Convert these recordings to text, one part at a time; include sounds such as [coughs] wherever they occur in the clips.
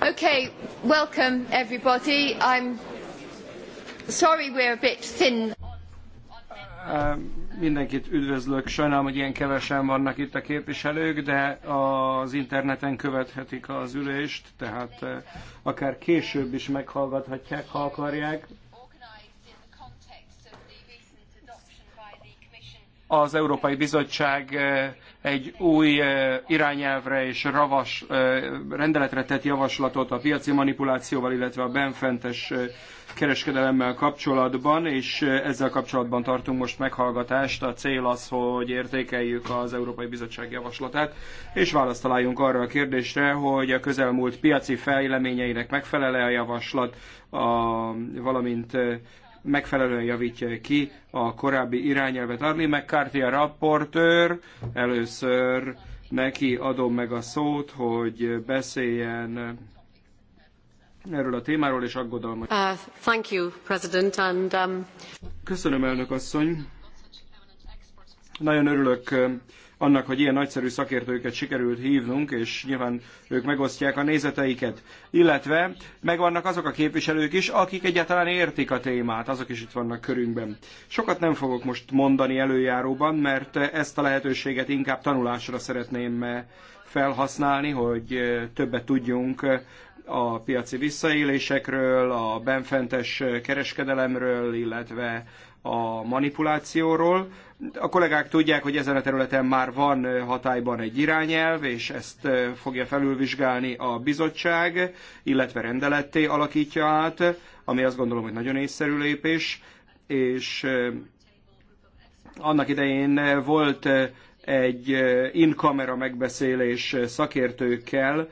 Okay, welcome everybody. I'm sorry we're a bit thin. Mindenkit üdvözlök, sajnálom, hogy ilyen kevesen vannak itt a képviselők, de az interneten követhetik az ülést, tehát eh, akár később is meghallgathatják, ha akarják. Az Európai Bizottság eh, egy új irányelvre és ravas rendeletre tett javaslatot a piaci manipulációval, illetve a benfentes kereskedelemmel kapcsolatban, és ezzel kapcsolatban tartunk most meghallgatást. A cél az, hogy értékeljük az Európai Bizottság javaslatát, és választ találjunk arra a kérdésre, hogy a közelmúlt piaci fejleményeinek megfelele a javaslat, a, valamint megfelelően javítja ki a korábbi irányelvet. Arli McCarthy a rapportőr, először neki adom meg a szót, hogy beszéljen erről a témáról és aggodalmat. Uh, thank you, President, and, um... Köszönöm, elnök asszony. Nagyon örülök annak, hogy ilyen nagyszerű szakértőket sikerült hívnunk, és nyilván ők megosztják a nézeteiket. Illetve megvannak azok a képviselők is, akik egyáltalán értik a témát, azok is itt vannak körünkben. Sokat nem fogok most mondani előjáróban, mert ezt a lehetőséget inkább tanulásra szeretném eh, felhasználni, hogy eh, többet tudjunk eh, a piaci visszaélésekről, a benfentes kereskedelemről, illetve a manipulációról. A kollégák tudják, hogy ezen a területen már van hatályban egy irányelv, és ezt fogja felülvizsgálni a bizottság, illetve rendeletté alakítja át, ami azt gondolom, hogy nagyon észszerű lépés, és annak idején volt egy in camera megbeszélés szakértőkkel,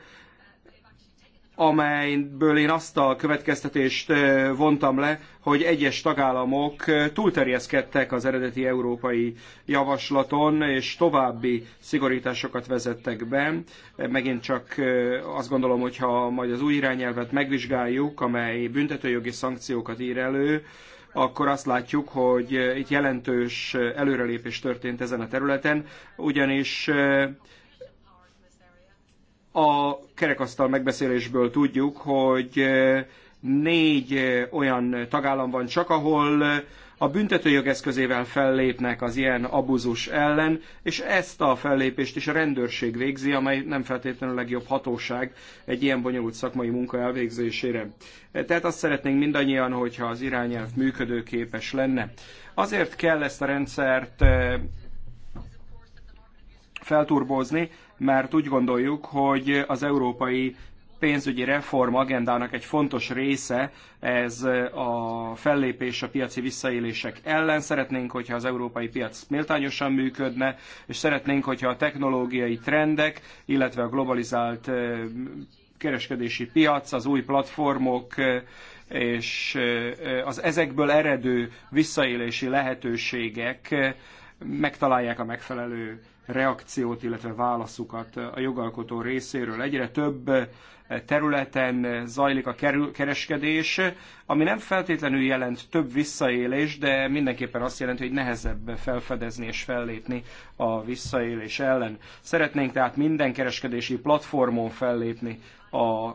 amelyből én azt a következtetést vontam le, hogy egyes tagállamok túlterjeszkedtek az eredeti európai javaslaton, és további szigorításokat vezettek be. Megint csak azt gondolom, hogy ha majd az új irányelvet megvizsgáljuk, amely büntetőjogi szankciókat ír elő, akkor azt látjuk, hogy itt jelentős előrelépés történt ezen a területen, ugyanis a kerekasztal megbeszélésből tudjuk, hogy eh, négy eh, olyan tagállam van csak, ahol eh, a büntetőjog eszközével fellépnek az ilyen abuzus ellen, és ezt a fellépést is a rendőrség végzi, amely nem feltétlenül a legjobb hatóság egy ilyen bonyolult szakmai munka elvégzésére. Tehát azt szeretnénk mindannyian, hogyha az irányelv működőképes lenne. Azért kell ezt a rendszert felturbózni, mert úgy gondoljuk, hogy az európai pénzügyi reform agendának egy fontos része ez a fellépés a piaci visszaélések ellen. Szeretnénk, hogyha az európai piac méltányosan működne, és szeretnénk, hogyha a technológiai trendek, illetve a globalizált kereskedési piac, az új platformok és az ezekből eredő visszaélési lehetőségek megtalálják a megfelelő reakciót, illetve válaszukat a jogalkotó részéről. Egyre több területen zajlik a kereskedés, ami nem feltétlenül jelent több visszaélés, de mindenképpen azt jelenti, hogy nehezebb felfedezni és fellépni a visszaélés ellen. Szeretnénk tehát minden kereskedési platformon fellépni a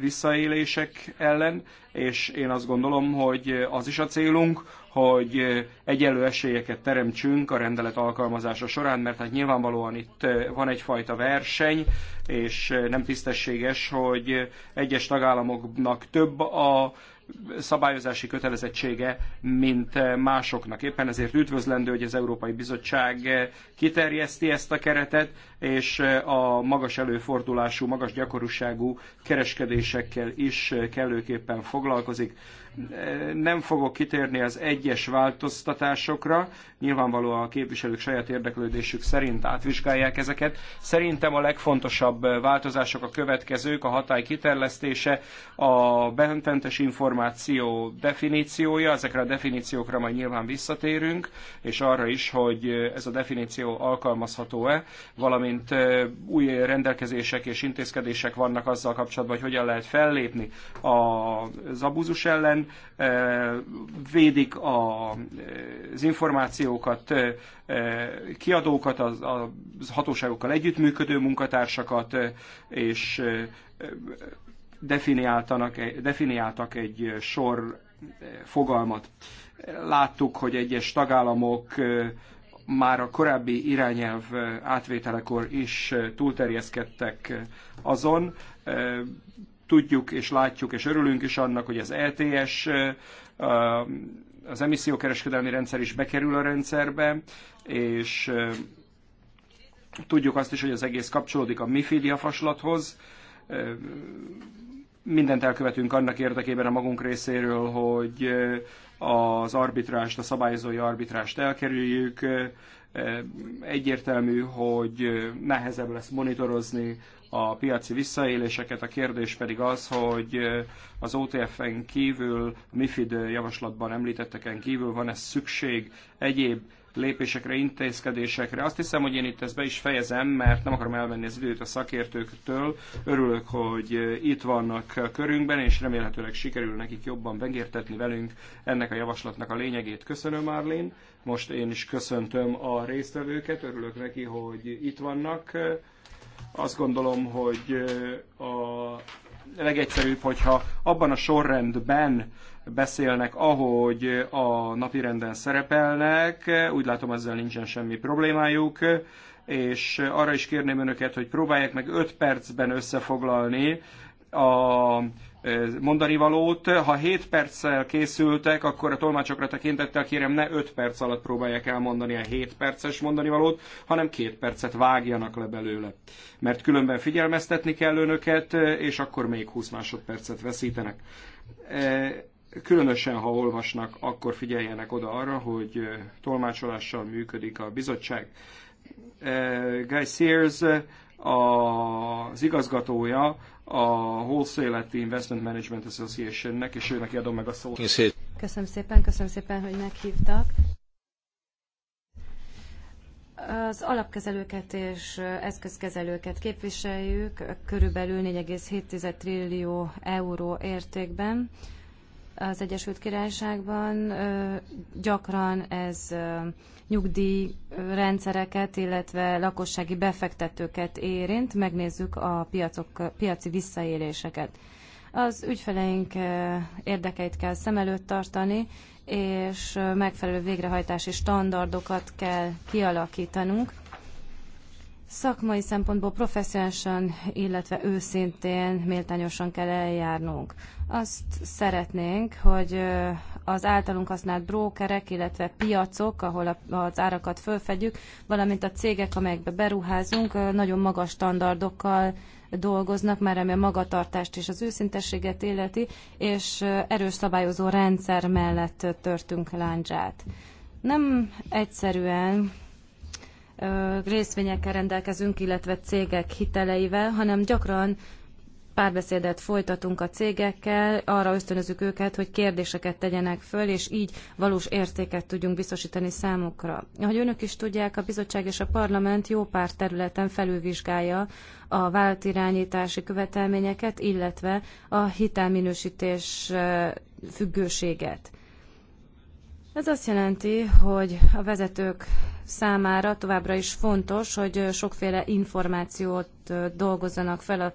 visszaélések ellen, és én azt gondolom, hogy az is a célunk, hogy egyenlő esélyeket teremtsünk a rendelet alkalmazása során, mert hát nyilvánvalóan itt van egyfajta verseny, és nem tisztességes, hogy egyes tagállamoknak több a szabályozási kötelezettsége, mint másoknak. Éppen ezért üdvözlendő, hogy az Európai Bizottság kiterjeszti ezt a keretet, és a magas előfordulású, magas gyakorúságú kereskedésekkel is kellőképpen foglalkozik. Nem fogok kitérni az egyes változtatásokra, nyilvánvalóan a képviselők saját érdeklődésük szerint átvizsgálják ezeket. Szerintem a legfontosabb változások a következők, a hatály kiterlesztése, a behententes információ definíciója, ezekre a definíciókra majd nyilván visszatérünk, és arra is, hogy ez a definíció alkalmazható-e, valamint új rendelkezések és intézkedések vannak azzal kapcsolatban, hogy hogyan lehet fellépni az abúzus ellen, védik a, az információkat, kiadókat, az, az hatóságokkal együttműködő munkatársakat, és definiáltanak, definiáltak egy sor fogalmat. Láttuk, hogy egyes tagállamok már a korábbi irányelv átvételekor is túlterjeszkedtek azon tudjuk és látjuk és örülünk is annak, hogy az ETS, az emissziókereskedelmi rendszer is bekerül a rendszerbe, és tudjuk azt is, hogy az egész kapcsolódik a MIFID javaslathoz. Mindent elkövetünk annak érdekében a magunk részéről, hogy az arbitrást, a szabályozói arbitrást elkerüljük. Egyértelmű, hogy nehezebb lesz monitorozni a piaci visszaéléseket. A kérdés pedig az, hogy az OTF-en kívül, a MIFID javaslatban említetteken kívül van-e szükség egyéb lépésekre, intézkedésekre. Azt hiszem, hogy én itt ezt be is fejezem, mert nem akarom elvenni az időt a szakértőktől. Örülök, hogy itt vannak körünkben, és remélhetőleg sikerül nekik jobban megértetni velünk ennek a javaslatnak a lényegét. Köszönöm, Márlén. Most én is köszöntöm a résztvevőket, örülök neki, hogy itt vannak. Azt gondolom, hogy a legegyszerűbb, hogyha abban a sorrendben beszélnek, ahogy a napirenden szerepelnek, úgy látom ezzel nincsen semmi problémájuk, és arra is kérném önöket, hogy próbálják meg 5 percben összefoglalni a mondani valót. Ha 7 perccel készültek, akkor a tolmácsokra tekintettel kérem ne 5 perc alatt próbálják elmondani a 7 perces mondani valót, hanem 2 percet vágjanak le belőle. Mert különben figyelmeztetni kell önöket, és akkor még 20 másodpercet veszítenek. E, különösen, ha olvasnak, akkor figyeljenek oda arra, hogy e, tolmácsolással működik a bizottság. E, Guy Sears az igazgatója a Wholesale Investment Management Association-nek és őnek adom meg a szót. Köszönöm szépen, köszönöm szépen, hogy meghívtak. Az alapkezelőket és eszközkezelőket képviseljük, körülbelül 4,7 trillió euró értékben az Egyesült Királyságban gyakran ez nyugdíjrendszereket, illetve lakossági befektetőket érint. Megnézzük a piacok, piaci visszaéléseket. Az ügyfeleink érdekeit kell szem előtt tartani, és megfelelő végrehajtási standardokat kell kialakítanunk Szakmai szempontból professzionálisan, illetve őszintén, méltányosan kell eljárnunk. Azt szeretnénk, hogy az általunk használt brókerek, illetve piacok, ahol az árakat fölfedjük, valamint a cégek, amelyekbe beruházunk, nagyon magas standardokkal dolgoznak, már ami a magatartást és az őszintességet illeti, és erős szabályozó rendszer mellett törtünk láncsát. Nem egyszerűen részvényekkel rendelkezünk, illetve cégek hiteleivel, hanem gyakran párbeszédet folytatunk a cégekkel, arra ösztönözük őket, hogy kérdéseket tegyenek föl, és így valós értéket tudjunk biztosítani számukra. Ahogy önök is tudják, a bizottság és a parlament jó pár területen felülvizsgálja a vállalatirányítási követelményeket, illetve a hitelminősítés függőséget. Ez azt jelenti, hogy a vezetők számára továbbra is fontos, hogy sokféle információt dolgozzanak fel a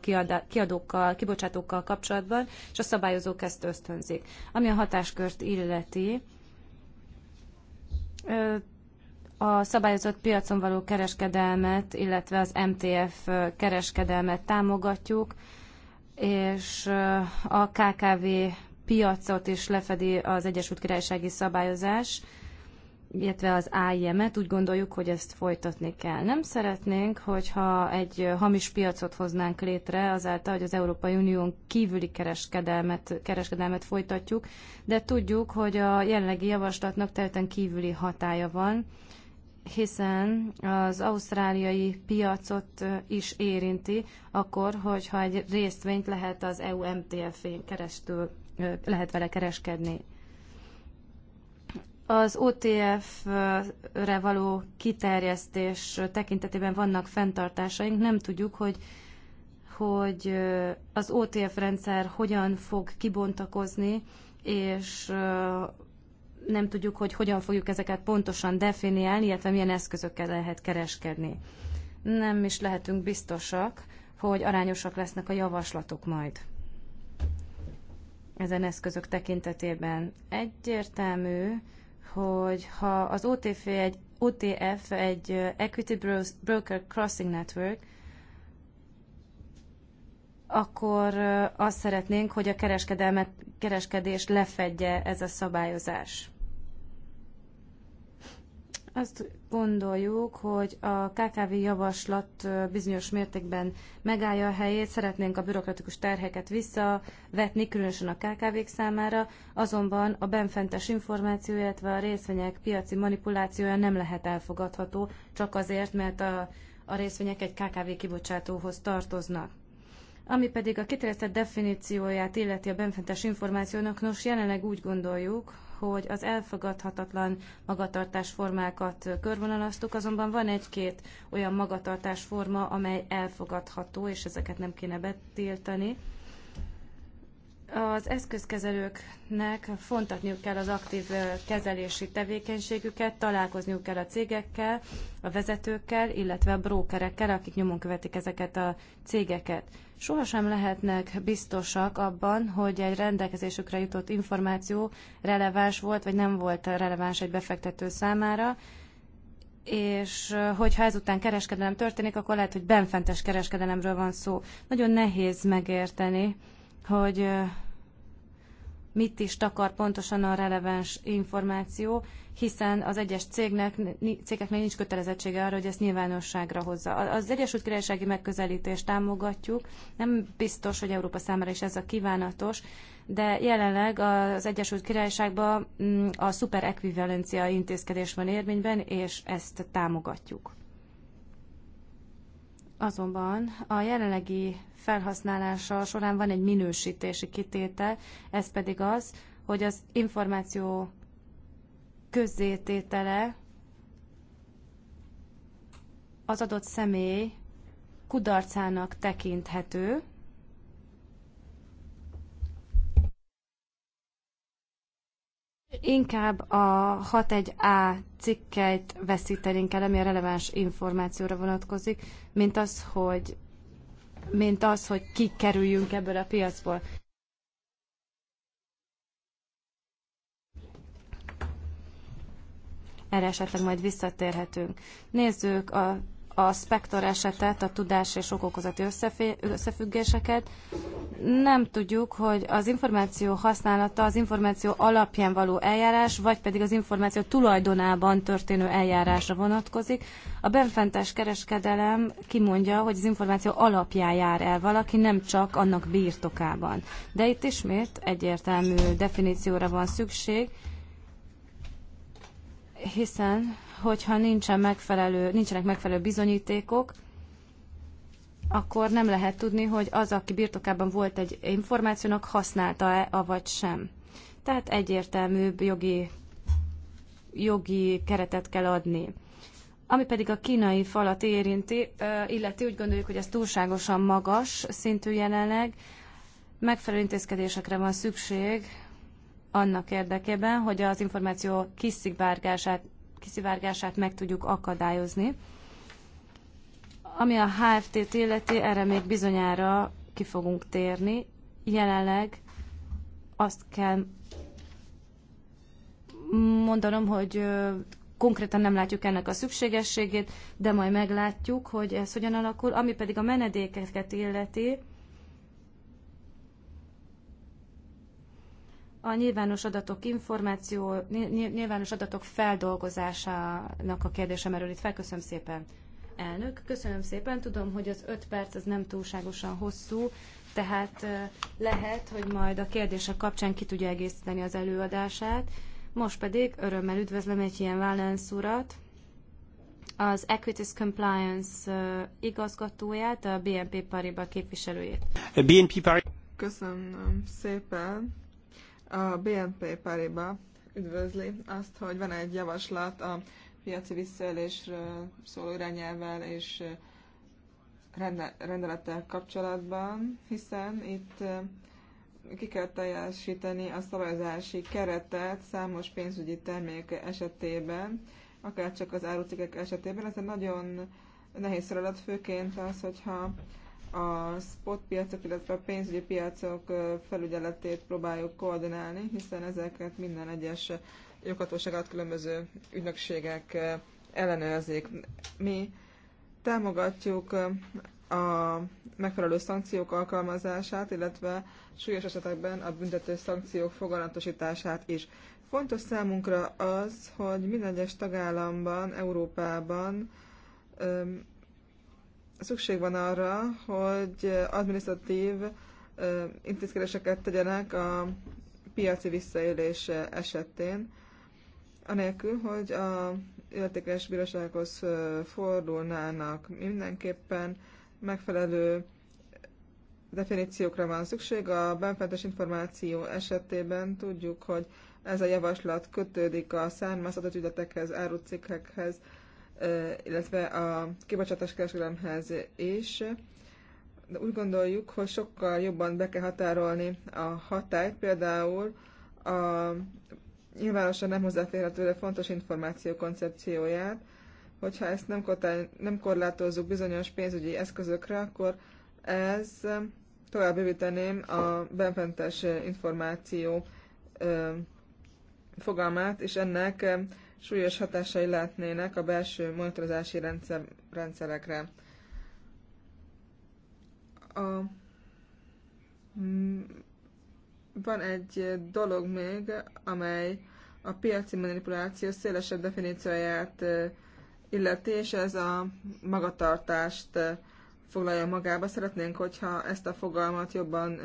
kiadókkal, kibocsátókkal kapcsolatban, és a szabályozók ezt ösztönzik. Ami a hatáskört illeti, a szabályozott piacon való kereskedelmet, illetve az MTF kereskedelmet támogatjuk, és a KKV piacot is lefedi az Egyesült Királysági Szabályozás, illetve az AIM-et, úgy gondoljuk, hogy ezt folytatni kell. Nem szeretnénk, hogyha egy hamis piacot hoznánk létre azáltal, hogy az Európai Unión kívüli kereskedelmet, kereskedelmet folytatjuk, de tudjuk, hogy a jelenlegi javaslatnak teljesen kívüli hatája van, hiszen az ausztráliai piacot is érinti, akkor, hogyha egy részvényt lehet az EU MTF-én keresztül lehet vele kereskedni. Az OTF-re való kiterjesztés tekintetében vannak fenntartásaink, nem tudjuk, hogy hogy az OTF rendszer hogyan fog kibontakozni, és nem tudjuk, hogy hogyan fogjuk ezeket pontosan definiálni, illetve milyen eszközökkel lehet kereskedni. Nem is lehetünk biztosak, hogy arányosak lesznek a javaslatok majd ezen eszközök tekintetében. Egyértelmű, hogy ha az OTF egy, OTF egy Equity Broker Crossing Network, akkor azt szeretnénk, hogy a kereskedelmet, kereskedés lefedje ez a szabályozás. Azt gondoljuk, hogy a KKV javaslat bizonyos mértékben megállja a helyét, szeretnénk a bürokratikus terheket visszavetni, különösen a KKV-k számára, azonban a benfentes információ, illetve a részvények piaci manipulációja nem lehet elfogadható, csak azért, mert a, a részvények egy KKV kibocsátóhoz tartoznak. Ami pedig a kiterjesztett definícióját illeti a benfentes információnak, nos jelenleg úgy gondoljuk, hogy az elfogadhatatlan magatartásformákat körvonalaztuk, azonban van egy-két olyan magatartásforma, amely elfogadható, és ezeket nem kéne betiltani. Az eszközkezelőknek fontatniuk kell az aktív kezelési tevékenységüket, találkozniuk kell a cégekkel, a vezetőkkel, illetve a brókerekkel, akik nyomon követik ezeket a cégeket. Sohasem lehetnek biztosak abban, hogy egy rendelkezésükre jutott információ releváns volt, vagy nem volt releváns egy befektető számára, és hogyha ezután kereskedelem történik, akkor lehet, hogy benfentes kereskedelemről van szó. Nagyon nehéz megérteni, hogy mit is takar pontosan a releváns információ, hiszen az egyes cégnek, cégeknek nincs kötelezettsége arra, hogy ezt nyilvánosságra hozza. Az Egyesült Királysági megközelítést támogatjuk, nem biztos, hogy Európa számára is ez a kívánatos, de jelenleg az Egyesült Királyságban mm, a szuperekvivalencia intézkedés van érvényben, és ezt támogatjuk. Azonban a jelenlegi felhasználása során van egy minősítési kitétel, ez pedig az, hogy az információ közzététele az adott személy kudarcának tekinthető, Inkább a 61A cikkeit veszítenénk el, ami a releváns információra vonatkozik, mint az, hogy, mint az, hogy kikerüljünk ebből a piacból. Erre esetleg majd visszatérhetünk. Nézzük a a spektor esetet, a tudás és okokozati összefüggéseket. Nem tudjuk, hogy az információ használata, az információ alapján való eljárás, vagy pedig az információ tulajdonában történő eljárásra vonatkozik. A benfentes kereskedelem kimondja, hogy az információ alapján jár el valaki, nem csak annak birtokában. De itt ismét egyértelmű definícióra van szükség, hiszen hogyha nincsen megfelelő, nincsenek megfelelő bizonyítékok, akkor nem lehet tudni, hogy az, aki birtokában volt egy információnak, használta-e, avagy sem. Tehát egyértelműbb jogi, jogi keretet kell adni. Ami pedig a kínai falat érinti, illeti úgy gondoljuk, hogy ez túlságosan magas szintű jelenleg, megfelelő intézkedésekre van szükség annak érdekében, hogy az információ kiszikbárgását kiszivárgását meg tudjuk akadályozni. Ami a HFT-t illeti, erre még bizonyára ki fogunk térni. Jelenleg azt kell mondanom, hogy konkrétan nem látjuk ennek a szükségességét, de majd meglátjuk, hogy ez hogyan alakul. Ami pedig a menedékeket illeti, a nyilvános adatok információ, nyilvános adatok feldolgozásának a kérdése merül itt fel. Köszönöm szépen, elnök. Köszönöm szépen. Tudom, hogy az öt perc az nem túlságosan hosszú, tehát lehet, hogy majd a kérdések kapcsán ki tudja egészíteni az előadását. Most pedig örömmel üdvözlöm egy ilyen Valens urat, az Equities Compliance igazgatóját, a BNP Paribas képviselőjét. BNP Paribas. Köszönöm szépen. A BNP Paribas üdvözli azt, hogy van egy javaslat a piaci visszaélésről szóló irányelvvel és rendelettel kapcsolatban, hiszen itt ki kell teljesíteni a szabályozási keretet számos pénzügyi termék esetében, akár csak az árucikkek esetében. Ez egy nagyon nehéz feladat, főként az, hogyha a spot piacok, illetve a pénzügyi piacok felügyeletét próbáljuk koordinálni, hiszen ezeket minden egyes joghatóságát különböző ügynökségek ellenőrzik. Mi támogatjuk a megfelelő szankciók alkalmazását, illetve súlyos esetekben a büntető szankciók fogalmatosítását is. Fontos számunkra az, hogy minden egyes tagállamban, Európában szükség van arra, hogy administratív intézkedéseket tegyenek a piaci visszaélés esetén, anélkül, hogy a illetékes bírósághoz fordulnának. Mindenképpen megfelelő definíciókra van szükség. A benfentes információ esetében tudjuk, hogy ez a javaslat kötődik a származtatott ügyletekhez, árucikkekhez, illetve a kibocsátás kereskedelemhez is. De úgy gondoljuk, hogy sokkal jobban be kell határolni a hatályt, például a nyilvánosan nem hozzáférhető, de fontos információ koncepcióját, hogyha ezt nem, kotál, nem korlátozzuk bizonyos pénzügyi eszközökre, akkor ez tovább bővíteném a benfentes információ fogalmát, és ennek súlyos hatásai lehetnének a belső monitorozási rendszer, rendszerekre. A, mm, van egy dolog még, amely a piaci manipuláció szélesebb definícióját illeti, és ez a magatartást foglalja magába. Szeretnénk, hogyha ezt a fogalmat jobban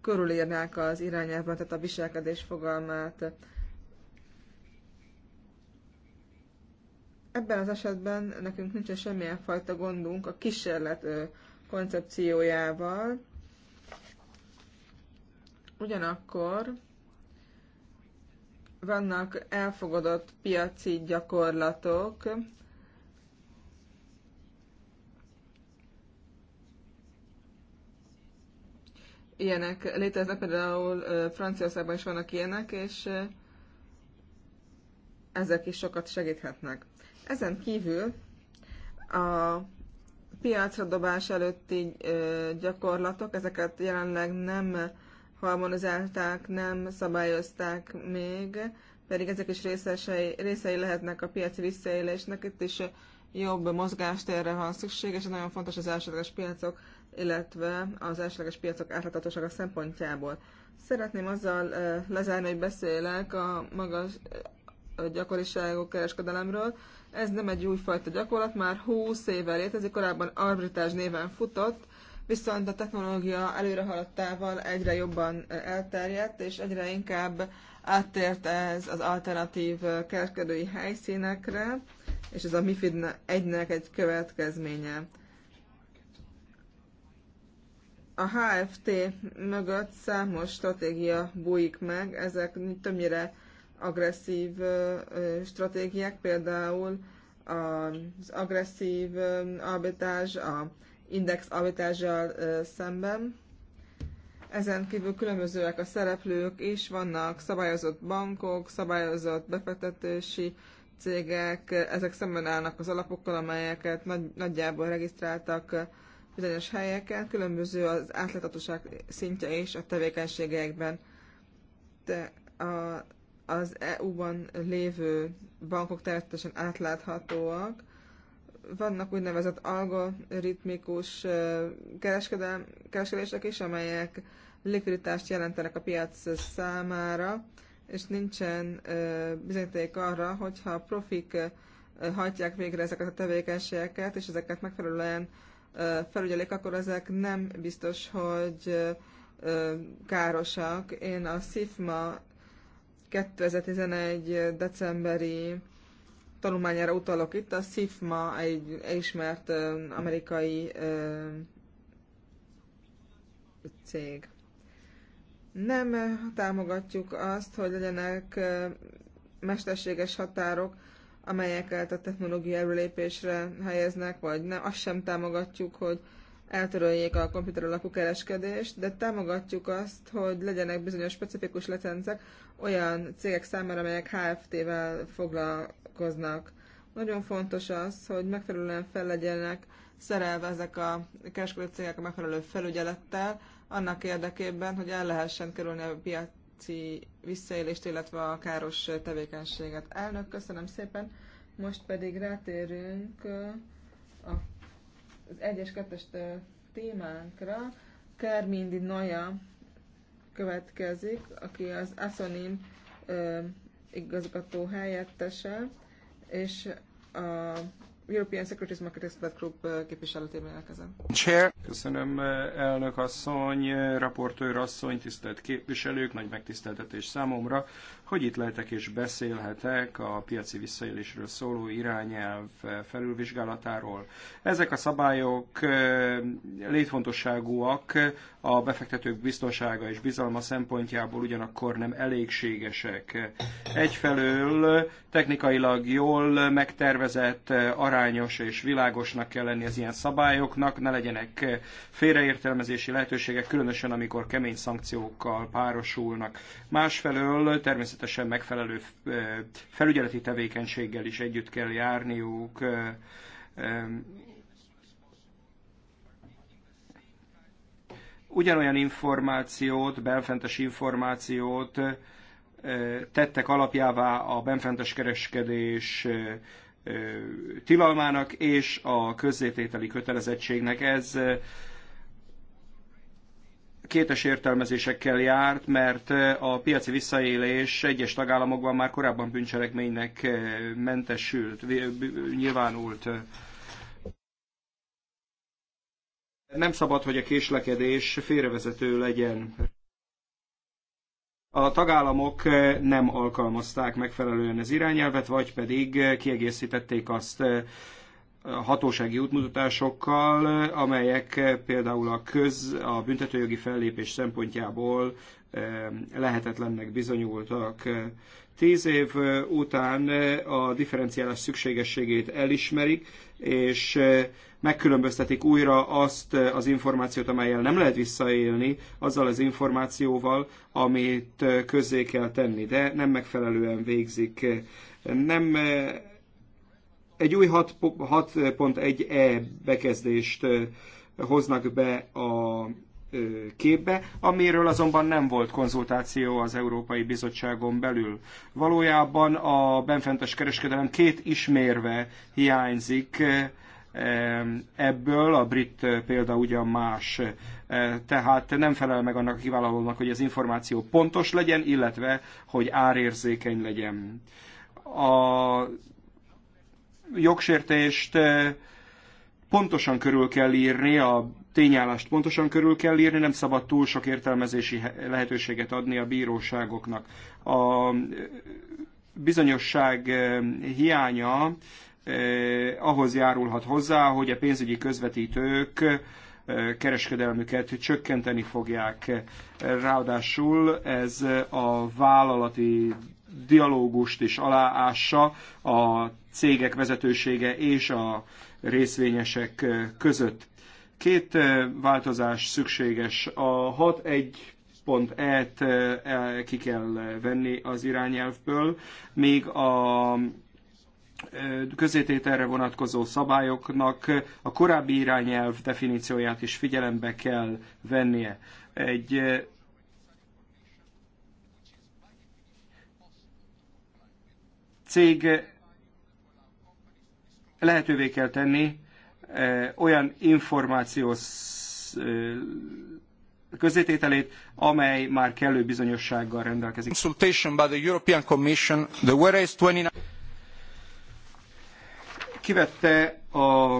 körülírnák az irányelvben, tehát a viselkedés fogalmát. Ebben az esetben nekünk nincsen semmilyen fajta gondunk a kísérlet koncepciójával. Ugyanakkor vannak elfogadott piaci gyakorlatok, ilyenek léteznek, például Franciaországban is vannak ilyenek, és ezek is sokat segíthetnek. Ezen kívül a piacra dobás előtti gyakorlatok, ezeket jelenleg nem harmonizálták, nem szabályozták még, pedig ezek is részesei, részei lehetnek a piaci visszaélésnek, itt is jobb mozgástérre van szükség, és nagyon fontos az elsődleges piacok, illetve az elsődleges piacok átláthatósága szempontjából. Szeretném azzal lezárni, hogy beszélek a magas gyakoriságú kereskedelemről, ez nem egy újfajta gyakorlat, már 20 éve létezik, korábban arbitrás néven futott, viszont a technológia előrehaladtával egyre jobban elterjedt, és egyre inkább áttért ez az alternatív kereskedői helyszínekre, és ez a MIFID egynek egy következménye. A HFT mögött számos stratégia bújik meg, ezek többnyire agresszív stratégiák, például az agresszív arbitrázs, a index arbitrázsal szemben. Ezen kívül különbözőek a szereplők is, vannak szabályozott bankok, szabályozott befektetési cégek, ezek szemben állnak az alapokkal, amelyeket nagy, nagyjából regisztráltak bizonyos helyeken, különböző az átláthatóság szintje is a tevékenységekben De a az EU-ban lévő bankok teljesen átláthatóak. Vannak úgynevezett algoritmikus kereskedések is, amelyek likviditást jelentenek a piac számára, és nincsen bizonyíték arra, hogyha a profik hajtják végre ezeket a tevékenységeket, és ezeket megfelelően felügyelik, akkor ezek nem biztos, hogy károsak. Én a SIFMA 2011. decemberi tanulmányára utalok itt, a SIFMA egy ismert amerikai cég. Nem támogatjuk azt, hogy legyenek mesterséges határok, amelyeket a technológia előlépésre helyeznek, vagy nem, azt sem támogatjuk, hogy eltöröljék a komputer alapú kereskedést, de támogatjuk azt, hogy legyenek bizonyos specifikus licencek olyan cégek számára, amelyek HFT-vel foglalkoznak. Nagyon fontos az, hogy megfelelően fel legyenek szerelve ezek a kereskedő cégek a megfelelő felügyelettel, annak érdekében, hogy el lehessen kerülni a piaci visszaélést, illetve a káros tevékenységet. Elnök, köszönöm szépen! Most pedig rátérünk a az 1-es 2-es témánkra. Kermindi Naja következik, aki az Aszonim igazgató helyettese, és a European Securities Market Expert Group uh, képviseletében érkezem. Chair. Köszönöm uh, elnök asszony, uh, raportőr asszony, tisztelt képviselők, nagy megtiszteltetés számomra, hogy itt lehetek és beszélhetek a piaci visszaélésről szóló irányelv felülvizsgálatáról. Ezek a szabályok létfontosságúak a befektetők biztonsága és bizalma szempontjából ugyanakkor nem elégségesek. Egyfelől technikailag jól megtervezett arány arányos és világosnak kell lenni az ilyen szabályoknak, ne legyenek eh, félreértelmezési lehetőségek, különösen amikor kemény szankciókkal párosulnak. Másfelől természetesen megfelelő eh, felügyeleti tevékenységgel is együtt kell járniuk, eh, ugyanolyan információt, benfentes információt tettek alapjává a benfentes kereskedés tilalmának és a közzétételi kötelezettségnek. Ez kétes értelmezésekkel járt, mert a piaci visszaélés egyes tagállamokban már korábban bűncselekménynek mentesült, nyilvánult. Nem szabad, hogy a késlekedés félrevezető legyen a tagállamok eh, nem alkalmazták megfelelően az irányelvet, vagy pedig eh, kiegészítették azt eh, hatósági útmutatásokkal, amelyek például a köz, a büntetőjogi fellépés szempontjából lehetetlennek bizonyultak. Tíz év után a differenciálás szükségességét elismerik, és megkülönböztetik újra azt eh, az információt, amelyel nem lehet visszaélni, azzal az információval, amit eh, közzé kell tenni, de nem megfelelően végzik. Nem eh, egy új 6.1e bekezdést hoznak be a képbe, amiről azonban nem volt konzultáció az Európai Bizottságon belül. Valójában a benfentes kereskedelem két ismérve hiányzik ebből, a brit eh, példa ugyan más, eh, tehát nem felel meg annak a kiválónak, hogy az információ pontos legyen, illetve hogy árérzékeny legyen. A jogsértést eh, pontosan körül kell írni, a tényállást pontosan körül kell írni, nem szabad túl sok értelmezési lehetőséget adni a bíróságoknak. A bizonyosság hiánya Eh, ahhoz járulhat hozzá, hogy a pénzügyi közvetítők eh, kereskedelmüket csökkenteni fogják. Ráadásul ez a vállalati dialógust is aláássa a cégek vezetősége és a részvényesek eh, között. Két változás szükséges. A 6.1 pont E-t ki kell venni az irányelvből, még a közétételre vonatkozó szabályoknak a korábbi irányelv definícióját is figyelembe kell vennie. Egy cég lehetővé kell tenni olyan információ közétételét, amely már kellő bizonyossággal rendelkezik. Consultation by the European Commission, the whereas 29 kivette a,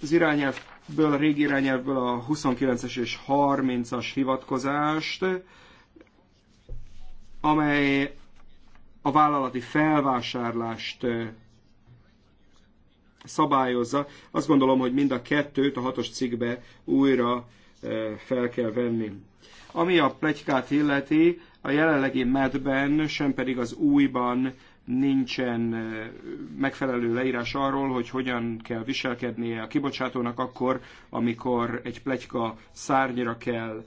az irányelvből, a régi irányelvből a 29-es és 30-as hivatkozást, amely a vállalati felvásárlást eh, szabályozza. Azt gondolom, hogy mind a kettőt a hatos cikkbe újra eh, fel kell venni. Ami a plegykát illeti, a jelenlegi medben, sem pedig az újban nincsen megfelelő leírás arról, hogy hogyan kell viselkednie a kibocsátónak akkor, amikor egy plegyka szárnyra kell.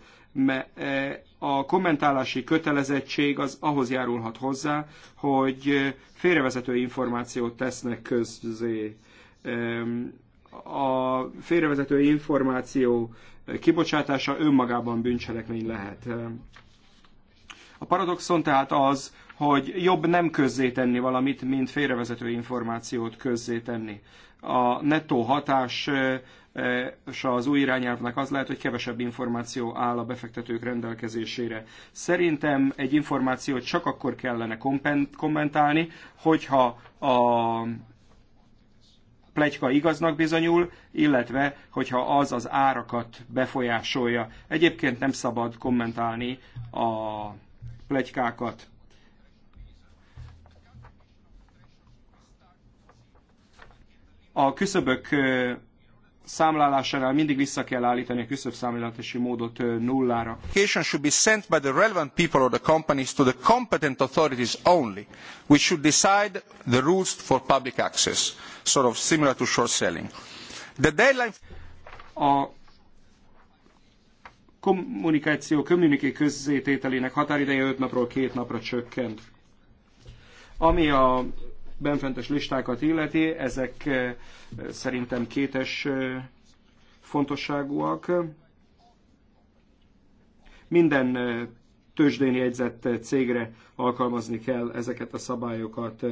A kommentálási kötelezettség az ahhoz járulhat hozzá, hogy félrevezető információt tesznek közzé. A félrevezető információ kibocsátása önmagában bűncselekmény lehet. A paradoxon tehát az, hogy jobb nem közzétenni valamit, mint félrevezető információt közzétenni. A nettó hatás és az új irányelvnek az lehet, hogy kevesebb információ áll a befektetők rendelkezésére. Szerintem egy információt csak akkor kellene kommentálni, hogyha a plegyka igaznak bizonyul, illetve hogyha az az árakat befolyásolja. Egyébként nem szabad kommentálni a plegykákat. A küszöbök számlálásánál mindig vissza kell állítani a küszöbb számlálási módot nullára. should be sent by the relevant people or the companies to the competent authorities only, which should decide the rules for public access, sort of similar to short selling. The deadline... A kommunikáció kommuniké közzétételének határideje 5 napról 2 napra csökkent. Ami a benfentes listákat illeti, ezek eh, szerintem kétes eh, fontosságúak. Minden eh, tőzsdén jegyzett cégre alkalmazni kell ezeket a szabályokat.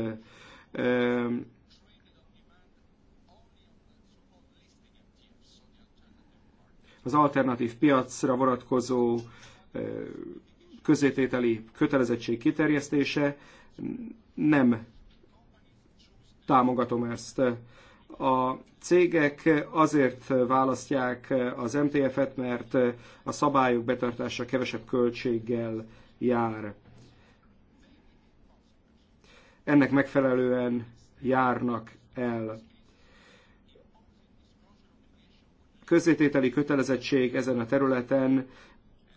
Az alternatív piacra vonatkozó közétételi kötelezettség kiterjesztése nem támogatom ezt. A cégek azért választják az MTF-et, mert a szabályok betartása kevesebb költséggel jár. Ennek megfelelően járnak el. Közzétételi kötelezettség ezen a területen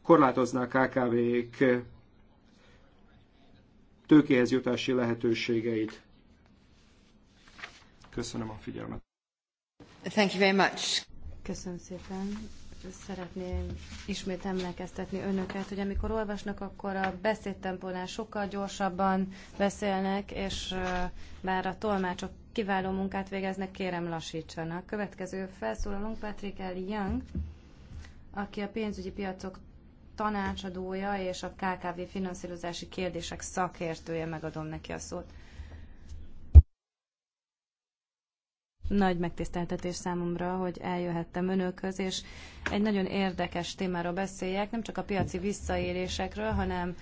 korlátozná a KKV-k tőkéhez jutási lehetőségeit. Köszönöm a figyelmet. Thank you very much. Köszönöm szépen. Szeretném ismét emlékeztetni önöket, hogy amikor olvasnak, akkor a beszédtempónál sokkal gyorsabban beszélnek, és bár a tolmácsok kiváló munkát végeznek, kérem lassítsanak. Következő felszólalunk Patrick L. Young, aki a pénzügyi piacok tanácsadója és a KKV finanszírozási kérdések szakértője, megadom neki a szót. nagy megtiszteltetés számomra, hogy eljöhettem önökhöz, és egy nagyon érdekes témáról beszéljek, nem csak a piaci visszaélésekről, hanem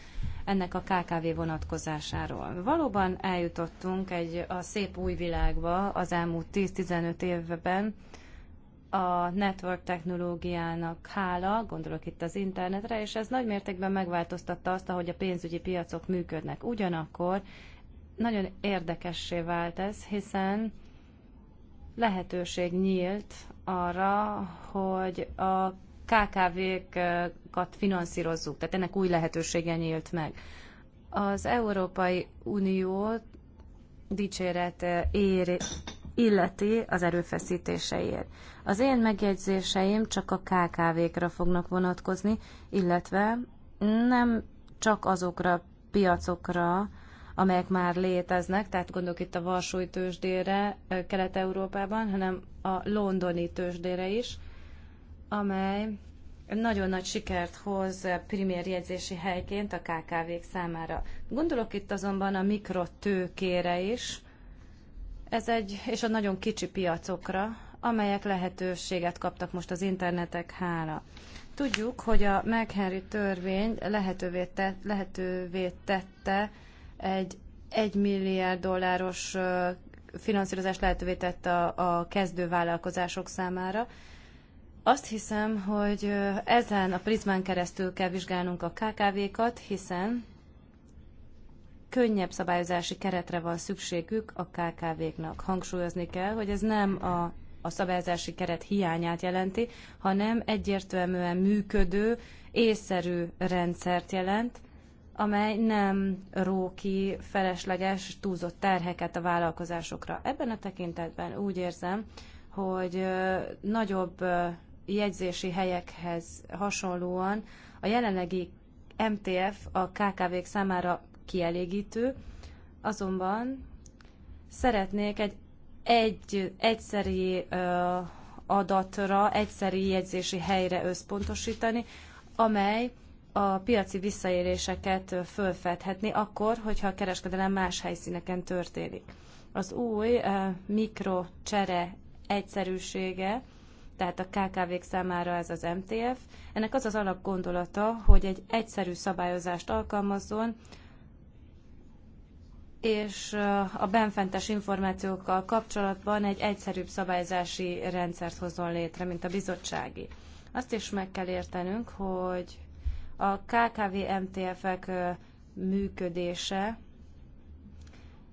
ennek a KKV vonatkozásáról. Valóban eljutottunk egy a szép új világba az elmúlt 10-15 évben, a network technológiának hála, gondolok itt az internetre, és ez nagy mértékben megváltoztatta azt, ahogy a pénzügyi piacok működnek. Ugyanakkor nagyon érdekessé vált ez, hiszen lehetőség nyílt arra, hogy a KKV-kat finanszírozzuk, tehát ennek új lehetősége nyílt meg. Az Európai Unió dicséret eh, ér, illeti az erőfeszítéseért. Az én megjegyzéseim csak a KKV-kra fognak vonatkozni, illetve nem csak azokra piacokra, amelyek már léteznek, tehát gondolok itt a Varsói tőzsdére Kelet-Európában, hanem a londoni tőzsdére is, amely nagyon nagy sikert hoz primér jegyzési helyként a KKV-k számára. Gondolok itt azonban a mikrotőkére is, ez egy, és a nagyon kicsi piacokra, amelyek lehetőséget kaptak most az internetek hála. Tudjuk, hogy a McHenry törvény lehetővé, te, lehetővé tette egy 1 milliárd dolláros finanszírozást lehetővé tett a, a kezdő vállalkozások számára. Azt hiszem, hogy ezen a prizmán keresztül kell vizsgálnunk a KKV-kat, hiszen könnyebb szabályozási keretre van szükségük a KKV-knak. Hangsúlyozni kell, hogy ez nem a, a szabályozási keret hiányát jelenti, hanem egyértelműen működő, észszerű rendszert jelent, amely nem ró ki felesleges, túlzott terheket a vállalkozásokra. Ebben a tekintetben úgy érzem, hogy nagyobb jegyzési helyekhez hasonlóan a jelenlegi MTF a KKV-k számára kielégítő, azonban szeretnék egy, egy egyszeri adatra, egyszeri jegyzési helyre összpontosítani, amely a piaci visszaéléseket fölfedhetni akkor, hogyha a kereskedelem más helyszíneken történik. Az új eh, mikrocsere egyszerűsége, tehát a KKV-k számára ez az MTF. Ennek az az alapgondolata, hogy egy egyszerű szabályozást alkalmazzon, és eh, a benfentes információkkal kapcsolatban egy egyszerűbb szabályzási rendszert hozzon létre, mint a bizottsági. Azt is meg kell értenünk, hogy a KKV MTF-ek működése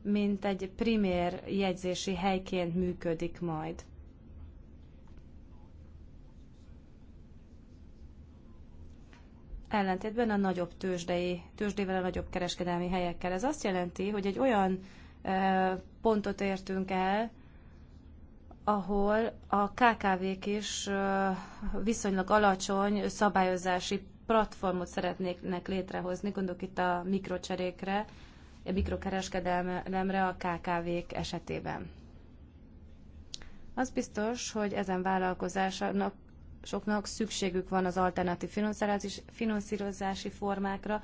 mint egy primér jegyzési helyként működik majd. Ellentétben a nagyobb tőzsdei, tőzsdével a nagyobb kereskedelmi helyekkel. Ez azt jelenti, hogy egy olyan e, pontot értünk el, ahol a KKV-k is e, viszonylag alacsony szabályozási platformot szeretnének létrehozni, gondolok itt a mikrocserékre, a mikrokereskedelemre a KKV-k esetében. Az biztos, hogy ezen vállalkozásnak soknak szükségük van az alternatív finanszírozási formákra,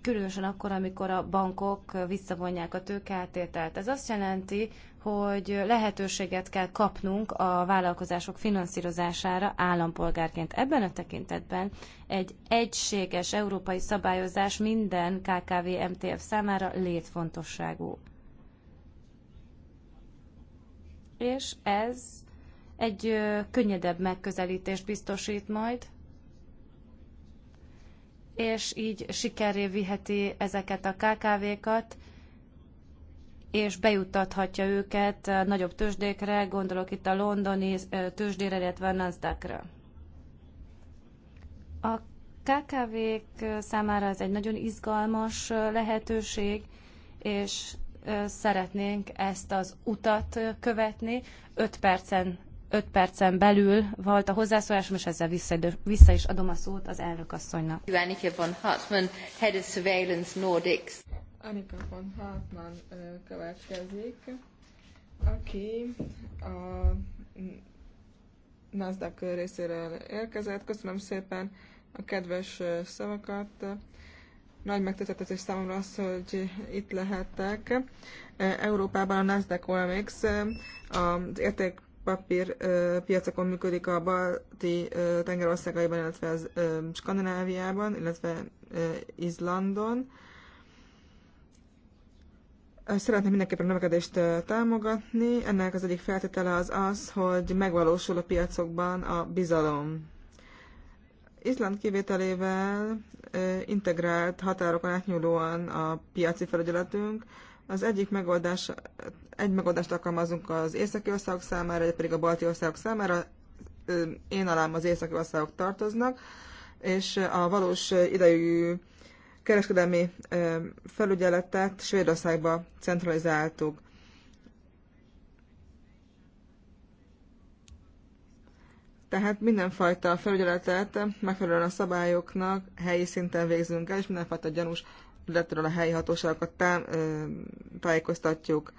különösen akkor, amikor a bankok visszavonják a tőkeáttételt. Ez azt jelenti, hogy lehetőséget kell kapnunk a vállalkozások finanszírozására állampolgárként. Ebben a tekintetben egy egységes európai szabályozás minden KKV MTF számára létfontosságú. És ez egy könnyedebb megközelítést biztosít majd, és így sikerré viheti ezeket a KKV-kat, és bejuttathatja őket eh, nagyobb tőzsdékre, gondolok itt a londoni eh, tőzsdére, illetve a nasdaq -ra. A KKV-k eh, számára ez egy nagyon izgalmas lehetőség, és szeretnénk ezt az utat követni. 5 percen, 5 percen belül volt a hozzászólásom, és ezzel vissza, vissza is adom a szót az elnök asszonynak. Anika von Hartmann következik, aki a NASDAQ részéről érkezett. Köszönöm szépen a kedves szavakat. Nagy megtiszteltetés számomra az, hogy itt lehettek. Európában a Nasdaq OMX az értékpapír piacokon működik a balti tengerországaiban, illetve az Skandináviában, illetve Izlandon. Szeretném mindenképpen a növekedést támogatni. Ennek az egyik feltétele az az, hogy megvalósul a piacokban a bizalom. Izland kivételével integrált határokon átnyúlóan a piaci felügyeletünk. Az egyik megoldás, egy megoldást alkalmazunk az északi országok számára, egy pedig a balti országok számára. Én alám az északi országok tartoznak, és a valós idejű kereskedelmi felügyeletet Svédországba centralizáltuk. Tehát mindenfajta felügyeletet megfelelően a szabályoknak helyi szinten végzünk el, és mindenfajta gyanús illetről a helyi hatóságokat tájékoztatjuk.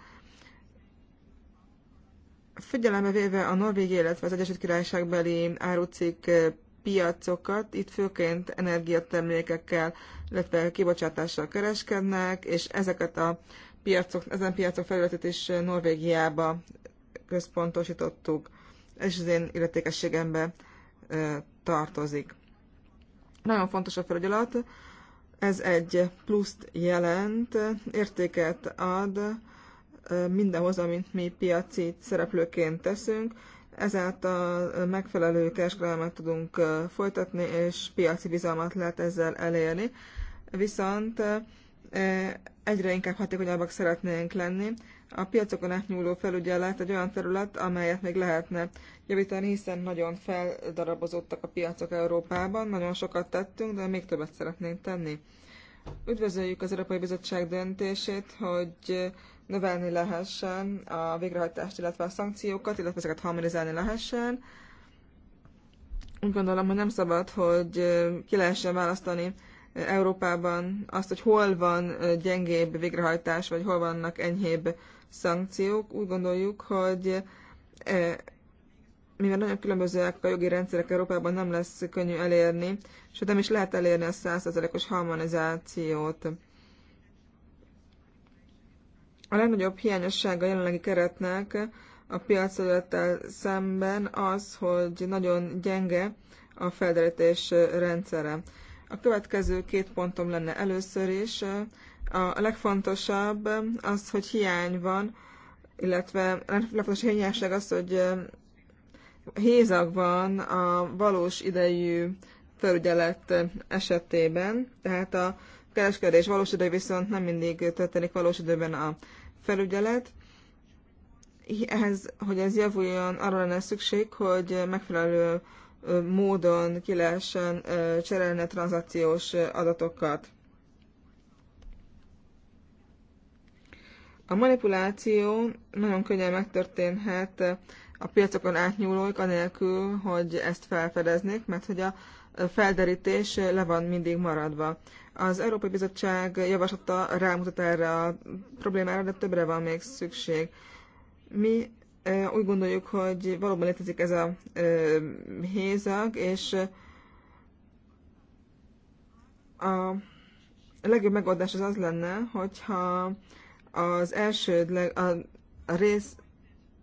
Figyelembe véve a Norvég, illetve az Egyesült Királyságbeli árucik piacokat, itt főként energiatermékekkel, illetve kibocsátással kereskednek, és ezeket a piacok, ezen piacok felületét is Norvégiába központosítottuk, és az én illetékességembe tartozik. Nagyon fontos a felügyelet, ez egy pluszt jelent, értéket ad mindenhoz, amit mi piaci szereplőként teszünk, Ezáltal megfelelő kereskedelmet tudunk folytatni, és piaci bizalmat lehet ezzel elérni. Viszont egyre inkább hatékonyabbak szeretnénk lenni. A piacokon átnyúló felügyelet egy olyan terület, amelyet még lehetne javítani, hiszen nagyon feldarabozottak a piacok Európában, nagyon sokat tettünk, de még többet szeretnénk tenni. Üdvözöljük az Európai Bizottság döntését, hogy növelni lehessen a végrehajtást, illetve a szankciókat, illetve ezeket harmonizálni lehessen. Úgy gondolom, hogy nem szabad, hogy ki lehessen választani Európában azt, hogy hol van gyengébb végrehajtás, vagy hol vannak enyhébb szankciók. Úgy gondoljuk, hogy mivel nagyon különbözőek a jogi rendszerek Európában, nem lesz könnyű elérni, sőt nem is lehet elérni a 100%-os harmonizációt. A legnagyobb hiányossága a jelenlegi keretnek a piacfelülettel szemben az, hogy nagyon gyenge a felderítés rendszere. A következő két pontom lenne először is. A legfontosabb az, hogy hiány van, illetve a legfontosabb hiányosság az, hogy hézag van a valós idejű felügyelet esetében, tehát a kereskedés valós idő viszont nem mindig történik valós időben a felügyelet. Ehhez, hogy ez javuljon, arra lenne szükség, hogy megfelelő módon ki lehessen cserélni a tranzakciós adatokat. A manipuláció nagyon könnyen megtörténhet a piacokon átnyúlóik, anélkül, hogy ezt felfedeznék, mert hogy a felderítés le van mindig maradva. Az Európai Bizottság javaslata rámutat erre a problémára, de többre van még szükség. Mi úgy gondoljuk, hogy valóban létezik ez a hézag, és a legjobb megoldás az az lenne, hogyha az elsődleg, a, rész,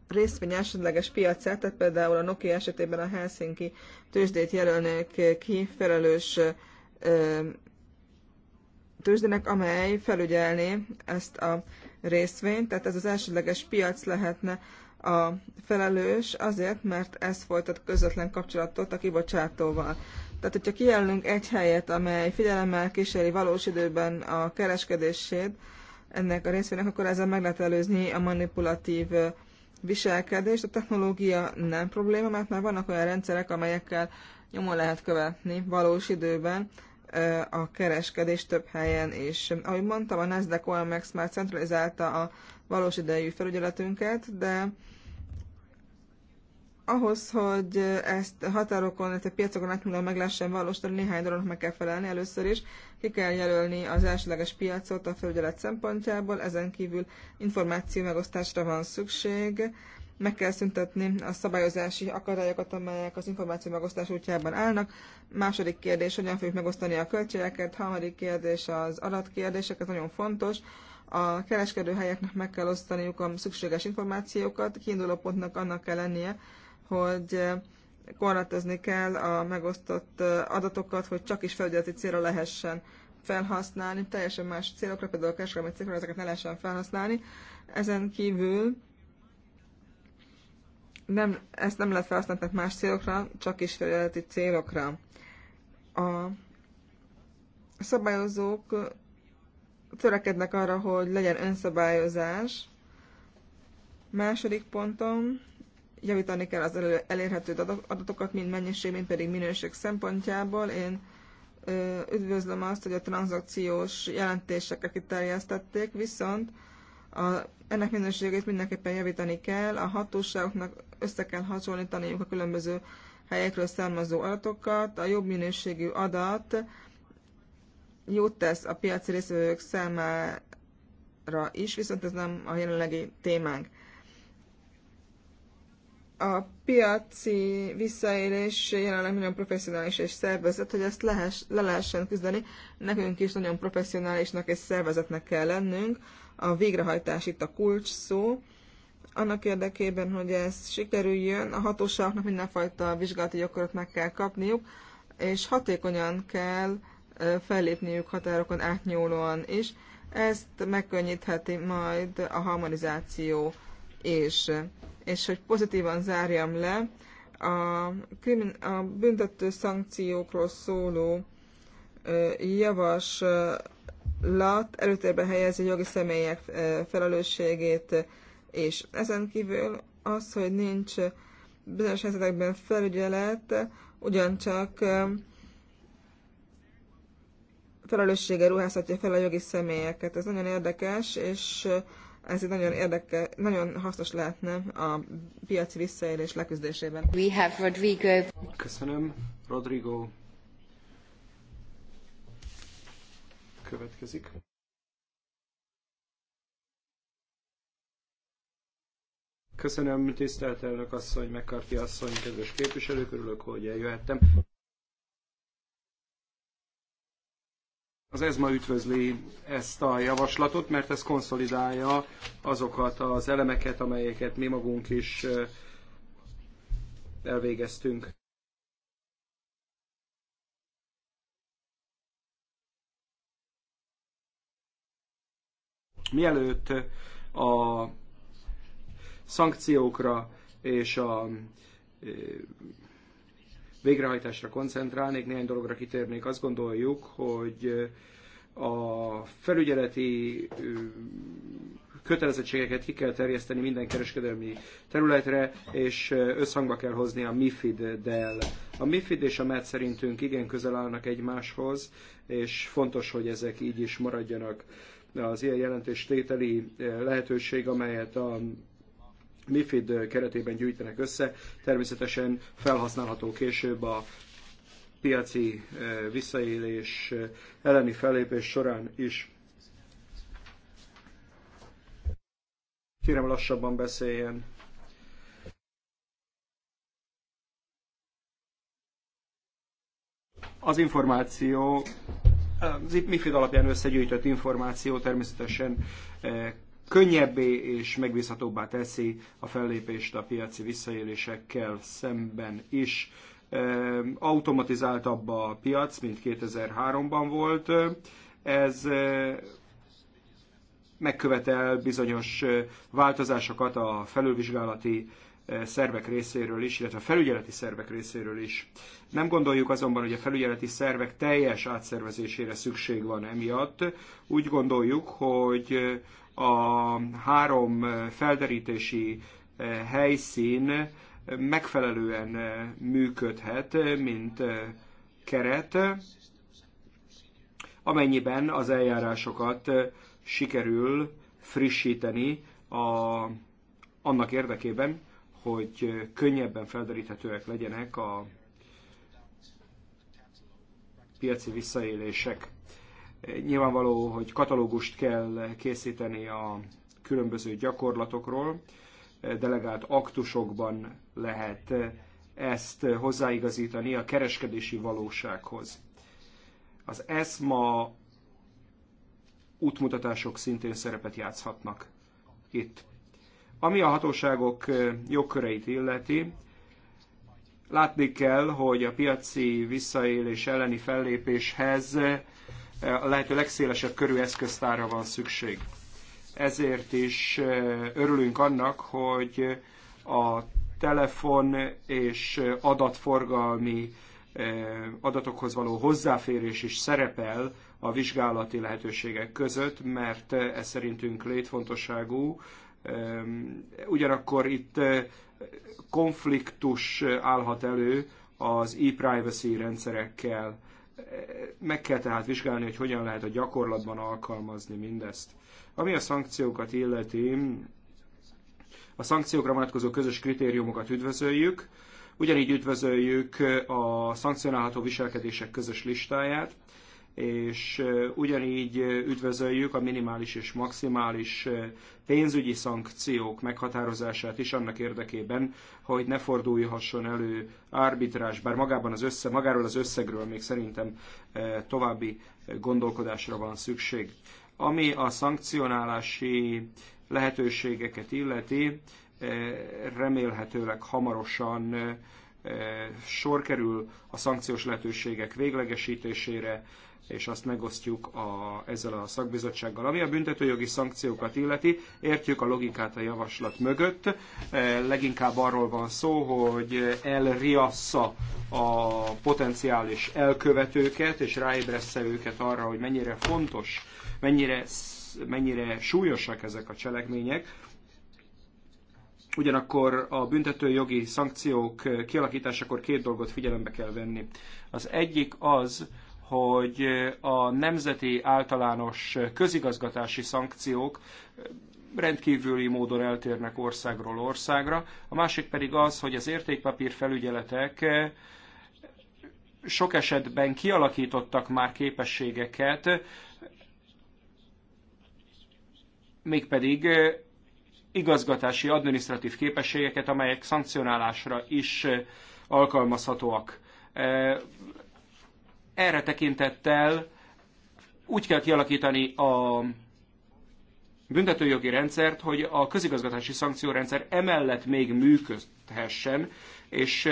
részvény elsődleges piacát, tehát például a Nokia esetében a Helsinki tőzsdét jelölnék ki felelős tőzsdének, amely felügyelné ezt a részvényt, tehát ez az elsődleges piac lehetne a felelős azért, mert ez folytat közvetlen kapcsolatot a kibocsátóval. Tehát, hogyha kijelölünk egy helyet, amely figyelemmel kíséri valós időben a kereskedését ennek a részvénynek, akkor ezzel meg lehet előzni a manipulatív viselkedést. A technológia nem probléma, mert már vannak olyan rendszerek, amelyekkel nyomon lehet követni valós időben a kereskedés több helyen és Ahogy mondtam, a Nasdaq OMX már centralizálta a valós idejű felügyeletünket, de ahhoz, hogy ezt határokon, tehát a piacokon átnyúlóan meg lehessen valósítani, néhány dolognak meg kell felelni először is. Ki kell jelölni az elsőleges piacot a felügyelet szempontjából, ezen kívül információ megosztásra van szükség, meg kell szüntetni a szabályozási akadályokat, amelyek az információ megosztás útjában állnak. Második kérdés, hogyan fogjuk megosztani a költségeket. Harmadik kérdés az adatkérdések, ez nagyon fontos. A kereskedőhelyeknek meg kell osztaniuk a szükséges információkat. Kiinduló pontnak annak kell lennie, hogy korlátozni kell a megosztott adatokat, hogy csak is felügyeleti célra lehessen felhasználni, teljesen más célokra, például a kereskedelmi célokra ezeket ne lehessen felhasználni. Ezen kívül nem, ezt nem lehet felhasználni más célokra, csak kísérleti célokra. A szabályozók törekednek arra, hogy legyen önszabályozás. Második ponton javítani kell az elérhető adatokat, mind mennyiség, mind pedig minőség szempontjából. Én üdvözlöm azt, hogy a tranzakciós jelentéseket kiterjesztették, viszont a ennek minőségét mindenképpen javítani kell, a hatóságoknak össze kell hasonlítaniuk a különböző helyekről származó adatokat, a jobb minőségű adat jót tesz a piaci részvevők számára is, viszont ez nem a jelenlegi témánk. A piaci visszaélés jelenleg nagyon professzionális és szervezet, hogy ezt lehess, le lehessen küzdeni, nekünk is nagyon professzionálisnak és szervezetnek kell lennünk, a végrehajtás itt a kulcs szó. Annak érdekében, hogy ez sikerüljön, a hatóságnak mindenfajta vizsgálati gyakorlat meg kell kapniuk, és hatékonyan kell fellépniük határokon átnyúlóan is. Ezt megkönnyítheti majd a harmonizáció és, és hogy pozitívan zárjam le, a, a büntető szankciókról szóló javas lat előtérbe helyezi jogi személyek felelősségét, és ezen kívül az, hogy nincs bizonyos helyzetekben felügyelet, ugyancsak felelőssége ruházhatja fel a jogi személyeket. Ez nagyon érdekes, és ez egy nagyon, érdeke, nagyon hasznos lehetne a piaci visszaélés leküzdésében. We have Rodrigo. Köszönöm, Rodrigo következik. Köszönöm, tisztelt elnök asszony, megkarti asszony, kedves képviselők, örülök, hogy eljöhettem. Az ESMA üdvözli ezt a javaslatot, mert ez konszolidálja azokat az elemeket, amelyeket mi magunk is elvégeztünk. Mielőtt a szankciókra és a végrehajtásra koncentrálnék, néhány dologra kitérnék. Azt gondoljuk, hogy a felügyeleti kötelezettségeket ki kell terjeszteni minden kereskedelmi területre, és összhangba kell hozni a MIFID-del. A MIFID és a MED szerintünk igen közel állnak egymáshoz, és fontos, hogy ezek így is maradjanak az ilyen jelentés tételi eh, lehetőség, amelyet a MIFID keretében gyűjtenek össze, természetesen felhasználható később a piaci eh, visszaélés eh, elleni fellépés során is. Kérem lassabban beszéljen. Az információ az itt MIFID alapján összegyűjtött információ természetesen eh, könnyebbé és megbízhatóbbá teszi a fellépést a piaci visszaélésekkel szemben is. Eh, automatizáltabb a piac, mint 2003-ban volt. Ez eh, megkövetel bizonyos változásokat a felülvizsgálati szervek részéről is, illetve a felügyeleti szervek részéről is. Nem gondoljuk azonban, hogy a felügyeleti szervek teljes átszervezésére szükség van emiatt. Úgy gondoljuk, hogy a három felderítési eh, helyszín eh, megfelelően eh, működhet, mint keret, amennyiben az eljárásokat sikerül frissíteni a, annak érdekében, hogy könnyebben felderíthetőek legyenek a piaci visszaélések. Nyilvánvaló, hogy katalógust kell készíteni a különböző gyakorlatokról, delegált aktusokban lehet ezt hozzáigazítani a kereskedési valósághoz. Az ESMA útmutatások szintén szerepet játszhatnak itt. Ami a hatóságok jogköreit illeti, látni kell, hogy a piaci visszaélés elleni fellépéshez a lehető legszélesebb körű eszköztára van szükség. Ezért is örülünk annak, hogy a telefon és adatforgalmi adatokhoz való hozzáférés is szerepel a vizsgálati lehetőségek között, mert ez szerintünk létfontosságú Ehm, ugyanakkor itt eh, konfliktus állhat elő az e-privacy rendszerekkel. Eh, meg kell tehát vizsgálni, hogy hogyan lehet a gyakorlatban alkalmazni mindezt. Ami a szankciókat illeti, a szankciókra vonatkozó közös kritériumokat üdvözöljük, ugyanígy üdvözöljük a szankcionálható viselkedések közös listáját, és ugyanígy üdvözöljük a minimális és maximális pénzügyi szankciók meghatározását is annak érdekében, hogy ne fordulhasson elő arbitrás, bár magában az össze, magáról az összegről még szerintem további gondolkodásra van szükség. Ami a szankcionálási lehetőségeket illeti, remélhetőleg hamarosan sor kerül a szankciós lehetőségek véglegesítésére, és azt megosztjuk a, ezzel a szakbizottsággal. Ami a büntetőjogi szankciókat illeti, értjük a logikát a javaslat mögött. E, leginkább arról van szó, hogy elriassza a potenciális elkövetőket, és ráébressze őket arra, hogy mennyire fontos, mennyire, mennyire súlyosak ezek a cselekmények, Ugyanakkor a büntető jogi szankciók kialakításakor két dolgot figyelembe kell venni. Az egyik az, hogy a nemzeti általános közigazgatási szankciók rendkívüli módon eltérnek országról országra, a másik pedig az, hogy az értékpapír felügyeletek sok esetben kialakítottak már képességeket, mégpedig igazgatási, adminisztratív képességeket, amelyek szankcionálásra is alkalmazhatóak. Erre tekintettel úgy kell kialakítani a büntetőjogi rendszert, hogy a közigazgatási szankciórendszer emellett még működhessen, és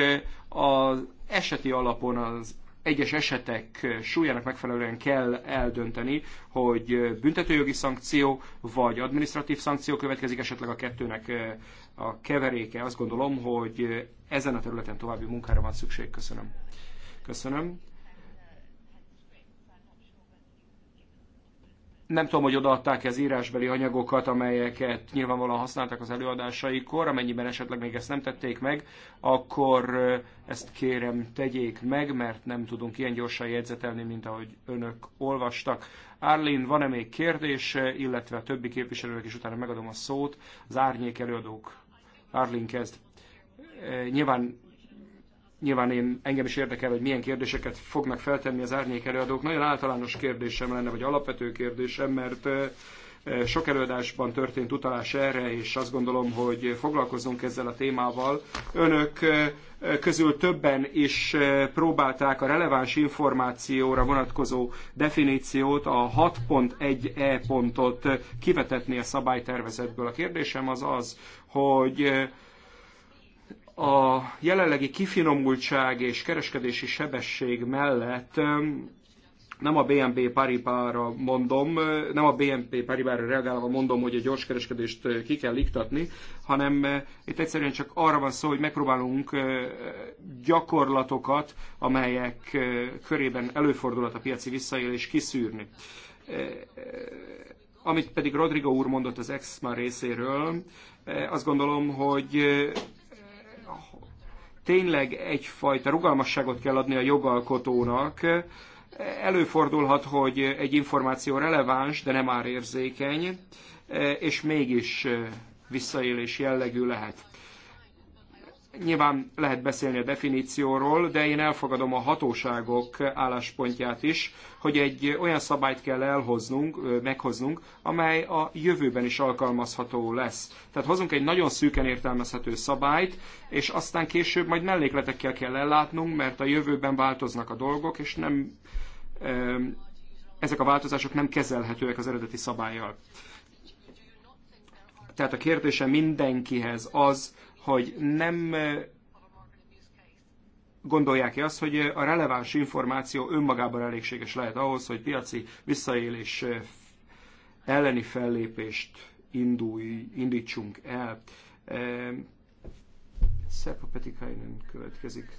az eseti alapon az egyes esetek súlyának megfelelően kell eldönteni, hogy büntetőjogi szankció vagy administratív szankció következik, esetleg a kettőnek a keveréke. Azt gondolom, hogy ezen a területen további munkára van szükség. Köszönöm. Köszönöm. Nem tudom, hogy odaadták ez írásbeli anyagokat, amelyeket nyilvánvalóan használtak az előadásaikor, amennyiben esetleg még ezt nem tették meg, akkor ezt kérem tegyék meg, mert nem tudunk ilyen gyorsan jegyzetelni, mint ahogy önök olvastak. Árlin, van-e még kérdés, illetve a többi képviselőnek is utána megadom a szót. Az árnyék előadók. Árlin kezd. Nyilván Nyilván én, engem is érdekel, hogy milyen kérdéseket fognak feltenni az árnyék előadók. Nagyon általános kérdésem lenne, vagy alapvető kérdésem, mert eh, eh, sok előadásban történt utalás erre, és azt gondolom, hogy foglalkozzunk ezzel a témával. Önök eh, közül többen is próbálták a releváns információra vonatkozó definíciót, a 6.1e pontot kivetetni a szabálytervezetből. A kérdésem az az, hogy a jelenlegi kifinomultság és kereskedési sebesség mellett nem a BNP Paribára mondom, nem a BNP Paribára reagálva mondom, hogy a kereskedést ki kell iktatni, hanem itt egyszerűen csak arra van szó, hogy megpróbálunk gyakorlatokat, amelyek körében előfordulhat a piaci visszaélés kiszűrni. Amit pedig Rodrigo úr mondott az EXMA részéről, azt gondolom, hogy tényleg egyfajta rugalmasságot kell adni a jogalkotónak. Előfordulhat, hogy egy információ releváns, de nem árérzékeny, érzékeny, és mégis visszaélés jellegű lehet. Nyilván lehet beszélni a definícióról, de én elfogadom a hatóságok álláspontját is, hogy egy olyan szabályt kell elhoznunk, meghoznunk, amely a jövőben is alkalmazható lesz. Tehát hozunk egy nagyon szűken értelmezhető szabályt, és aztán később majd mellékletekkel kell ellátnunk, mert a jövőben változnak a dolgok, és nem ezek a változások nem kezelhetőek az eredeti szabályjal. Tehát a kérdése mindenkihez az, hogy nem gondolják-e azt, hogy a releváns információ önmagában elégséges lehet ahhoz, hogy piaci visszaélés elleni fellépést indulj, indítsunk el. Szerpa Petikainen következik.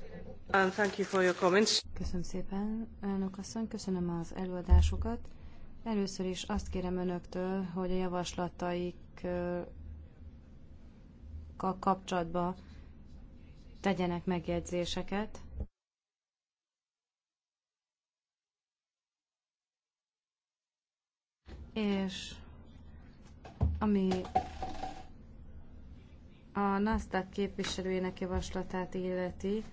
thank you for your comments. Köszönöm szépen, elnök asszony, köszönöm az előadásokat. Először is azt kérem önöktől, hogy a javaslataik témákkal kapcsolatban tegyenek megjegyzéseket. És ami a NASDAQ képviselőjének javaslatát illeti,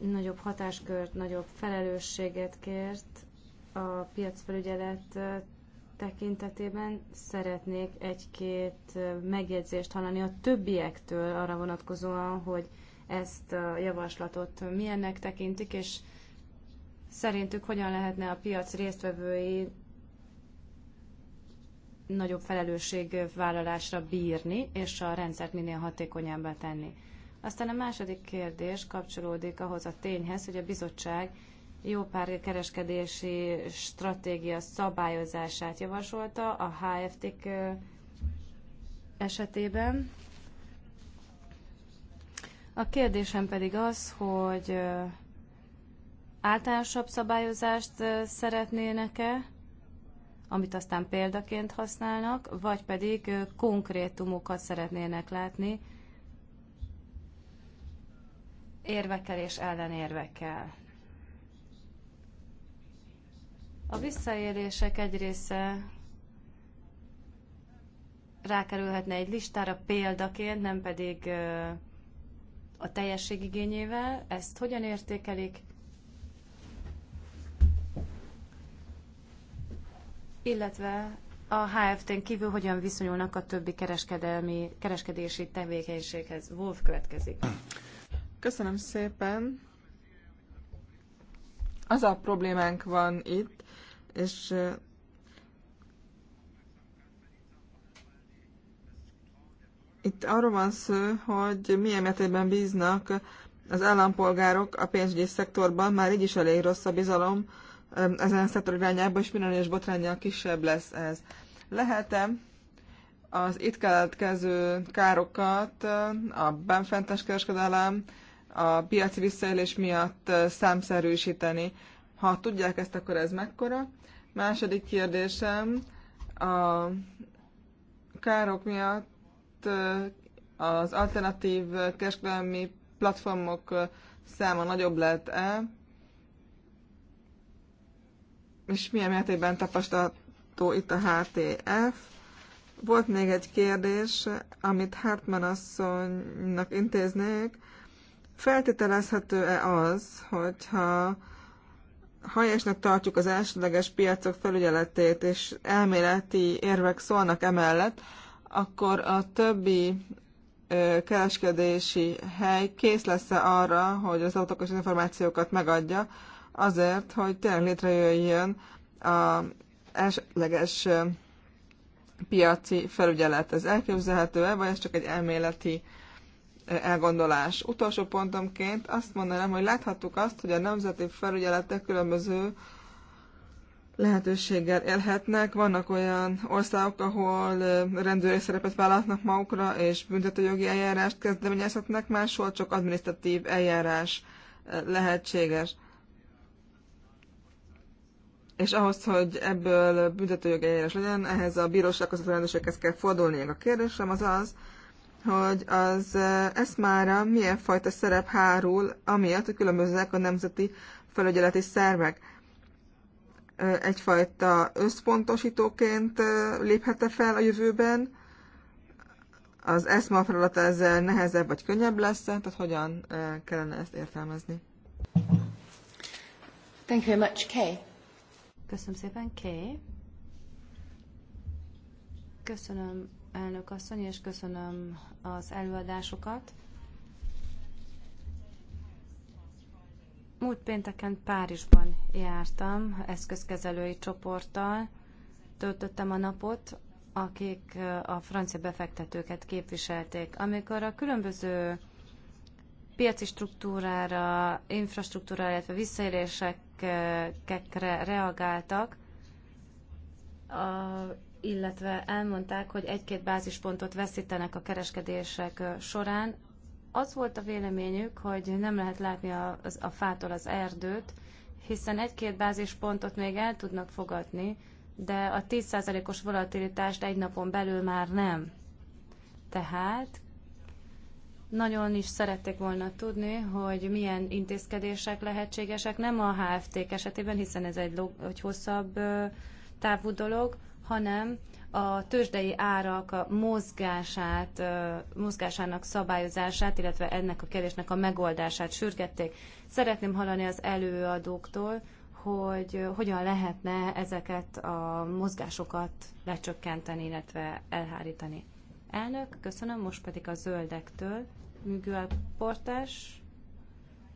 nagyobb hatáskört, nagyobb felelősséget kért a piacfelügyelet tekintetében szeretnék egy-két megjegyzést hallani a többiektől arra vonatkozóan, hogy ezt a javaslatot milyennek tekintik, és szerintük hogyan lehetne a piac résztvevői nagyobb felelősségvállalásra bírni, és a rendszert minél hatékonyabbá tenni. Aztán a második kérdés kapcsolódik ahhoz a tényhez, hogy a bizottság jó pár kereskedési stratégia szabályozását javasolta a HFT-k esetében. A kérdésem pedig az, hogy általánosabb szabályozást szeretnének-e, amit aztán példaként használnak, vagy pedig konkrétumokat szeretnének látni érvekkel és ellenérvekkel. A visszaélések egy része rákerülhetne egy listára példaként, nem pedig a teljesség igényével. Ezt hogyan értékelik? Illetve a HFT-n kívül hogyan viszonyulnak a többi kereskedelmi, kereskedési tevékenységhez? Wolf következik. Köszönöm szépen. Az a problémánk van itt, és itt arról van szó, hogy milyen mértékben bíznak az állampolgárok a pénzügyi szektorban, már így is elég rossz a bizalom ezen a szektor irányába, és minden egyes botrányjal kisebb lesz ez. Lehet-e az itt keletkező károkat a benfentes kereskedelem, a piaci visszaélés miatt számszerűsíteni. Ha tudják ezt, akkor ez mekkora? Második kérdésem, a károk miatt az alternatív kereskedelmi platformok száma nagyobb lett-e, és milyen mértékben tapasztalható itt a HTF. Volt még egy kérdés, amit Hartmann asszonynak intéznék. Feltételezhető-e az, hogyha helyesnek tartjuk az elsődleges piacok felügyeletét, és elméleti érvek szólnak emellett, akkor a többi kereskedési hely kész lesz -e arra, hogy az autókos információkat megadja, azért, hogy tényleg létrejöjjön a elsődleges piaci felügyelet. Ez elképzelhető-e, vagy ez csak egy elméleti elgondolás. Utolsó pontomként azt mondanám, hogy láthattuk azt, hogy a nemzeti felügyeletek különböző lehetőséggel élhetnek. Vannak olyan országok, ahol rendőri szerepet vállalnak magukra, és büntetőjogi eljárást kezdeményezhetnek, máshol csak administratív eljárás lehetséges. És ahhoz, hogy ebből büntetőjogi eljárás legyen, ehhez a bírósághoz a rendőrséghez kell fordulni. A kérdésem az az, hogy az esma milyen fajta szerep hárul, amiatt, hogy különböznek a nemzeti felügyeleti szervek. Egyfajta összpontosítóként léphette fel a jövőben, az ESMA feladata ezzel nehezebb vagy könnyebb lesz, tehát hogyan kellene ezt értelmezni? Thank you very much, Kay. Köszönöm szépen, Kay. Köszönöm elnök asszony, és köszönöm az előadásokat. Múlt pénteken Párizsban jártam eszközkezelői csoporttal, töltöttem a napot, akik a francia befektetőket képviselték. Amikor a különböző piaci struktúrára, infrastruktúrára, illetve visszaélésekre reagáltak, a illetve elmondták, hogy egy-két bázispontot veszítenek a kereskedések során. Az volt a véleményük, hogy nem lehet látni a, a fától az erdőt, hiszen egy-két bázispontot még el tudnak fogadni, de a 10%-os volatilitást egy napon belül már nem. Tehát nagyon is szerették volna tudni, hogy milyen intézkedések lehetségesek, nem a HFT esetében, hiszen ez egy, egy hosszabb távú dolog, hanem a tőzsdei árak a mozgását, mozgásának szabályozását, illetve ennek a kérdésnek a megoldását sürgették. Szeretném hallani az előadóktól, hogy hogyan lehetne ezeket a mozgásokat lecsökkenteni, illetve elhárítani. Elnök, köszönöm, most pedig a zöldektől. Miguel Portás?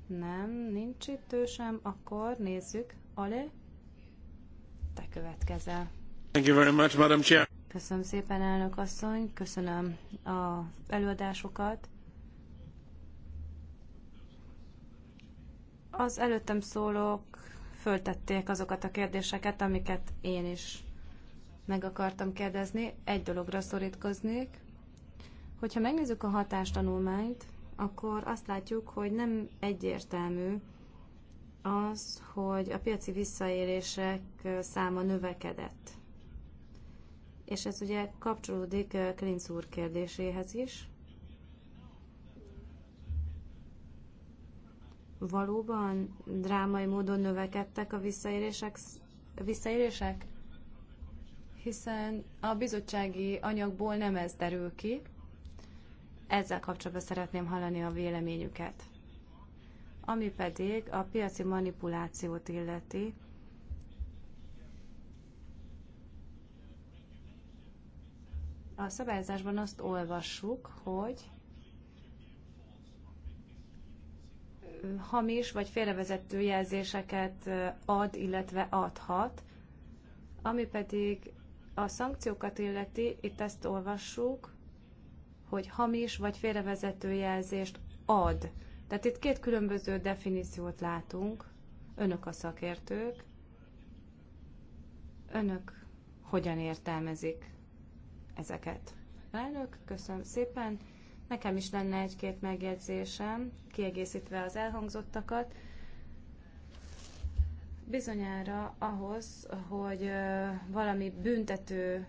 Nem, nincs itt ő sem, akkor nézzük. Ale, te következel. Köszönöm szépen, elnök asszony, köszönöm az előadásokat. Az előttem szólók föltették azokat a kérdéseket, amiket én is meg akartam kérdezni. Egy dologra szorítkoznék. Hogyha megnézzük a hatástanulmányt, akkor azt látjuk, hogy nem egyértelmű az, hogy a piaci visszaélések száma növekedett és ez ugye kapcsolódik eh, Klinc úr kérdéséhez is. Valóban drámai módon növekedtek a visszaélések, visszaérések? Hiszen a bizottsági anyagból nem ez derül ki. Ezzel kapcsolatban szeretném hallani a véleményüket. Ami pedig a piaci manipulációt illeti, A szabályozásban azt olvassuk, hogy hamis vagy félrevezető jelzéseket ad, illetve adhat, ami pedig a szankciókat illeti, itt ezt olvassuk, hogy hamis vagy félrevezető jelzést ad. Tehát itt két különböző definíciót látunk. Önök a szakértők. Önök hogyan értelmezik ezeket. Elnök, köszönöm szépen. Nekem is lenne egy-két megjegyzésem, kiegészítve az elhangzottakat. Bizonyára ahhoz, hogy valami büntető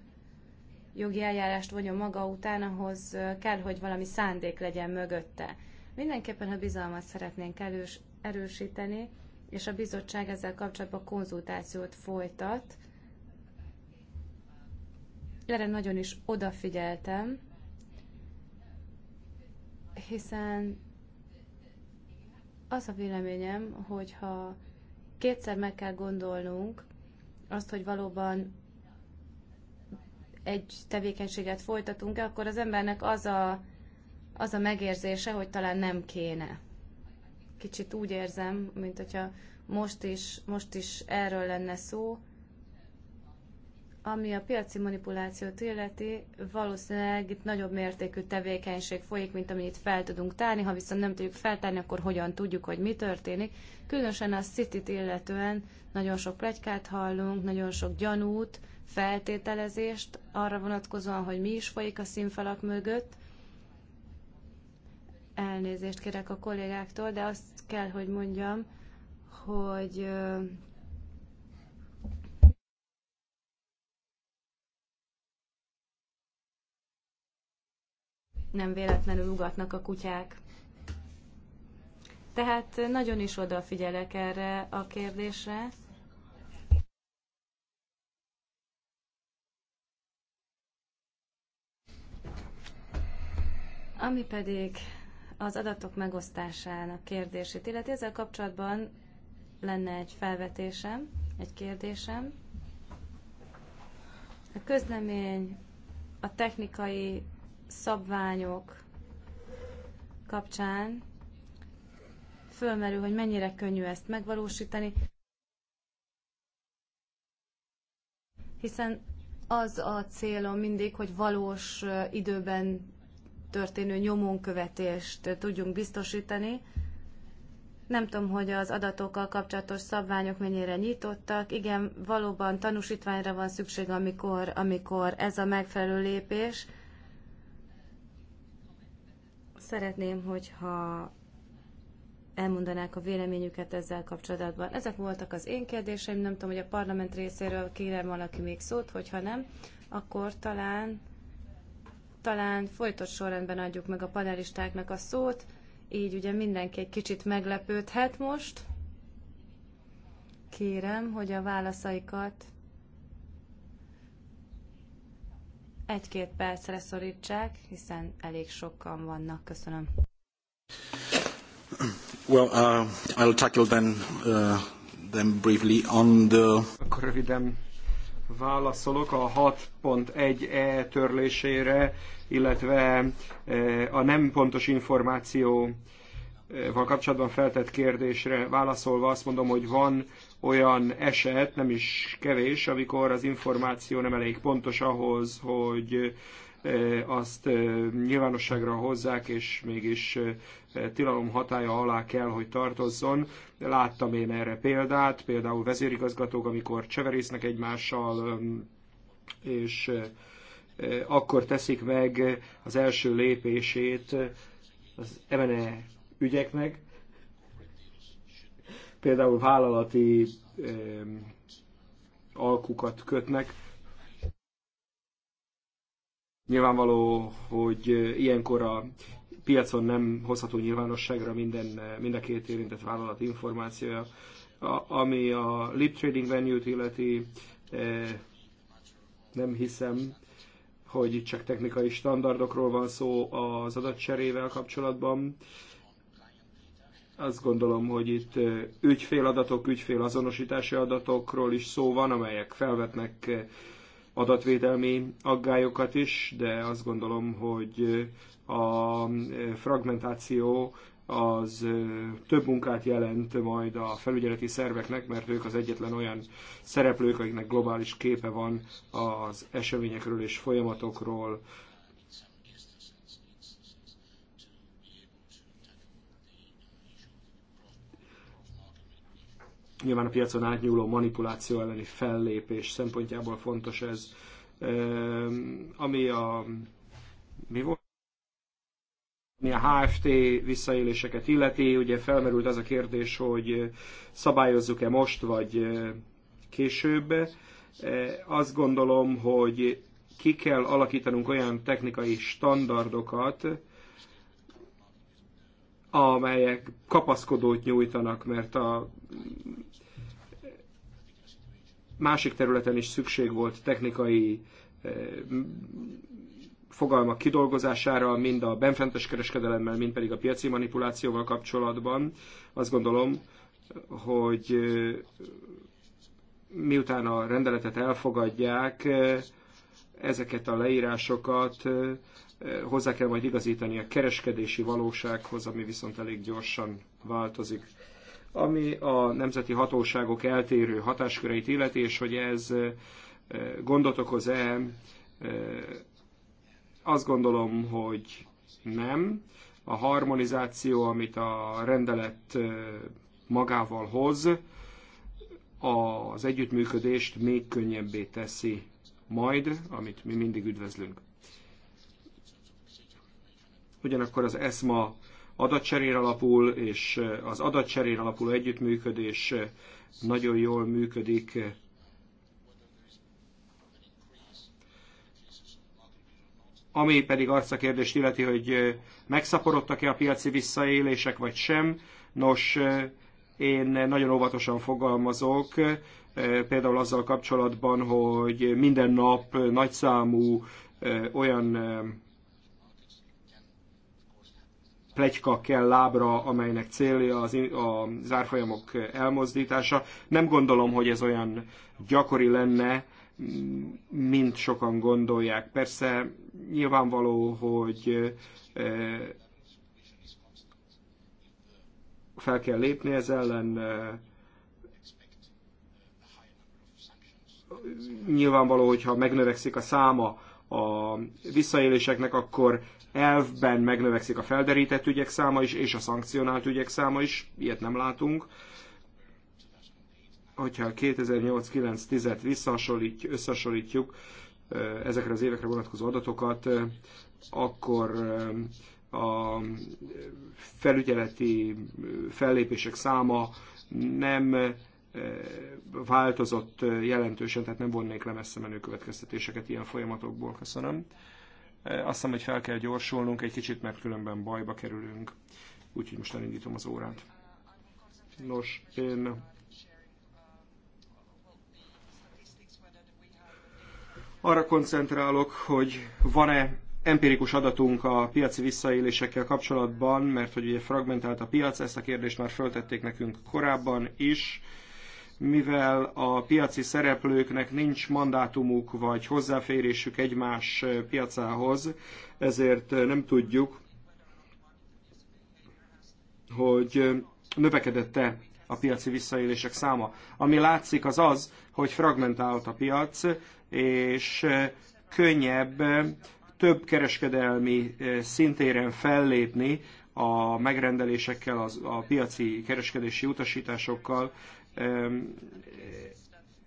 jogi eljárást vonjon maga után, ahhoz kell, hogy valami szándék legyen mögötte. Mindenképpen, ha bizalmat szeretnénk erős, erősíteni, és a bizottság ezzel kapcsolatban konzultációt folytat, erre nagyon is odafigyeltem, hiszen az a véleményem, hogyha kétszer meg kell gondolnunk azt, hogy valóban egy tevékenységet folytatunk-e, akkor az embernek az a, az a megérzése, hogy talán nem kéne. Kicsit úgy érzem, mint hogyha most is, most is erről lenne szó, ami a piaci manipulációt illeti, valószínűleg itt nagyobb mértékű tevékenység folyik, mint amit fel tudunk tárni. Ha viszont nem tudjuk feltárni, akkor hogyan tudjuk, hogy mi történik. Különösen a city illetően nagyon sok plegykát hallunk, nagyon sok gyanút, feltételezést arra vonatkozóan, hogy mi is folyik a színfalak mögött. Elnézést kérek a kollégáktól, de azt kell, hogy mondjam, hogy nem véletlenül ugatnak a kutyák. Tehát nagyon is odafigyelek erre a kérdésre. Ami pedig az adatok megosztásának kérdését illeti, ezzel kapcsolatban lenne egy felvetésem, egy kérdésem. A közlemény a technikai szabványok kapcsán fölmerül, hogy mennyire könnyű ezt megvalósítani, hiszen az a célom mindig, hogy valós időben történő nyomonkövetést tudjunk biztosítani. Nem tudom, hogy az adatokkal kapcsolatos szabványok mennyire nyitottak. Igen, valóban tanúsítványra van szükség, amikor, amikor ez a megfelelő lépés – Szeretném, hogyha elmondanák a véleményüket ezzel kapcsolatban. Ezek voltak az én kérdéseim, nem tudom, hogy a parlament részéről kérem valaki még szót, hogyha nem, akkor talán, talán folytott sorrendben adjuk meg a panelistáknak a szót, így ugye mindenki egy kicsit meglepődhet most. Kérem, hogy a válaszaikat egy-két percre szorítsák, hiszen elég sokan vannak. Köszönöm. Well, uh, I'll tackle then, uh, them briefly on the... Akkor röviden válaszolok a 6.1e törlésére, illetve eh, a nem pontos információ val kapcsolatban feltett kérdésre válaszolva azt mondom, hogy van olyan eset, nem is kevés, amikor az információ nem elég pontos ahhoz, hogy e, azt e, nyilvánosságra hozzák, és mégis e, tilalom hatája alá kell, hogy tartozzon. Láttam én erre példát, például vezérigazgatók, amikor cseverésznek egymással, és akkor teszik meg az első lépését az emene ügyeknek, például vállalati alkukat kötnek. Nyilvánvaló, hogy ilyenkor a piacon nem hozható nyilvánosságra minden, mind a két érintett vállalat információja. A, ami a lip trading venue-t illeti, nem hiszem, hogy itt csak technikai standardokról van szó az adatcserével kapcsolatban. Azt gondolom, hogy itt ügyféladatok, ügyfélazonosítási adatokról is szó van, amelyek felvetnek adatvédelmi aggályokat is, de azt gondolom, hogy a fragmentáció az több munkát jelent majd a felügyeleti szerveknek, mert ők az egyetlen olyan szereplők, akiknek globális képe van az eseményekről és folyamatokról. Nyilván a piacon átnyúló manipuláció elleni fellépés szempontjából fontos ez. Ami a... Mi volt? ami a HFT visszaéléseket illeti, ugye felmerült az a kérdés, hogy szabályozzuk-e most, vagy később. Azt gondolom, hogy ki kell alakítanunk olyan technikai standardokat, amelyek kapaszkodót nyújtanak, mert a másik területen is szükség volt technikai eh, fogalmak kidolgozására, mind a benfentes kereskedelemmel, mind pedig a piaci manipulációval kapcsolatban. Azt gondolom, hogy eh, miután a rendeletet elfogadják, eh, ezeket a leírásokat hozzá kell majd igazítani a kereskedési valósághoz, ami viszont elég gyorsan változik. Ami a nemzeti hatóságok eltérő hatásköreit illeti, és hogy ez gondot okoz-e, azt gondolom, hogy nem. A harmonizáció, amit a rendelet magával hoz, az együttműködést még könnyebbé teszi majd, amit mi mindig üdvözlünk ugyanakkor az ESMA adatcserére alapul, és az adatcserére alapuló együttműködés nagyon jól működik. Ami pedig azt a kérdést illeti, hogy megszaporodtak-e a piaci visszaélések, vagy sem. Nos, én nagyon óvatosan fogalmazok, például azzal kapcsolatban, hogy minden nap nagyszámú olyan plegyka kell lábra, amelynek célja az, az árfolyamok elmozdítása. Nem gondolom, hogy ez olyan gyakori lenne, mint sokan gondolják. Persze nyilvánvaló, hogy fel kell lépni ez ellen, nyilvánvaló, hogyha megnövekszik a száma a visszaéléseknek, akkor elvben megnövekszik a felderített ügyek száma is, és a szankcionált ügyek száma is, ilyet nem látunk. Hogyha 2008-9-10-et összehasonlítjuk ezekre az évekre vonatkozó adatokat, akkor a felügyeleti fellépések száma nem változott jelentősen, tehát nem vonnék le messze menő következtetéseket ilyen folyamatokból. Köszönöm. Azt hiszem, hogy fel kell gyorsulnunk egy kicsit, mert különben bajba kerülünk. Úgyhogy most elindítom az órát. Nos, én arra koncentrálok, hogy van-e empirikus adatunk a piaci visszaélésekkel kapcsolatban, mert hogy ugye fragmentált a piac, ezt a kérdést már föltették nekünk korábban is mivel a piaci szereplőknek nincs mandátumuk vagy hozzáférésük egymás piacához, ezért nem tudjuk, hogy növekedett-e a piaci visszaélések száma. Ami látszik az az, hogy fragmentált a piac, és könnyebb több kereskedelmi szintéren fellépni a megrendelésekkel, az, a piaci kereskedési utasításokkal,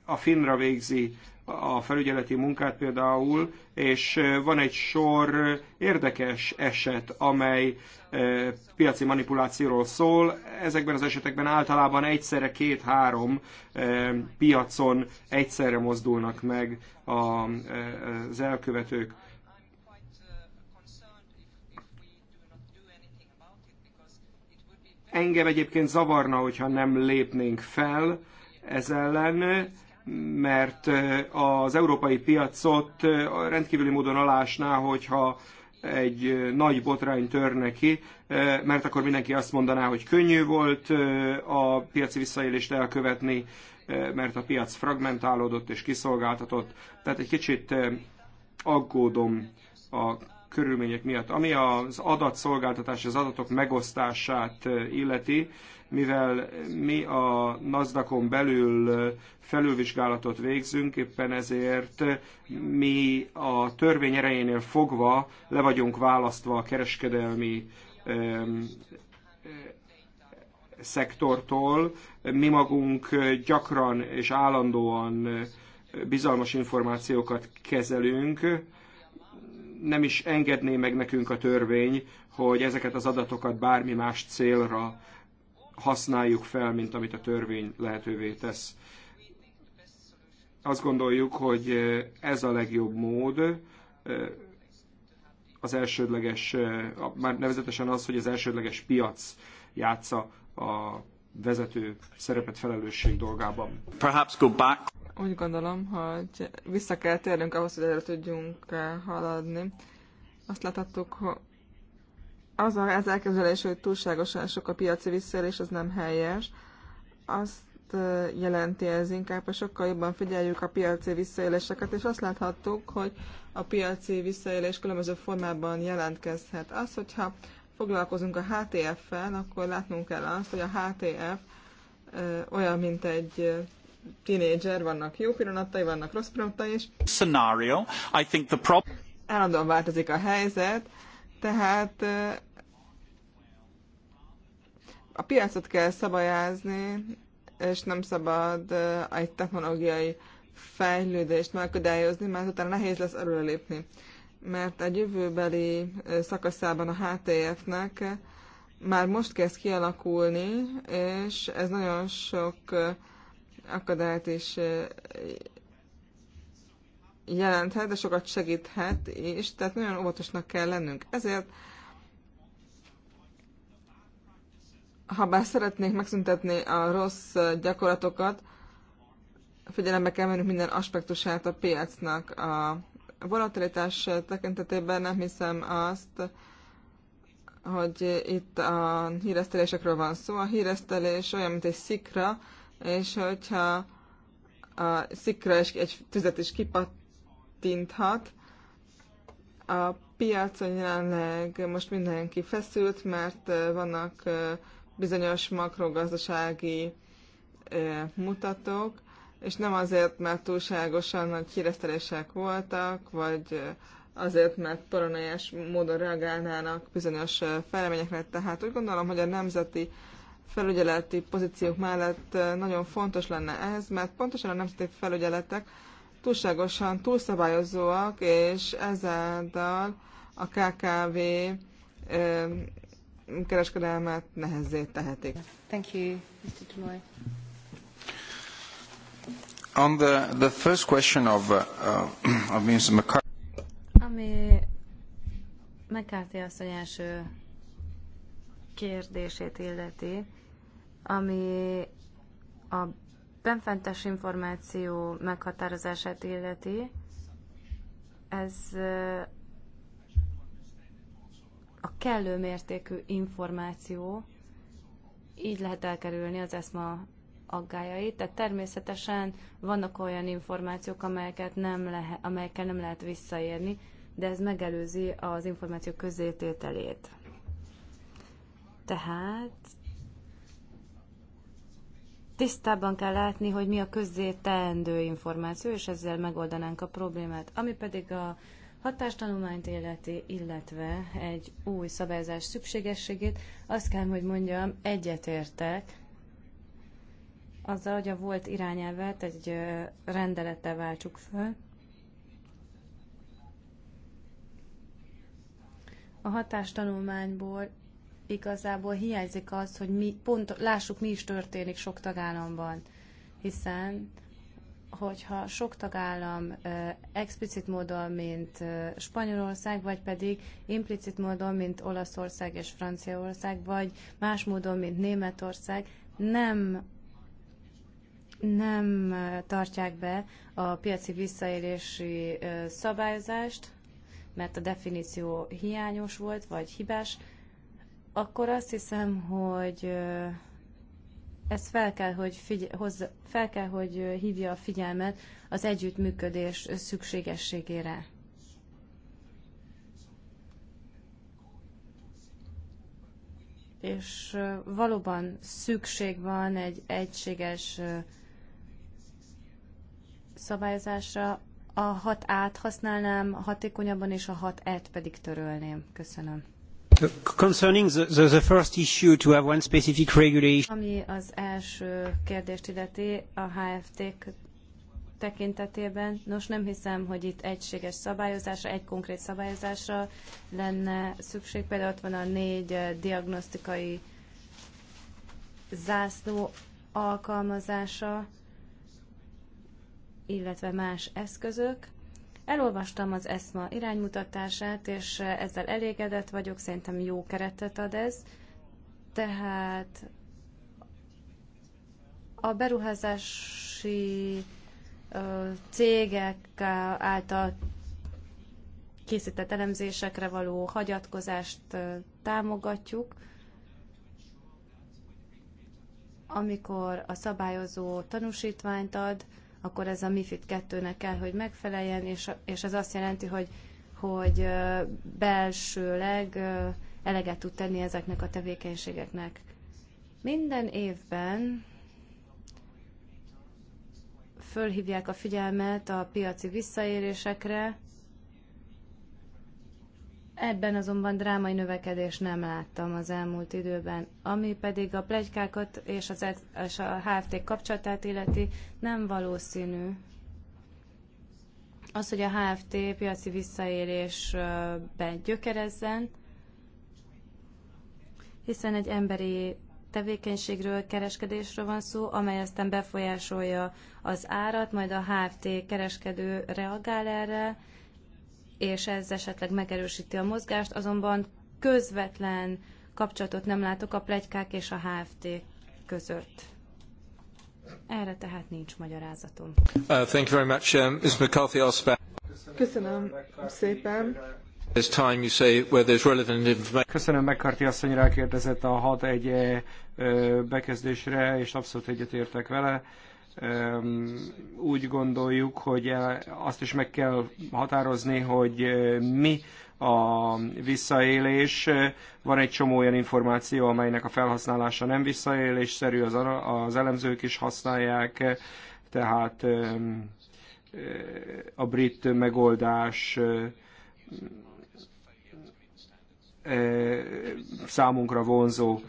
a Finra végzi a felügyeleti munkát például, és van egy sor érdekes eset, amely piaci manipulációról szól. Ezekben az esetekben általában egyszerre két-három piacon egyszerre mozdulnak meg az elkövetők. Engem egyébként zavarna, hogyha nem lépnénk fel ez ellen, mert az európai piacot rendkívüli módon alásná, hogyha egy nagy botrány törne ki, mert akkor mindenki azt mondaná, hogy könnyű volt a piaci visszaélést elkövetni, mert a piac fragmentálódott és kiszolgáltatott. Tehát egy kicsit aggódom a körülmények miatt. Ami az adatszolgáltatás, az adatok megosztását illeti, mivel mi a NASDAQ-on belül felülvizsgálatot végzünk, éppen ezért mi a törvény erejénél fogva le vagyunk választva a kereskedelmi szektortól. Mi magunk gyakran és állandóan bizalmas információkat kezelünk, nem is engedné meg nekünk a törvény, hogy ezeket az adatokat bármi más célra használjuk fel, mint amit a törvény lehetővé tesz. Azt gondoljuk, hogy ez a legjobb mód, az elsődleges, már nevezetesen az, hogy az elsődleges piac játsza a vezető szerepet felelősség dolgában. Perhaps go back. Úgy gondolom, hogy vissza kell térnünk ahhoz, hogy előre tudjunk eh, haladni. Azt láthattuk, hogy az az elképzelés, hogy túlságosan sok a piaci visszaélés, az nem helyes. Azt eh, jelenti ez inkább, hogy sokkal jobban figyeljük a piaci visszaéléseket, és azt láthattuk, hogy a piaci visszaélés különböző formában jelentkezhet. Az, hogyha foglalkozunk a HTF-fel, akkor látnunk kell azt, hogy a HTF eh, olyan, mint egy tínédzser, vannak jó pillanatai, vannak rossz pillanatai is. Scenario, I think the problem... Állandóan változik a helyzet, tehát a piacot kell szabályozni, és nem szabad egy technológiai fejlődést megakadályozni, mert utána nehéz lesz előrelépni. Mert egy jövőbeli szakaszában a HTF-nek már most kezd kialakulni, és ez nagyon sok akadályt is jelenthet, de sokat segíthet és tehát nagyon óvatosnak kell lennünk. Ezért, ha bár szeretnék megszüntetni a rossz gyakorlatokat, figyelembe kell vennünk minden aspektusát a piacnak. A volatilitás tekintetében nem hiszem azt, hogy itt a híresztelésekről van szó. A híresztelés olyan, mint egy szikra, és hogyha a szikra is egy tüzet is kipattinthat, a piacon jelenleg most mindenki feszült, mert vannak bizonyos makrogazdasági mutatók, és nem azért, mert túlságosan nagy híresztelések voltak, vagy azért, mert paranoiás módon reagálnának bizonyos fejleményekre. Tehát úgy gondolom, hogy a nemzeti felügyeleti pozíciók mellett eh, nagyon fontos lenne ez, mert pontosan a nemzeti felügyeletek túlságosan túlszabályozóak, és ezáltal a KKV eh, kereskedelmet nehezé tehetik. Thank you, Mr. Tumoy. On the, the first question of, uh, of Mr. McCarthy. Ami McCarthy asszony első kérdését illeti, ami a benfentes információ meghatározását illeti, ez a kellő mértékű információ, így lehet elkerülni az eszma aggájait. Tehát természetesen vannak olyan információk, amelyeket nem lehet, amelyekkel nem lehet visszaérni, de ez megelőzi az információ közzétételét. Tehát tisztában kell látni, hogy mi a közzé teendő információ, és ezzel megoldanánk a problémát. Ami pedig a hatástanulmányt illeti, illetve egy új szabályozás szükségességét, azt kell, hogy mondjam, egyetértek azzal, hogy a volt irányelvet egy rendelettel váltsuk föl. A hatástanulmányból igazából hiányzik az, hogy mi pont lássuk, mi is történik sok tagállamban, hiszen hogyha sok tagállam explicit módon, mint Spanyolország, vagy pedig implicit módon, mint Olaszország és Franciaország, vagy más módon, mint Németország, nem nem tartják be a piaci visszaélési szabályozást, mert a definíció hiányos volt, vagy hibás, akkor azt hiszem, hogy ez fel kell, hogy figy- hozza, fel kell, hogy hívja a figyelmet az együttműködés szükségességére. És valóban szükség van egy egységes szabályozásra. A hat át használnám hatékonyabban, és a hat et pedig törölném. Köszönöm. Concerning the, the, the first issue to have one specific regulation. Ami az első kérdést illeti a HFT tekintetében, nos nem hiszem, hogy itt egységes szabályozásra, egy konkrét szabályozásra lenne szükség. Például ott van a négy eh, diagnosztikai zászló alkalmazása, illetve más eszközök. Elolvastam az ESMA iránymutatását, és ezzel elégedett vagyok, szerintem jó keretet ad ez. Tehát a beruházási cégek által készített elemzésekre való hagyatkozást támogatjuk, amikor a szabályozó tanúsítványt ad, akkor ez a MIFID 2-nek kell, hogy megfeleljen, és, és ez azt jelenti, hogy, hogy belsőleg eleget tud tenni ezeknek a tevékenységeknek. Minden évben fölhívják a figyelmet a piaci visszaérésekre. Ebben azonban drámai növekedés nem láttam az elmúlt időben. Ami pedig a plegykákat és, az, és a HFT kapcsolatát illeti, nem valószínű. Az, hogy a HFT piaci visszaélésbe gyökerezzen, hiszen egy emberi tevékenységről, kereskedésről van szó, amely aztán befolyásolja az árat, majd a HFT kereskedő reagál erre, és ez esetleg megerősíti a mozgást, azonban közvetlen kapcsolatot nem látok a plegykák és a HFT között. Erre tehát nincs magyarázatom. Uh, thank you very much. Um, Ms. McCarthy asked Köszönöm szépen. This time you say where there's relevant information. Köszönöm, McCarthy asszony rákérdezett a 6-1 eh, eh, bekezdésre, és abszolút egyetértek vele úgy gondoljuk, hogy azt is meg kell határozni, hogy mi a visszaélés. Van egy csomó olyan információ, amelynek a felhasználása nem visszaélésszerű, az, az elemzők is használják, tehát a brit megoldás számunkra vonzó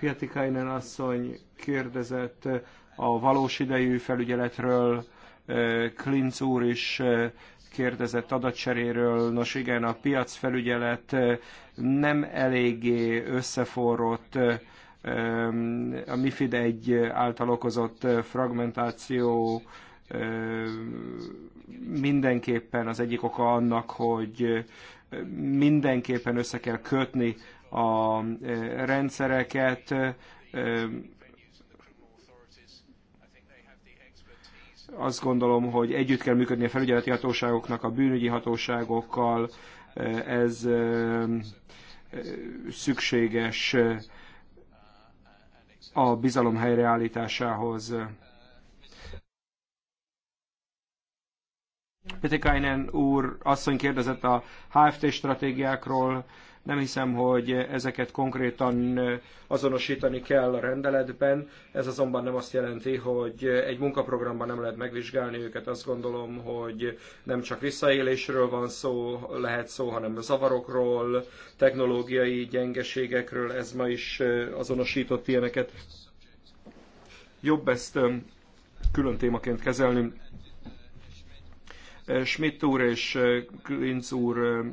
Piatikainen asszony kérdezett a valós idejű felügyeletről, eh, Klinc úr is eh, kérdezett adatcseréről. Nos igen, a piac felügyelet eh, nem eléggé összeforrott, a MIFID egy által okozott fragmentáció mindenképpen az egyik oka annak, hogy mindenképpen össze kell kötni a e, rendszereket, e, azt gondolom, hogy együtt kell működni a felügyeleti hatóságoknak, a bűnügyi hatóságokkal, e, ez szükséges a bizalom helyreállításához. Pitikainen úr asszony kérdezett a HFT stratégiákról, nem hiszem, hogy ezeket konkrétan azonosítani kell a rendeletben. Ez azonban nem azt jelenti, hogy egy munkaprogramban nem lehet megvizsgálni őket. Azt gondolom, hogy nem csak visszaélésről van szó, lehet szó, hanem zavarokról, technológiai gyengeségekről. Ez ma is azonosított ilyeneket. Jobb ezt külön témaként kezelni, Schmidt úr és Klinz úr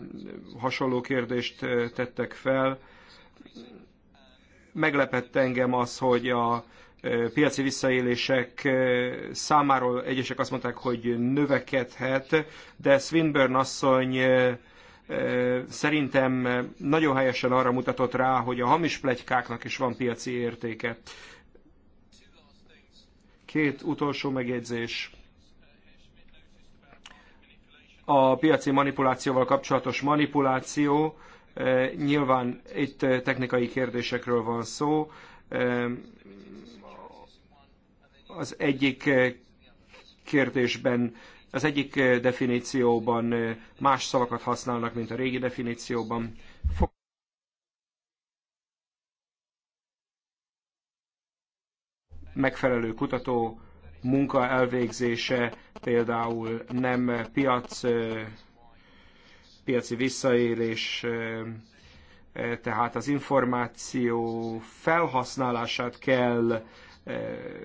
hasonló kérdést tettek fel. Meglepett engem az, hogy a piaci visszaélések számáról egyesek azt mondták, hogy növekedhet, de Swinburne asszony szerintem nagyon helyesen arra mutatott rá, hogy a hamis plegykáknak is van piaci értéke. Két utolsó megjegyzés a piaci manipulációval kapcsolatos manipuláció, eh, nyilván itt eh, technikai kérdésekről van szó. Eh, az egyik kérdésben, az egyik definícióban más szavakat használnak, mint a régi definícióban. Megfelelő kutató munka elvégzése például nem piac, piaci visszaélés, tehát az információ felhasználását kell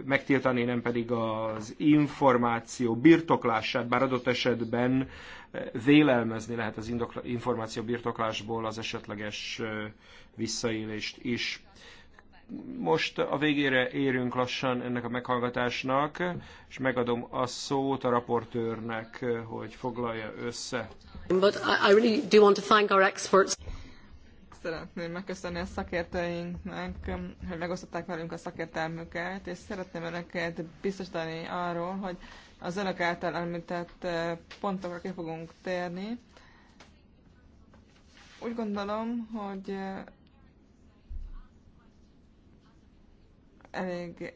megtiltani, nem pedig az információ birtoklását, bár adott esetben vélelmezni lehet az információ birtoklásból az esetleges visszaélést is most a végére érünk lassan ennek a meghallgatásnak, és megadom a szót a raportőrnek, hogy foglalja össze. But I really do want to thank our experts. Szeretném megköszönni a szakértőinknek, hogy megosztották velünk a szakértelmüket, és szeretném önöket biztosítani arról, hogy az önök által említett eh, pontokra ki fogunk térni. Úgy gondolom, hogy eh, elég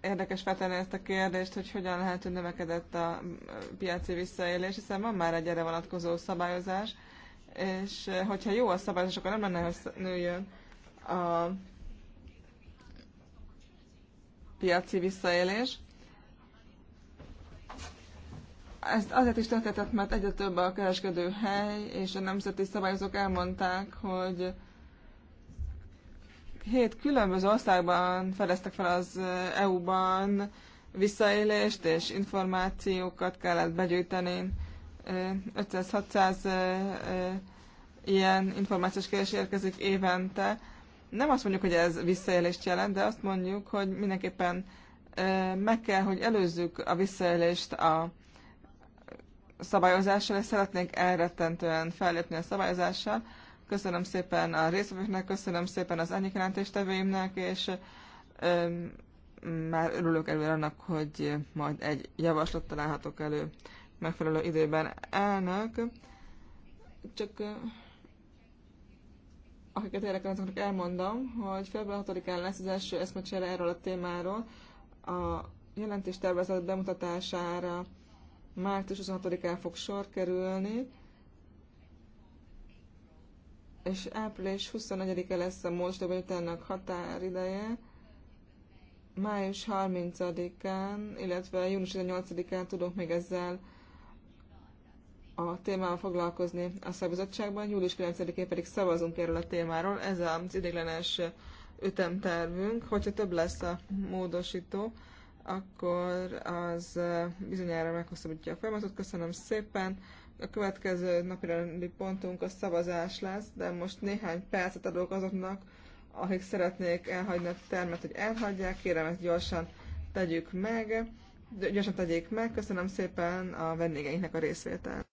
érdekes feltenni ezt a kérdést, hogy hogyan lehet, hogy növekedett a piaci visszaélés, hiszen van már egy erre vonatkozó szabályozás, és eh, hogyha jó a szabályozás, akkor nem lenne, hogy nőjön a piaci visszaélés. Ez azért is történt, mert egyre több a kereskedőhely, és a nemzeti szabályozók elmondták, hogy hét különböző országban fedeztek fel az EU-ban visszaélést, és információkat kellett begyűjteni. 500-600 ilyen információs kérdés érkezik évente. Nem azt mondjuk, hogy ez visszaélést jelent, de azt mondjuk, hogy mindenképpen meg kell, hogy előzzük a visszaélést a szabályozással, és szeretnénk elrettentően fellépni a szabályozással, Köszönöm szépen a részvevőknek, köszönöm szépen az ennyi jelentéstevőimnek, és ö, már örülök előre annak, hogy majd egy javaslat találhatok elő megfelelő időben. Elnök, csak akiket érdekel, azoknak elmondom, hogy február 6-án lesz az első eszmecsere erről a témáról. A jelentéstervezet bemutatására március 26-án fog sor kerülni, és április 24-e lesz a módosítóbejutának határideje, május 30-án, illetve június 18-án tudok még ezzel a témával foglalkozni a szakbizottságban, július 9-én pedig szavazunk erről a témáról. Ez az idéglenes ütemtervünk. Hogyha több lesz a módosító, akkor az bizonyára meghosszabbítja a folyamatot. Köszönöm szépen! A következő napirendi pontunk a szavazás lesz, de most néhány percet adok azoknak, akik szeretnék elhagyni a termet, hogy elhagyják. Kérem, ezt gyorsan tegyük meg. Gyorsan tegyék meg. Köszönöm szépen a vendégeinknek a részvételt.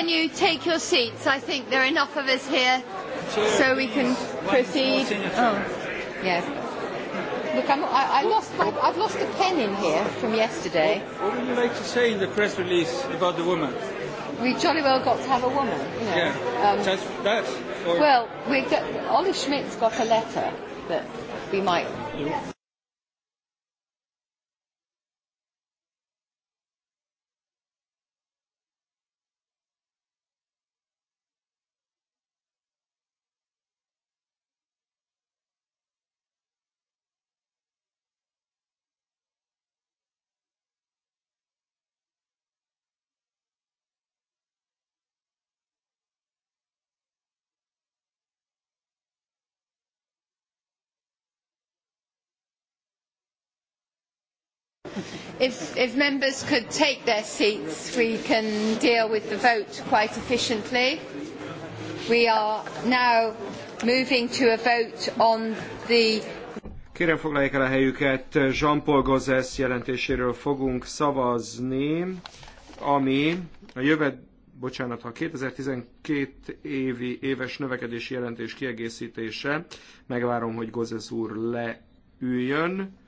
Can you take your seats? I think there are enough of us here so we can proceed. Oh, yes. Look, I'm, I, I lost my, I've lost a pen in here from yesterday. What would you like to say in the press release about the woman? We jolly well got to have a woman. You know. Yeah. Um, Just that. Or... Well, we've got, Ollie Schmidt's got a letter that we might. Yeah. If, if members could take their seats, we can deal with the vote quite efficiently. We are now moving to a vote on the Kérem foglalják el a helyüket, Jean-Paul Gozes jelentéséről fogunk szavazni, ami a jövet, bocsánat, a 2012 évi éves növekedési jelentés kiegészítése. Megvárom, hogy Gozes úr leüljön.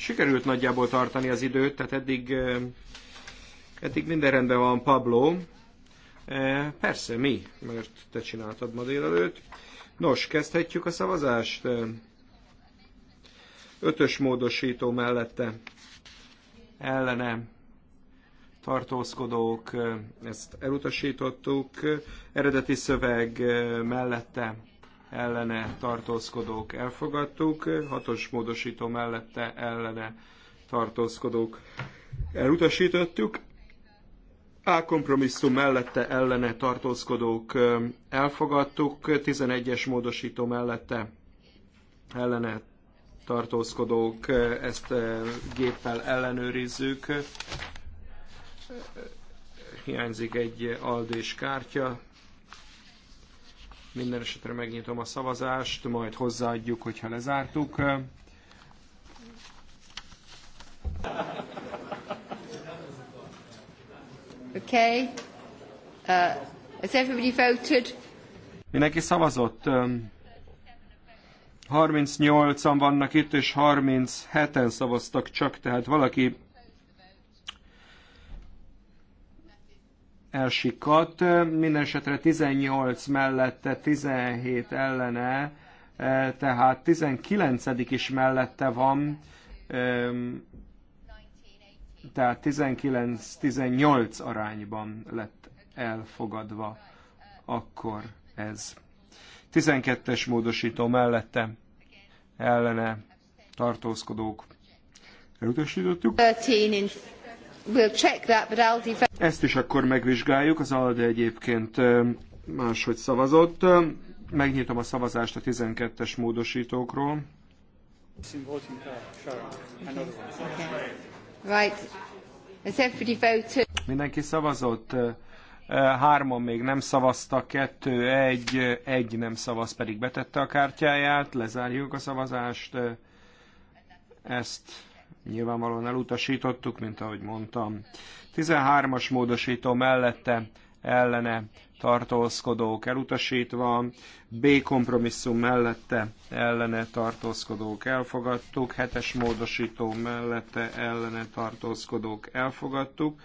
Sikerült nagyjából tartani az időt, tehát eddig, eddig minden rendben van, Pablo. Persze, mi, mert te csináltad ma délelőtt. Nos, kezdhetjük a szavazást. Ötös módosító mellette ellene tartózkodók, ezt elutasítottuk, eredeti szöveg mellette ellene tartózkodók elfogadtuk, hatos módosító mellette ellene tartózkodók elutasítottuk, A kompromisszum mellette ellene tartózkodók elfogadtuk, 11-es módosító mellette ellene tartózkodók, ezt géppel ellenőrizzük. Hiányzik egy aldés kártya, minden esetre megnyitom a szavazást, majd hozzáadjuk, hogyha lezártuk. Okay. Uh, has everybody voted? Mindenki szavazott. 38-an um, vannak itt, és 37-en szavaztak csak, tehát valaki elsikat. Mindenesetre 18 mellette, 17 ellene, e, tehát 19. is mellette van, e, tehát 19-18 arányban lett elfogadva akkor ez. 12-es módosító mellette ellene tartózkodók elutasítottuk. 13 ezt is akkor megvizsgáljuk. Az ALDE egyébként máshogy szavazott. Megnyitom a szavazást a 12-es módosítókról. Right. Mindenki szavazott. Hárman még nem szavaztak, kettő, egy, egy nem szavaz, pedig betette a kártyáját. Lezárjuk a szavazást. Ezt nyilvánvalóan elutasítottuk, mint ahogy mondtam. 13-as módosító mellette ellene tartózkodók elutasítva, B kompromisszum mellette ellene tartózkodók elfogadtuk, 7-es módosító mellette ellene tartózkodók elfogadtuk,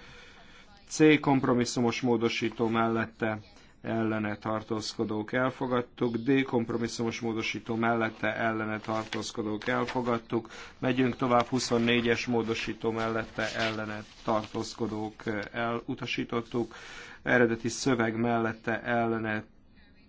C kompromisszumos módosító mellette ellene tartózkodók elfogadtuk, D kompromisszumos módosító mellette ellene tartózkodók elfogadtuk, megyünk tovább 24-es módosító mellette ellene tartózkodók elutasítottuk, eredeti szöveg mellette ellene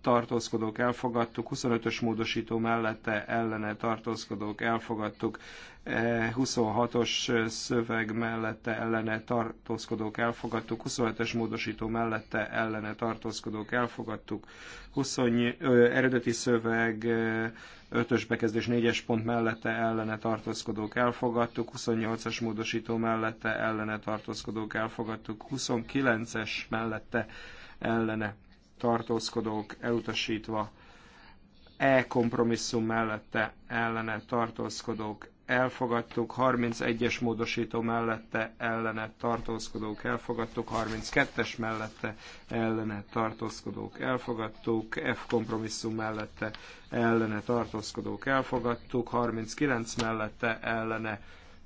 tartózkodók elfogadtuk, 25-ös módosító mellette ellene tartózkodók elfogadtuk, 26-os szöveg mellette ellene tartózkodók elfogadtuk, 27-es módosító mellette ellene tartózkodók elfogadtuk, 20, ö, eredeti szöveg 5-ös bekezdés 4-es pont mellette ellene tartózkodók elfogadtuk, 28-as módosító mellette ellene tartózkodók elfogadtuk, 29-es mellette ellene tartózkodók elutasítva, e kompromisszum mellette ellene tartózkodók elfogadtuk, 31-es módosító mellette ellene tartózkodók elfogadtuk, 32-es mellette ellene tartózkodók elfogadtuk, F kompromisszum mellette ellene tartózkodók elfogadtuk, 39 mellette ellene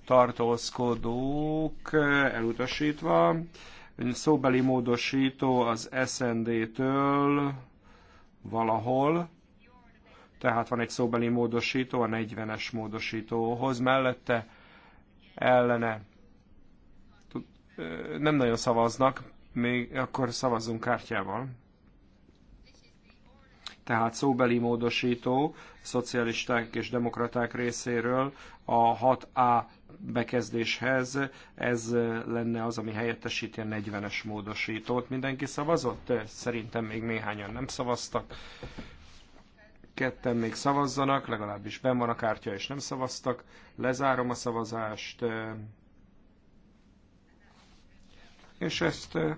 tartózkodók elutasítva, szóbeli módosító az SND-től valahol, tehát van egy szóbeli módosító a 40-es módosítóhoz mellette, ellene nem nagyon szavaznak, még akkor szavazzunk kártyával. Tehát szóbeli módosító szocialisták és demokraták részéről a 6A bekezdéshez ez lenne az, ami helyettesíti a 40-es módosítót. Mindenki szavazott? Szerintem még néhányan nem szavaztak ketten még szavazzanak, legalábbis ben van a kártya és nem szavaztak. Lezárom a szavazást. És ezt nagy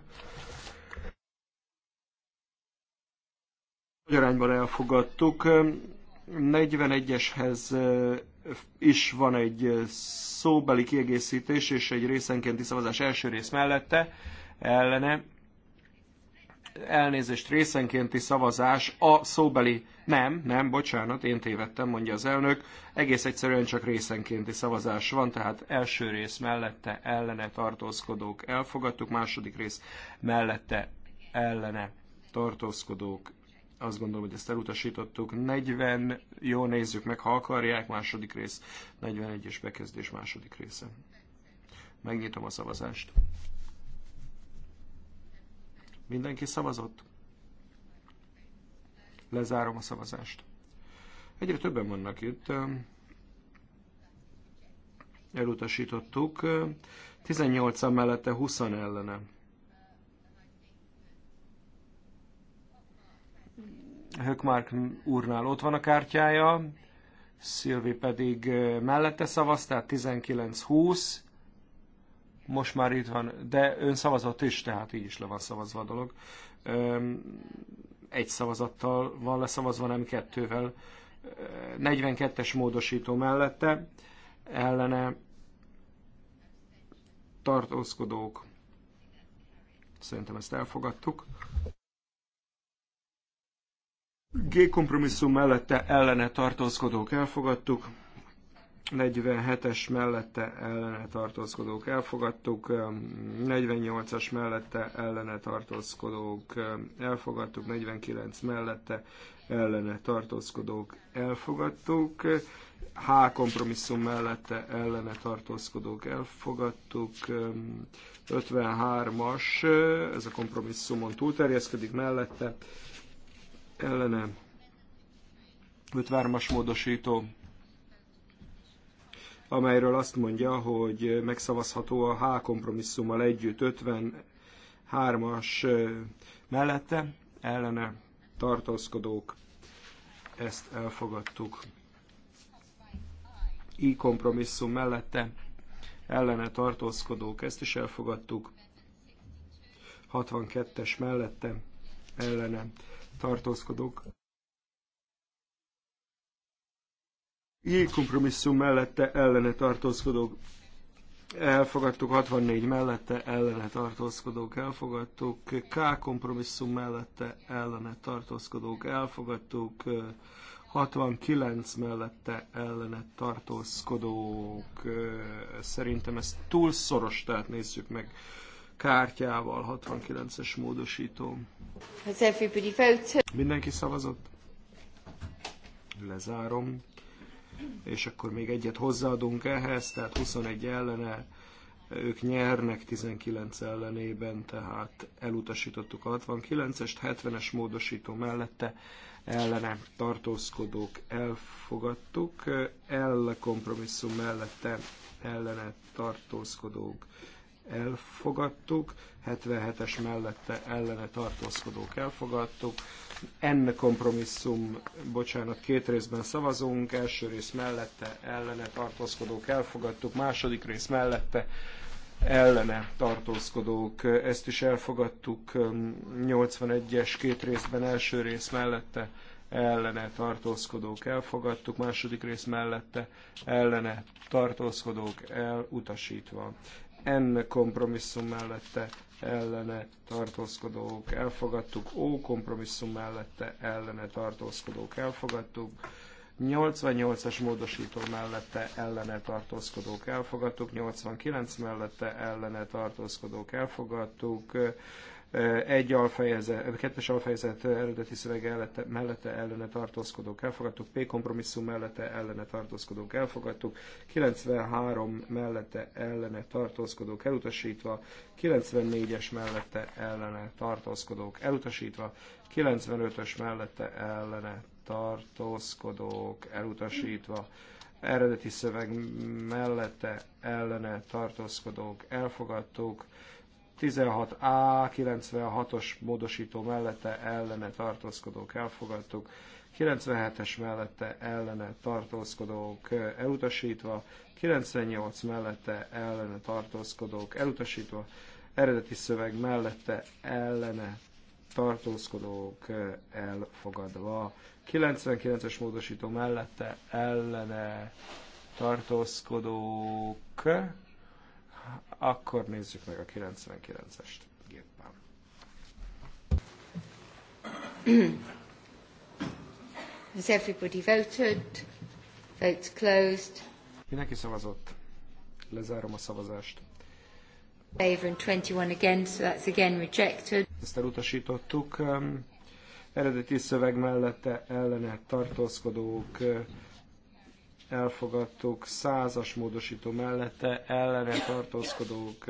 arányban elfogadtuk. 41-eshez is van egy szóbeli kiegészítés és egy részenkénti szavazás első rész mellette ellene elnézést részenkénti szavazás a szóbeli... Nem, nem, bocsánat, én tévedtem, mondja az elnök. Egész egyszerűen csak részenkénti szavazás van, tehát első rész mellette ellene tartózkodók elfogadtuk, második rész mellette ellene tartózkodók azt gondolom, hogy ezt elutasítottuk. 40, jó, nézzük meg, ha akarják, második rész, 41-es bekezdés második része. Megnyitom a szavazást. Mindenki szavazott? Lezárom a szavazást. Egyre többen vannak itt. Elutasítottuk. 18-an mellette 20 ellene. Hökmark úrnál ott van a kártyája, Szilvi pedig mellette szavaz, tehát 19-20 most már itt van, de ön szavazott is, tehát így is le van szavazva a dolog. Egy szavazattal van leszavazva, nem kettővel. 42-es módosító mellette ellene tartózkodók. Szerintem ezt elfogadtuk. G kompromisszum mellette ellene tartózkodók elfogadtuk. 47-es mellette ellene tartózkodók elfogadtuk, 48-as mellette ellene tartózkodók elfogadtuk, 49 mellette ellene tartózkodók elfogadtuk, H kompromisszum mellette ellene tartózkodók elfogadtuk, 53-as, ez a kompromisszumon túlterjeszkedik mellette, ellene 53-as módosító amelyről azt mondja, hogy megszavazható a H kompromisszummal együtt 53-as mellette, ellene tartózkodók, ezt elfogadtuk. I kompromisszum mellette, ellene tartózkodók, ezt is elfogadtuk. 62-es mellette, ellene tartózkodók, J kompromisszum mellette ellene tartózkodók elfogadtuk, 64 mellette ellene tartózkodók elfogadtuk, K kompromisszum mellette ellene tartózkodók elfogadtuk, 69 mellette ellene tartózkodók. Szerintem ez túl szoros, tehát nézzük meg kártyával 69-es módosító. Mindenki szavazott? Lezárom és akkor még egyet hozzáadunk ehhez, tehát 21 ellene, ők nyernek 19 ellenében, tehát elutasítottuk a 69-est, 70-es módosító mellette ellene tartózkodók elfogadtuk, elkompromisszum kompromisszum mellette ellene tartózkodók elfogadtuk, 77-es mellette ellene tartózkodók elfogadtuk, N kompromisszum, bocsánat, két részben szavazunk, első rész mellette ellene tartózkodók elfogadtuk, második rész mellette ellene tartózkodók, ezt is elfogadtuk, 81-es két részben első rész mellette ellene tartózkodók elfogadtuk, második rész mellette ellene tartózkodók elutasítva. M kompromisszum mellette ellene tartózkodók elfogadtuk, O kompromisszum mellette ellene tartózkodók elfogadtuk, 88-as módosító mellette ellene tartózkodók elfogadtuk, 89 mellette ellene tartózkodók elfogadtuk, egy alfejezet, kettes alfejezet eredeti szövege ellete, mellette ellene tartózkodók elfogadtuk, P kompromisszum mellette ellene tartózkodók elfogadtuk, 93 mellette ellene tartózkodók elutasítva, 94-es mellette ellene tartózkodók elutasítva, 95-ös mellette ellene tartózkodók elutasítva, eredeti szöveg mellette ellene tartózkodók elfogadtuk, 16A, 96-os módosító mellette ellene tartózkodók elfogadtuk, 97-es mellette ellene tartózkodók elutasítva, 98 mellette ellene tartózkodók elutasítva, eredeti szöveg mellette ellene tartózkodók elfogadva, 99-es módosító mellette ellene tartózkodók akkor nézzük meg a 99-est géppel. [clears throat] Has everybody voted? Votes closed. Mindenki szavazott. Lezárom a szavazást. Favor and 21 again, so that's again rejected. Ezt elutasítottuk. Eredeti szöveg mellette ellene tartózkodók elfogadtuk, százas módosító mellette ellene tartózkodók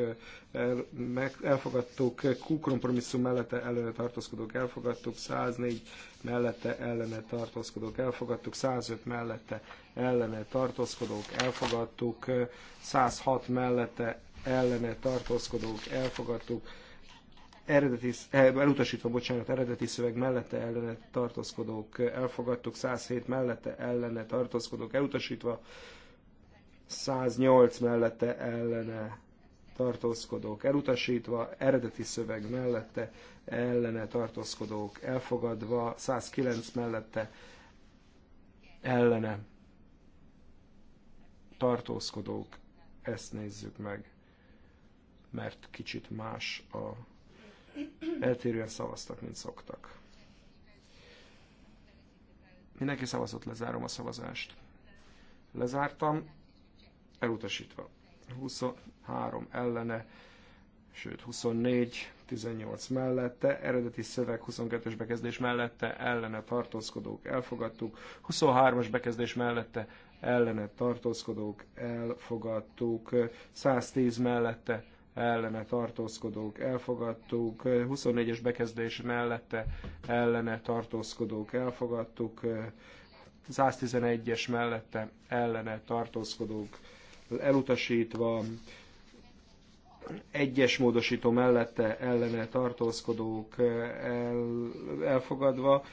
eh, elfogadtuk, kompromisszum mellette ellene tartózkodók elfogadtuk, 104 mellette ellene tartózkodók elfogadtuk, 105 mellette ellene tartózkodók elfogadtuk, 106 eh, mellette ellene tartózkodók elfogadtuk, eredeti, eh, elutasítva, bocsánat, eredeti szöveg mellette ellene tartózkodók elfogadtuk, 107 mellette ellene tartózkodók elutasítva, 108 mellette ellene tartózkodók elutasítva, eredeti szöveg mellette ellene tartózkodók elfogadva, 109 mellette ellene tartózkodók, ezt nézzük meg, mert kicsit más a eltérően szavaztak, mint szoktak. Mindenki szavazott, lezárom a szavazást. Lezártam, elutasítva. 23 ellene, sőt 24, 18 mellette, eredeti szöveg 22-es bekezdés mellette, ellene tartózkodók elfogadtuk, 23-as bekezdés mellette, ellene tartózkodók elfogadtuk, 110 mellette, ellene tartózkodók elfogadtuk, 24-es bekezdés mellette ellene tartózkodók elfogadtuk, 111-es mellette ellene tartózkodók elutasítva, egyes módosító mellette ellene tartózkodók el, elfogadva,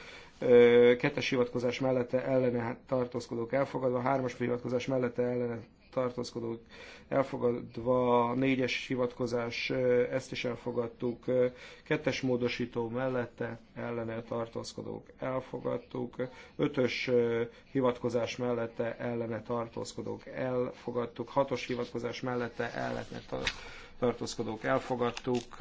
kettes hivatkozás mellette ellene tartózkodók elfogadva, hármas hivatkozás mellette ellene tartózkodók elfogadva, négyes hivatkozás, ezt is elfogadtuk, kettes módosító mellette ellene tartózkodók elfogadtuk, ötös hivatkozás mellette ellene tartózkodók elfogadtuk, hatos hivatkozás mellette ellene tartózkodók elfogadtuk,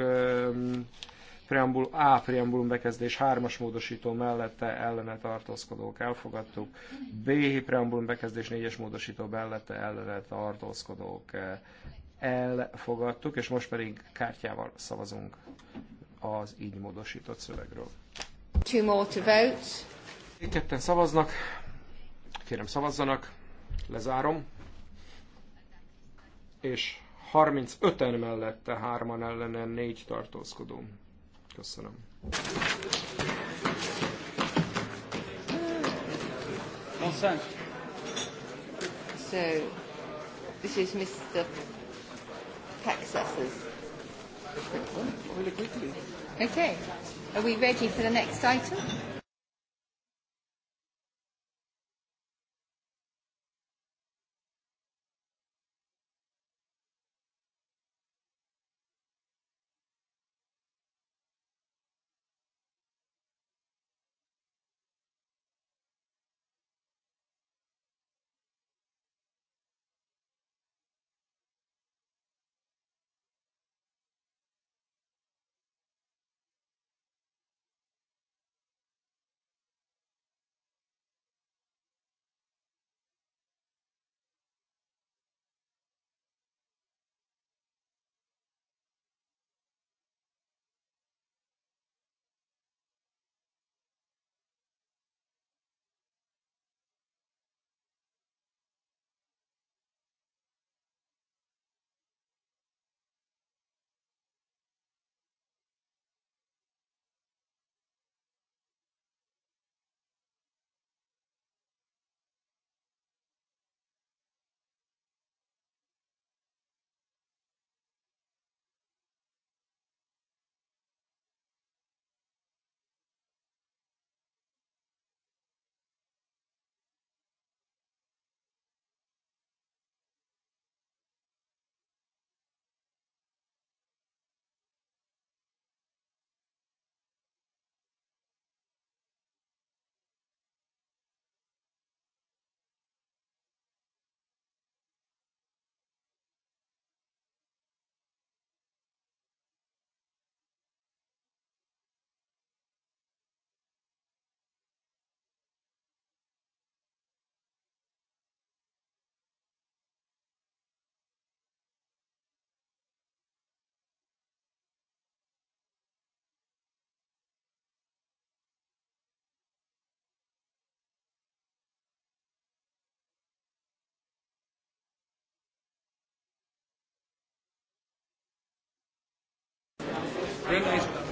preambul, A preambulum bekezdés 3-as módosító mellette ellene tartózkodók elfogadtuk, B preambulum bekezdés 4-es módosító mellette ellene tartózkodók eh, elfogadtuk, és most pedig kártyával szavazunk az így módosított szövegről. Two more to vote. Ketten szavaznak. Kérem szavazzanak. Lezárom. És 35-en mellette, hárman ellenen négy tartózkodó. Köszönöm. So, this is Mr. Taxess's. Okay. Are we ready for the next item?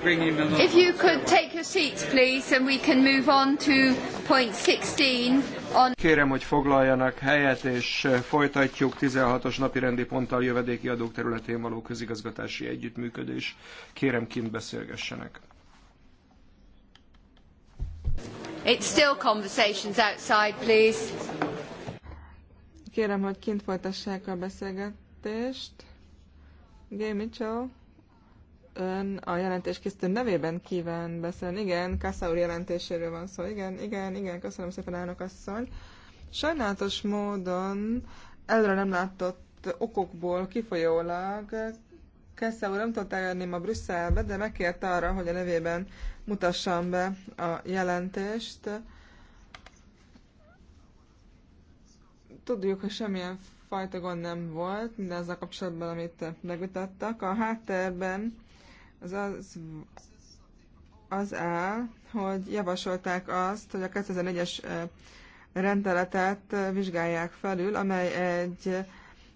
If you could take your seats, please, and we can move on to point 16 on... Kérem, hogy foglaljanak helyet, és folytatjuk 16-os napi rendi ponttal jövedéki adók területén való közigazgatási együttműködés. Kérem, kint beszélgessenek. It's still conversations outside, please. Kérem, hogy kint folytassák a beszélgetést. Gay Mitchell ön a jelentés készítő nevében kíván beszélni. Igen, Kassa úr jelentéséről van szó. Igen, igen, igen, köszönöm szépen, elnök asszony. Sajnálatos módon előre nem látott okokból kifolyólag Kassa úr nem tudta eljönni ma Brüsszelbe, de megkért arra, hogy a nevében mutassam be a jelentést. Tudjuk, hogy semmilyen fajta gond nem volt, de ezzel kapcsolatban, amit megvitattak. A háttérben az az, az áll, hogy javasolták azt, hogy a 2004-es rendeletet vizsgálják felül, amely egy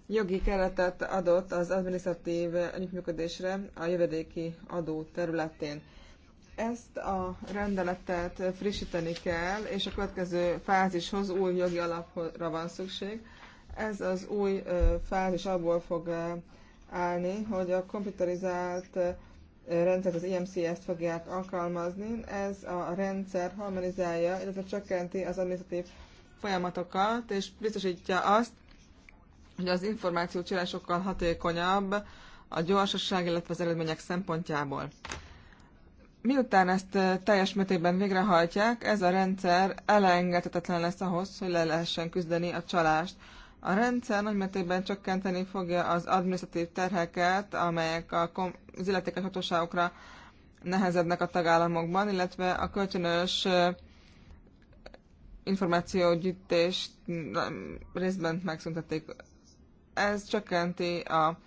jogi keretet adott az adminisztratív együttműködésre a jövedéki adó területén. Ezt a rendeletet frissíteni kell, és a következő fázishoz új jogi alapra van szükség. Ez az új fázis abból fog állni, hogy a komputerizált rendszert, az IMCS-t fogják alkalmazni. Ez a rendszer harmonizálja, illetve csökkenti az administratív folyamatokat, és biztosítja azt, hogy az információ sokkal hatékonyabb a gyorsaság, illetve az eredmények szempontjából. Miután ezt eh, teljes mértékben végrehajtják, ez a rendszer elengedhetetlen lesz ahhoz, hogy le lehessen küzdeni a csalást. A rendszer nagymértékben csökkenteni fogja az administratív terheket, amelyek a kom- az illetékes hatóságokra nehezednek a tagállamokban, illetve a kölcsönös információgyűjtést részben megszüntették. Ez csökkenti a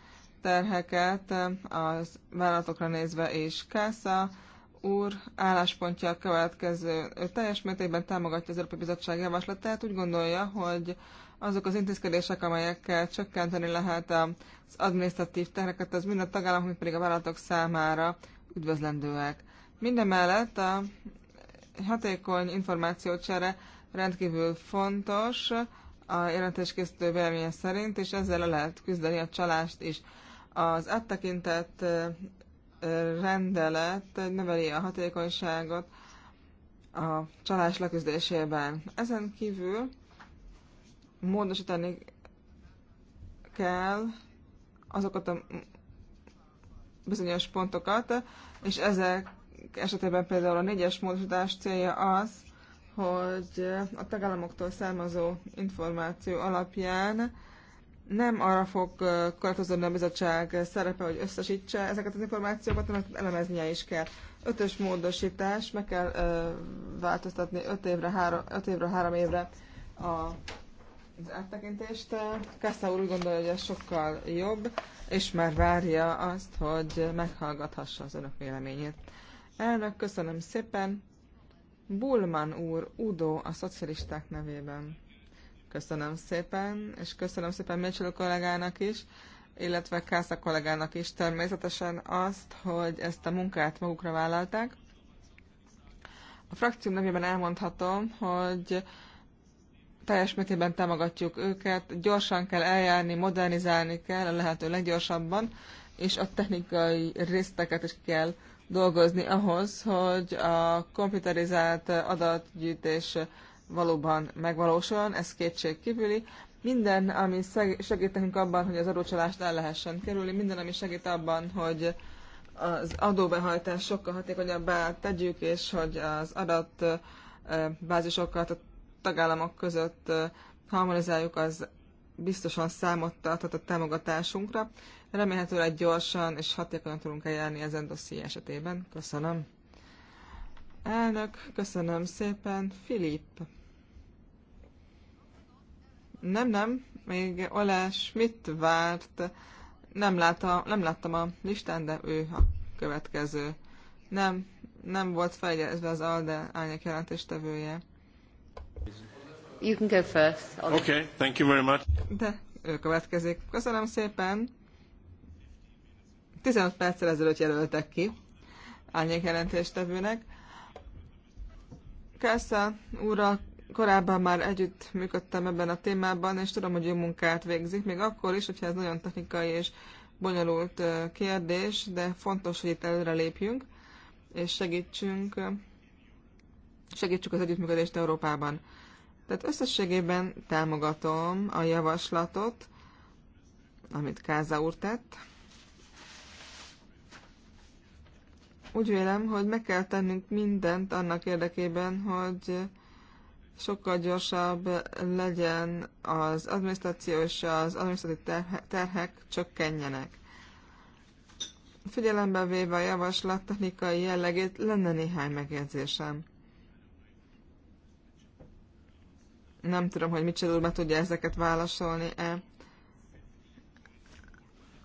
terheket az vállalatokra nézve és Kásza úr álláspontja a következő. Ő teljes mértékben támogatja az Európai Bizottság javaslatát, úgy gondolja, hogy azok az intézkedések, amelyekkel csökkenteni lehet az adminisztratív terheket, az mind a tagállamok, mind pedig a vállalatok számára üdvözlendőek. Mindemellett a hatékony információcsere rendkívül fontos a jelentéskészítő véleménye szerint, és ezzel le lehet küzdeni a csalást is. Az áttekintett rendelet növeli a hatékonyságot a csalás leküzdésében. Ezen kívül módosítani kell azokat a bizonyos pontokat, és ezek esetében például a négyes módosítás célja az, hogy a tagállamoktól származó információ alapján nem arra fog korlátozódni a bizottság szerepe, hogy összesítse ezeket az információkat, hanem elemeznie is kell. Ötös módosítás, meg kell ö, változtatni öt évre, három, öt évre, három évre a az áttekintést. Kassa úr úgy gondolja, hogy ez sokkal jobb, és már várja azt, hogy meghallgathassa az önök véleményét. Elnök, köszönöm szépen. Bulman úr, Udo a szocialisták nevében. Köszönöm szépen, és köszönöm szépen Mécsülő kollégának is, illetve Kásza kollégának is természetesen azt, hogy ezt a munkát magukra vállalták. A frakcióm nevében elmondhatom, hogy teljes mértékben támogatjuk őket, gyorsan kell eljárni, modernizálni kell a lehető leggyorsabban, és a technikai részteket is kell dolgozni ahhoz, hogy a komputerizált adatgyűjtés valóban megvalósuljon, ez kívüli. Minden, ami segít nekünk abban, hogy az adócsalást el lehessen kerülni, minden, ami segít abban, hogy az adóbehajtást sokkal hatékonyabbá tegyük, és hogy az adatbázisokat, tagállamok között harmonizáljuk, az biztosan számot tarthat a támogatásunkra. Remélhetőleg gyorsan és hatékonyan tudunk eljárni ezen dosszié esetében. Köszönöm. Elnök, köszönöm szépen. Filip. Nem, nem, még Ole Schmidt várt. Nem, látta, nem láttam a listán, de ő a következő. Nem, nem volt feljegyezve az ALDE árnyék jelentéstevője. You can go first. Okay, thank you very much. De ő következik. Köszönöm szépen. 15 perccel ezelőtt jelöltek ki árnyék jelentéstevőnek. Kásza úrral korábban már együtt működtem ebben a témában, és tudom, hogy jó munkát végzik, még akkor is, hogyha ez nagyon technikai és bonyolult kérdés, de fontos, hogy itt előre lépjünk, és segítsünk, segítsük az együttműködést Európában. Tehát összességében támogatom a javaslatot, amit Káza úr tett. Úgy vélem, hogy meg kell tennünk mindent annak érdekében, hogy sokkal gyorsabb legyen az adminisztráció és az adminisztratív terhek, terhek csökkenjenek. Figyelembe véve a javaslat technikai jellegét lenne néhány megjegyzésem. Nem tudom, hogy mit úr mert tudja ezeket válaszolni-e.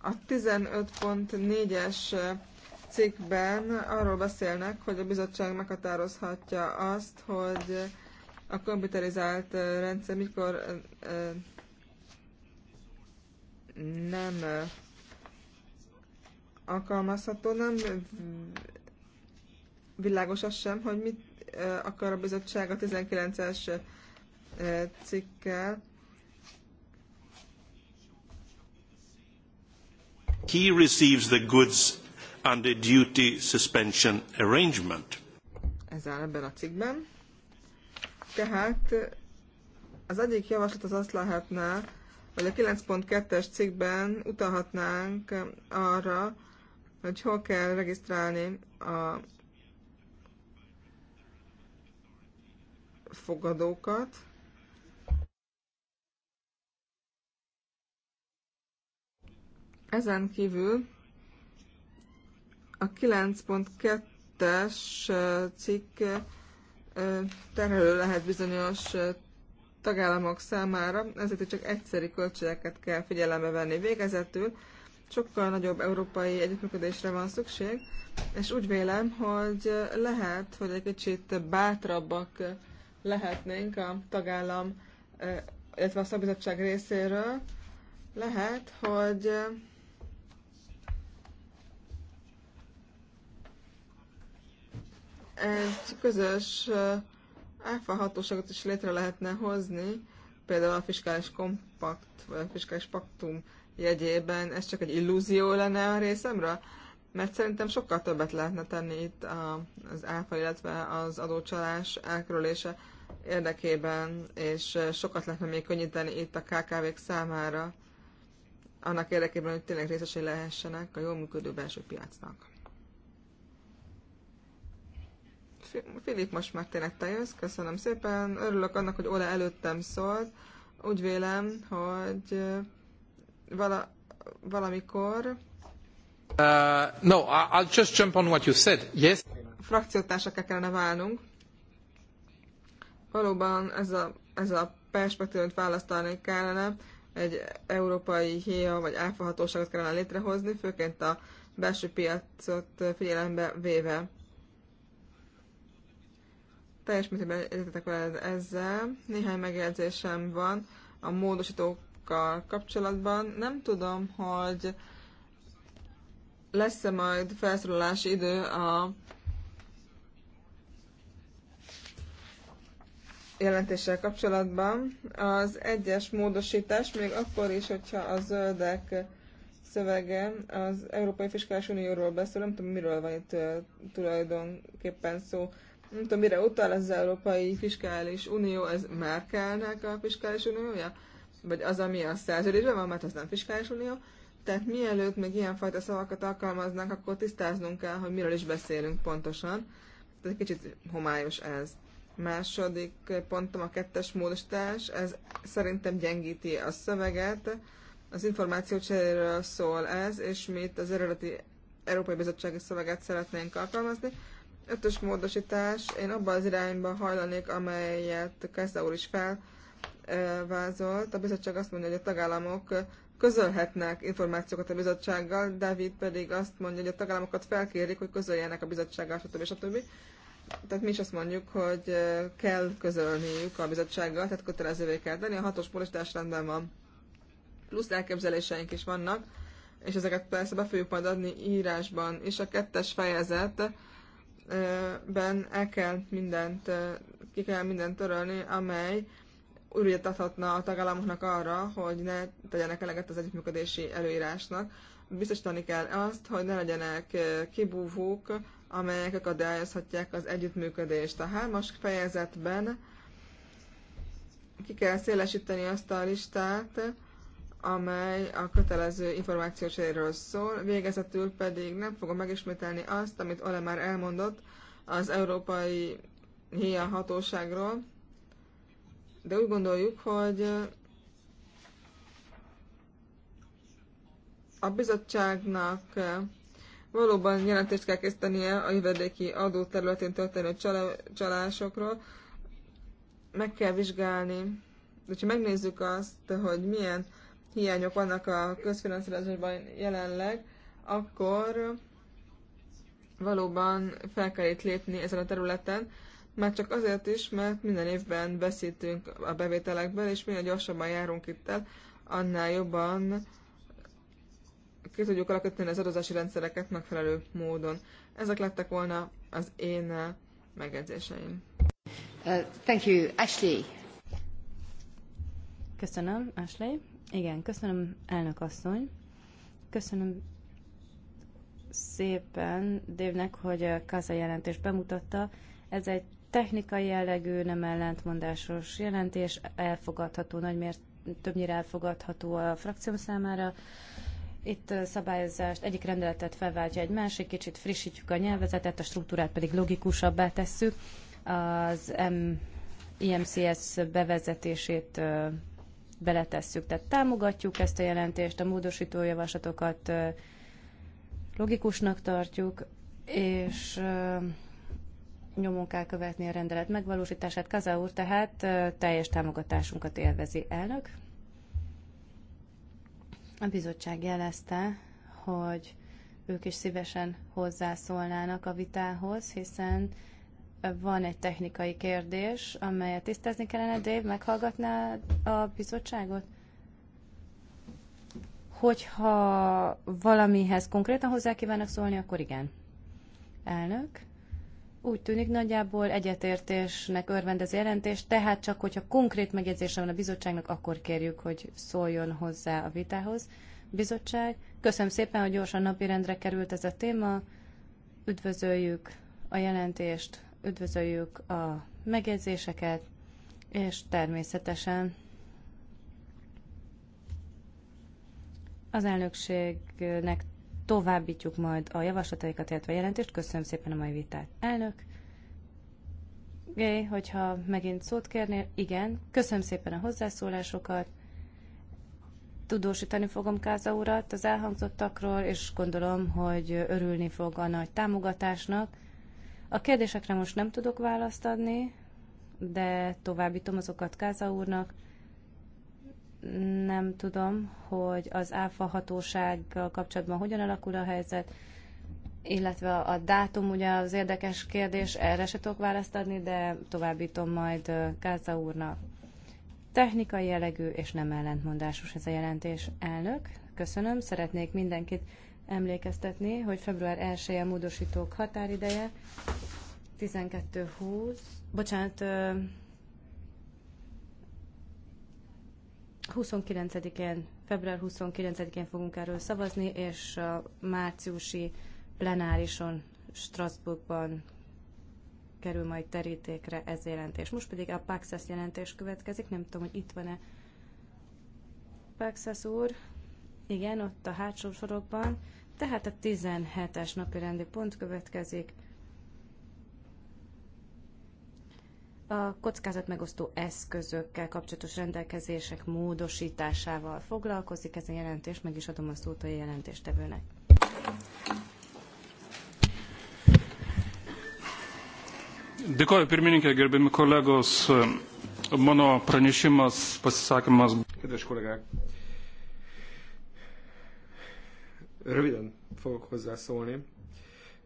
A 15.4-es cikkben arról beszélnek, hogy a bizottság meghatározhatja azt, hogy a komputerizált rendszer mikor nem alkalmazható, nem világos az sem, hogy mit akar a bizottság a 19-es cikkel. He receives the goods under duty suspension arrangement. Ez áll ebben a cikkben. Tehát az egyik javaslat az azt lehetne, hogy a 9.2-es cikkben utalhatnánk arra, hogy hol kell regisztrálni a fogadókat. Ezen kívül a 9.2-es cikk terhelő lehet bizonyos tagállamok számára, ezért csak egyszeri költségeket kell figyelembe venni. Végezetül sokkal nagyobb európai együttműködésre van szükség, és úgy vélem, hogy lehet, hogy egy kicsit bátrabbak lehetnénk a tagállam, illetve a szabizottság részéről. Lehet, hogy egy közös áfa hatóságot is létre lehetne hozni, például a fiskális kompakt, vagy a fiskális paktum jegyében, ez csak egy illúzió lenne a részemre? Mert szerintem sokkal többet lehetne tenni itt az áfa, illetve az adócsalás elkerülése érdekében, és sokat lehetne még könnyíteni itt a KKV-k számára, annak érdekében, hogy tényleg részesei lehessenek a jól működő belső piacnak. Filip, most már tényleg te jössz, köszönöm szépen. Örülök annak, hogy Ola előttem szólt. Úgy vélem, hogy vala, valamikor... Uh, no, I'll just jump on what you said. Yes. Frakciótársaká kellene válnunk. Valóban ez a, ez a perspektívát választani kellene. Egy európai héja vagy áfahatóságot kellene létrehozni, főként a belső piacot figyelembe véve teljes mértékben értetek veled ezzel. Néhány megjegyzésem van a módosítókkal kapcsolatban. Nem tudom, hogy lesz-e majd felszólalási idő a jelentéssel kapcsolatban. Az egyes módosítás, még akkor is, hogyha a zöldek szövege az Európai Fiskális Unióról beszél, nem tudom, miről van itt tulajdonképpen szó. Nem tudom, mire utal az Európai Fiskális Unió, ez Merkelnek a Fiskális Uniója? Vagy az, ami a szerződésben van, mert az nem Fiskális Unió? Tehát mielőtt még ilyenfajta szavakat alkalmaznak, akkor tisztáznunk kell, hogy miről is beszélünk pontosan. Tehát egy kicsit homályos ez. Második pontom a kettes módosítás, ez szerintem gyengíti a szöveget. Az információcseréről szól ez, és mi itt az eredeti Európai Bizottsági szöveget szeretnénk alkalmazni. Ötös módosítás, én abban az irányba hajlanék, amelyet Kassa úr is felvázolt. A bizottság azt mondja, hogy a tagállamok közölhetnek információkat a bizottsággal, David pedig azt mondja, hogy a tagállamokat felkérik, hogy közöljenek a bizottsággal, stb. stb. Tehát mi is azt mondjuk, hogy kell közölniük a bizottsággal, tehát kötelezővé kell tenni, a hatos polisítás rendben van. Plusz elképzeléseink is vannak, és ezeket persze be fogjuk majd adni írásban. És a kettes fejezet ben el kell mindent, ki kell mindent törölni, amely újra adhatna a tagállamoknak arra, hogy ne tegyenek eleget az együttműködési előírásnak. Biztosítani kell azt, hogy ne legyenek kibúvók, amelyek akadályozhatják az együttműködést. A hármas fejezetben ki kell szélesíteni azt a listát, amely a kötelező információcseréről szól, végezetül pedig nem fogom megismételni azt, amit Ole már elmondott az Európai HIA hatóságról, de úgy gondoljuk, hogy a bizottságnak valóban jelentést kell készítenie a jövedéki adó területén történő csalásokról. Meg kell vizsgálni, hogyha megnézzük azt, hogy milyen hiányok vannak a közfinanszírozásban jelenleg, akkor valóban fel kell itt lépni ezen a területen, már csak azért is, mert minden évben beszítünk a bevételekből, és minél gyorsabban járunk itt el, annál jobban ki tudjuk alakítani az adózási rendszereket megfelelő módon. Ezek lettek volna az én megjegyzéseim. Uh, thank you, Ashley. Köszönöm, Ashley. Igen, köszönöm, elnök asszony. Köszönöm szépen Dévnek, hogy a Kaza jelentés bemutatta. Ez egy technikai jellegű, nem ellentmondásos jelentés, elfogadható, nagymért, többnyire elfogadható a frakció számára. Itt szabályozást, egyik rendeletet felváltja egy másik, kicsit frissítjük a nyelvezetet, a struktúrát pedig logikusabbá tesszük. Az M IMCS bevezetését beletesszük. Tehát támogatjuk ezt a jelentést, a módosító javaslatokat logikusnak tartjuk, és nyomon kell követni a rendelet megvalósítását. Kaza úr tehát teljes támogatásunkat élvezi elnök. A bizottság jelezte, hogy ők is szívesen hozzászólnának a vitához, hiszen van egy technikai kérdés, amelyet tisztázni kellene. Dave, meghallgatná a bizottságot? Hogyha valamihez konkrétan hozzá kívánok szólni, akkor igen. Elnök. Úgy tűnik nagyjából egyetértésnek örvend az jelentés, tehát csak hogyha konkrét megjegyzése van a bizottságnak, akkor kérjük, hogy szóljon hozzá a vitához. Bizottság, köszönöm szépen, hogy gyorsan napirendre került ez a téma. Üdvözöljük a jelentést, üdvözöljük a megjegyzéseket, és természetesen az elnökségnek továbbítjuk majd a javaslataikat, illetve a jelentést. Köszönöm szépen a mai vitát. Elnök, Gay, hogyha megint szót kérnél, igen, köszönöm szépen a hozzászólásokat, tudósítani fogom Káza urat az elhangzottakról, és gondolom, hogy örülni fog a nagy támogatásnak, a kérdésekre most nem tudok választ adni, de továbbítom azokat Káza úrnak. Nem tudom, hogy az ÁFA hatósággal kapcsolatban hogyan alakul a helyzet, illetve a dátum ugye az érdekes kérdés, erre se tudok választ adni, de továbbítom majd Káza úrnak. Technikai jellegű és nem ellentmondásos ez a jelentés. Elnök, köszönöm, szeretnék mindenkit emlékeztetni, hogy február 1 a módosítók határideje, 12.20, bocsánat, 29-én, február 29-én fogunk erről szavazni, és a márciusi plenárison Strasbourgban kerül majd terítékre ez jelentés. Most pedig a Paxas jelentés következik, nem tudom, hogy itt van-e Paxas úr. Igen, ott a hátsó sorokban. Tehát a 17-es napi rendi pont következik. A megosztó eszközökkel kapcsolatos rendelkezések módosításával foglalkozik ez a jelentés, meg is adom a szót a jelentéstevőnek. Dėkoju pirmininkė, gerbimi kolegos, mano pranešimas, pasisakymas. Kedves kollégák, Röviden fogok hozzászólni.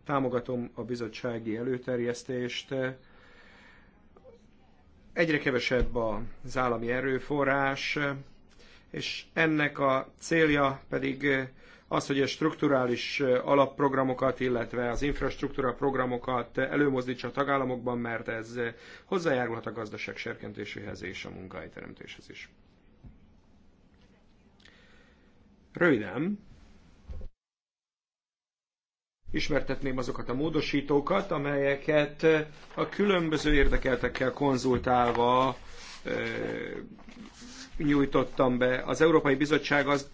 Támogatom a bizottsági előterjesztést. Egyre kevesebb az állami erőforrás, és ennek a célja pedig az, hogy a strukturális alapprogramokat, illetve az infrastruktúra programokat előmozdítsa a tagállamokban, mert ez hozzájárulhat a gazdaság serkentéséhez és a munkahelyteremtéshez is. Röviden, ismertetném azokat a módosítókat, amelyeket a különböző érdekeltekkel konzultálva nyújtottam be. Az Európai Bizottság azt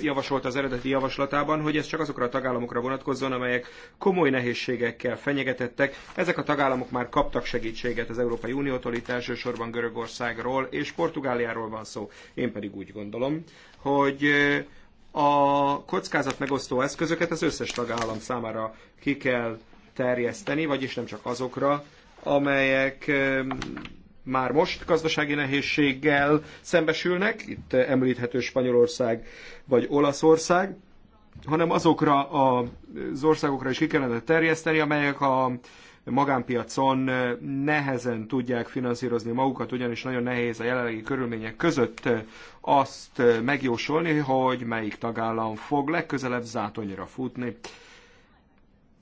javasolta az eredeti javaslatában, hogy ez csak azokra a tagállamokra vonatkozzon, amelyek komoly nehézségekkel fenyegetettek. Ezek a tagállamok már kaptak segítséget az Európai Uniótól, itt elsősorban Görögországról és Portugáliáról van szó. Én pedig úgy gondolom, hogy a kockázat megosztó eszközöket az összes tagállam számára ki kell terjeszteni, vagyis nem csak azokra, amelyek már most gazdasági nehézséggel szembesülnek, itt említhető Spanyolország vagy Olaszország, hanem azokra az országokra is ki kellene terjeszteni, amelyek a magánpiacon nehezen tudják finanszírozni magukat, ugyanis nagyon nehéz a jelenlegi körülmények között azt megjósolni, hogy melyik tagállam fog legközelebb zátonyra futni.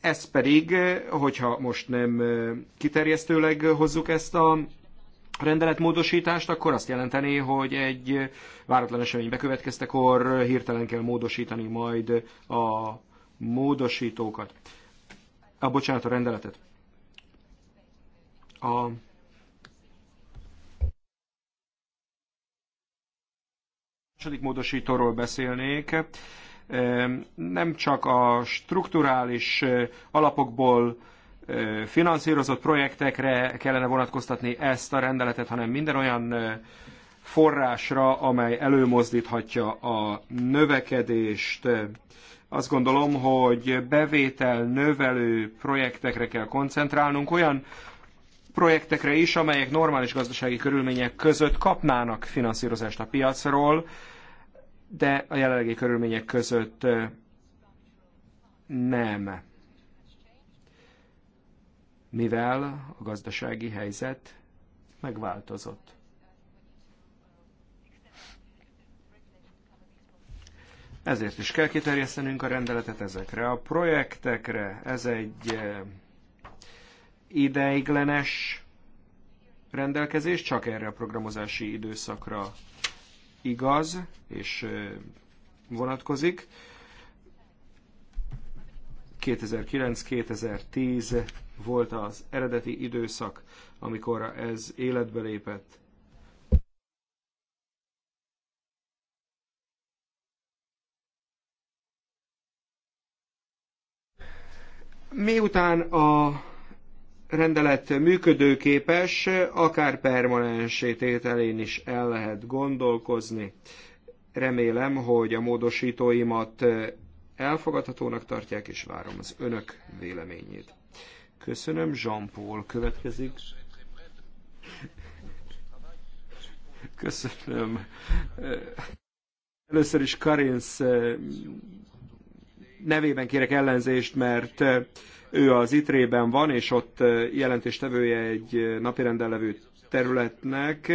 Ez pedig, hogyha most nem kiterjesztőleg hozzuk ezt a rendeletmódosítást, akkor azt jelenteni, hogy egy váratlan esemény bekövetkeztekor hirtelen kell módosítani majd a módosítókat. A bocsánat, a rendeletet a második módosítóról beszélnék. Nem csak a strukturális alapokból finanszírozott projektekre kellene vonatkoztatni ezt a rendeletet, hanem minden olyan forrásra, amely előmozdíthatja a növekedést. Azt gondolom, hogy bevétel növelő projektekre kell koncentrálnunk, olyan projektekre is, amelyek normális gazdasági körülmények között kapnának finanszírozást a piacról, de a jelenlegi körülmények között nem. Mivel a gazdasági helyzet megváltozott. Ezért is kell kiterjesztenünk a rendeletet ezekre a projektekre. Ez egy ideiglenes rendelkezés csak erre a programozási időszakra igaz és vonatkozik. 2009-2010 volt az eredeti időszak, amikor ez életbe lépett. Miután a rendelet működőképes, akár permanensé tételén is el lehet gondolkozni. Remélem, hogy a módosítóimat elfogadhatónak tartják, és várom az önök véleményét. Köszönöm, Jean-Paul következik. Köszönöm. Először is Karinsz nevében kérek ellenzést, mert ő az ITRE-ben van, és ott jelentéstevője egy napirenden levő területnek.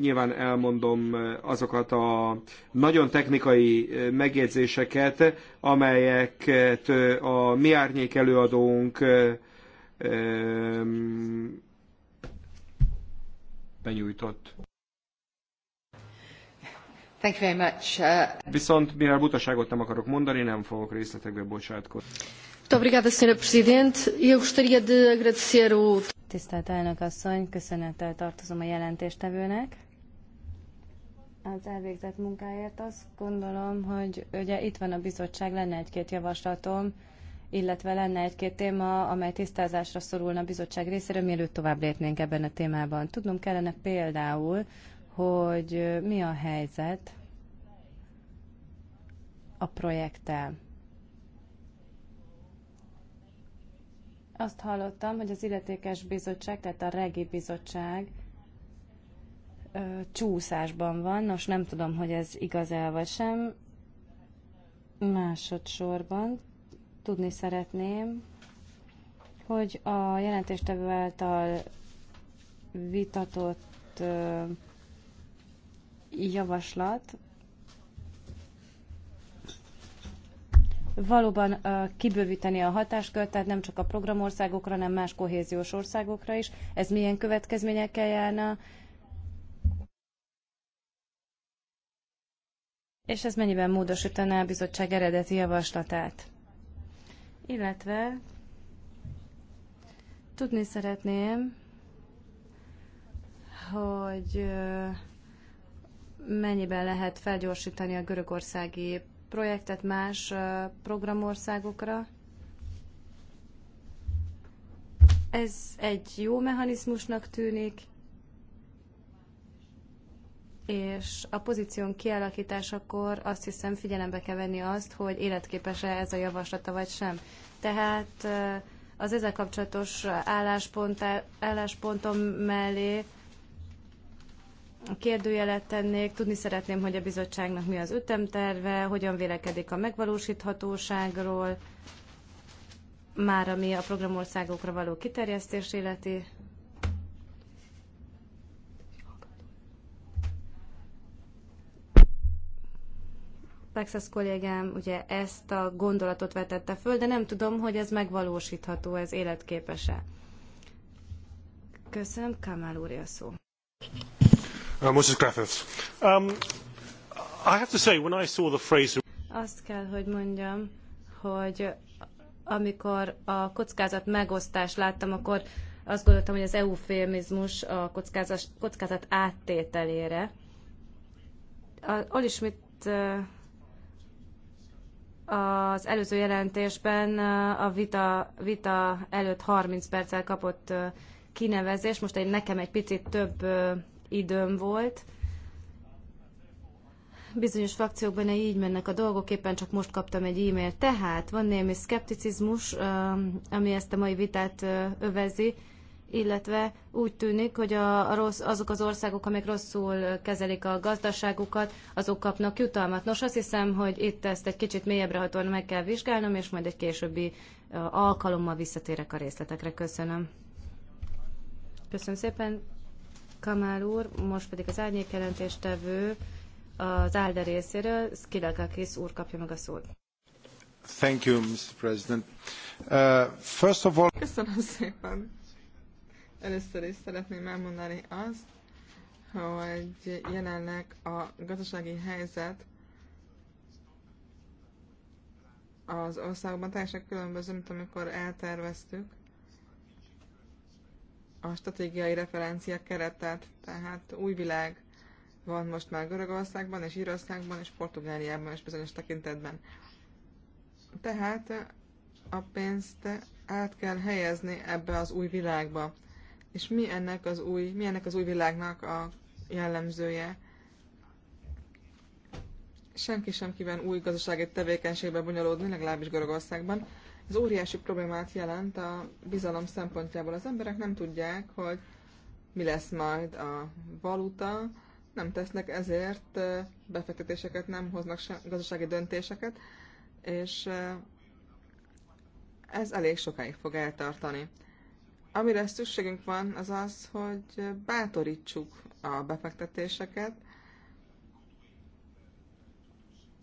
Nyilván elmondom azokat a nagyon technikai megjegyzéseket, amelyeket a mi árnyék előadónk benyújtott. Thank you very much. Uh, Viszont mivel butaságot nem akarok mondani, nem fogok részletekbe bocsátkozni. Tisztelt elnök asszony, köszönettel tartozom a jelentéstevőnek az elvégzett munkáért. Azt gondolom, hogy ugye itt van a bizottság, lenne egy-két javaslatom, illetve lenne egy-két téma, amely tisztázásra szorulna a bizottság részéről, mielőtt tovább lépnénk ebben a témában. Tudnom kellene például, hogy mi a helyzet a projekttel. Azt hallottam, hogy az illetékes bizottság, tehát a regi bizottság ö, csúszásban van. Nos, nem tudom, hogy ez igaz-e vagy sem. Másodszorban tudni szeretném, hogy a jelentéstevő által vitatott ö, javaslat valóban kibővíteni a hatáskört, tehát nem csak a programországokra, hanem más kohéziós országokra is. Ez milyen következményekkel járna? És ez mennyiben módosítaná a bizottság eredeti javaslatát? Illetve tudni szeretném, hogy mennyiben lehet felgyorsítani a görögországi projektet más programországokra. Ez egy jó mechanizmusnak tűnik, és a pozíción kialakításakor azt hiszem figyelembe kell venni azt, hogy életképes-e ez a javaslata vagy sem. Tehát az ezzel kapcsolatos álláspont, álláspontom mellé kérdőjelet tennék. Tudni szeretném, hogy a bizottságnak mi az ütemterve, hogyan vélekedik a megvalósíthatóságról, már ami a programországokra való kiterjesztés illeti. Texas kollégám ugye ezt a gondolatot vetette föl, de nem tudom, hogy ez megvalósítható, ez életképes-e. Köszönöm, Kamál úr, a szó. Uh, um, I have to say, when I saw the phrase... Azt kell, hogy mondjam, hogy amikor a kockázat megosztást láttam, akkor azt gondoltam, hogy az eufémizmus a kockázat, kockázat áttételére. Olismit uh, az előző jelentésben uh, a vita, vita előtt 30 perccel kapott kinevezés, most egy, nekem egy picit több időm volt. Bizonyos frakciókban így mennek a dolgok, éppen csak most kaptam egy e-mailt. Tehát van némi szkepticizmus, ami ezt a mai vitát övezi, illetve úgy tűnik, hogy a, a rossz, azok az országok, amik rosszul kezelik a gazdaságukat, azok kapnak jutalmat. Nos, azt hiszem, hogy itt ezt egy kicsit mélyebbre hatóan meg kell vizsgálnom, és majd egy későbbi alkalommal visszatérek a részletekre. Köszönöm. Köszönöm szépen. Kamál úr, most pedig az árnyék tevő az Álder részéről, Skilakakis úr kapja meg a szót. Thank you, Mr. President. Uh, first of all... Köszönöm szépen. Először is szeretném elmondani azt, hogy jelenleg a gazdasági helyzet az országban teljesen különböző, mint amikor elterveztük a stratégiai referencia keretet, tehát új világ van most már Görögországban, és Írországban, és Portugáliában, és bizonyos tekintetben. Tehát a pénzt át kell helyezni ebbe az új világba. És mi ennek az új, mi ennek az új világnak a jellemzője? Senki sem kíván új gazdasági tevékenységbe bonyolódni, legalábbis Görögországban, ez óriási problémát jelent a bizalom szempontjából. Az emberek nem tudják, hogy mi lesz majd a valuta, nem tesznek ezért befektetéseket, nem hoznak gazdasági döntéseket, és ez elég sokáig fog eltartani. Amire szükségünk van, az az, hogy bátorítsuk a befektetéseket,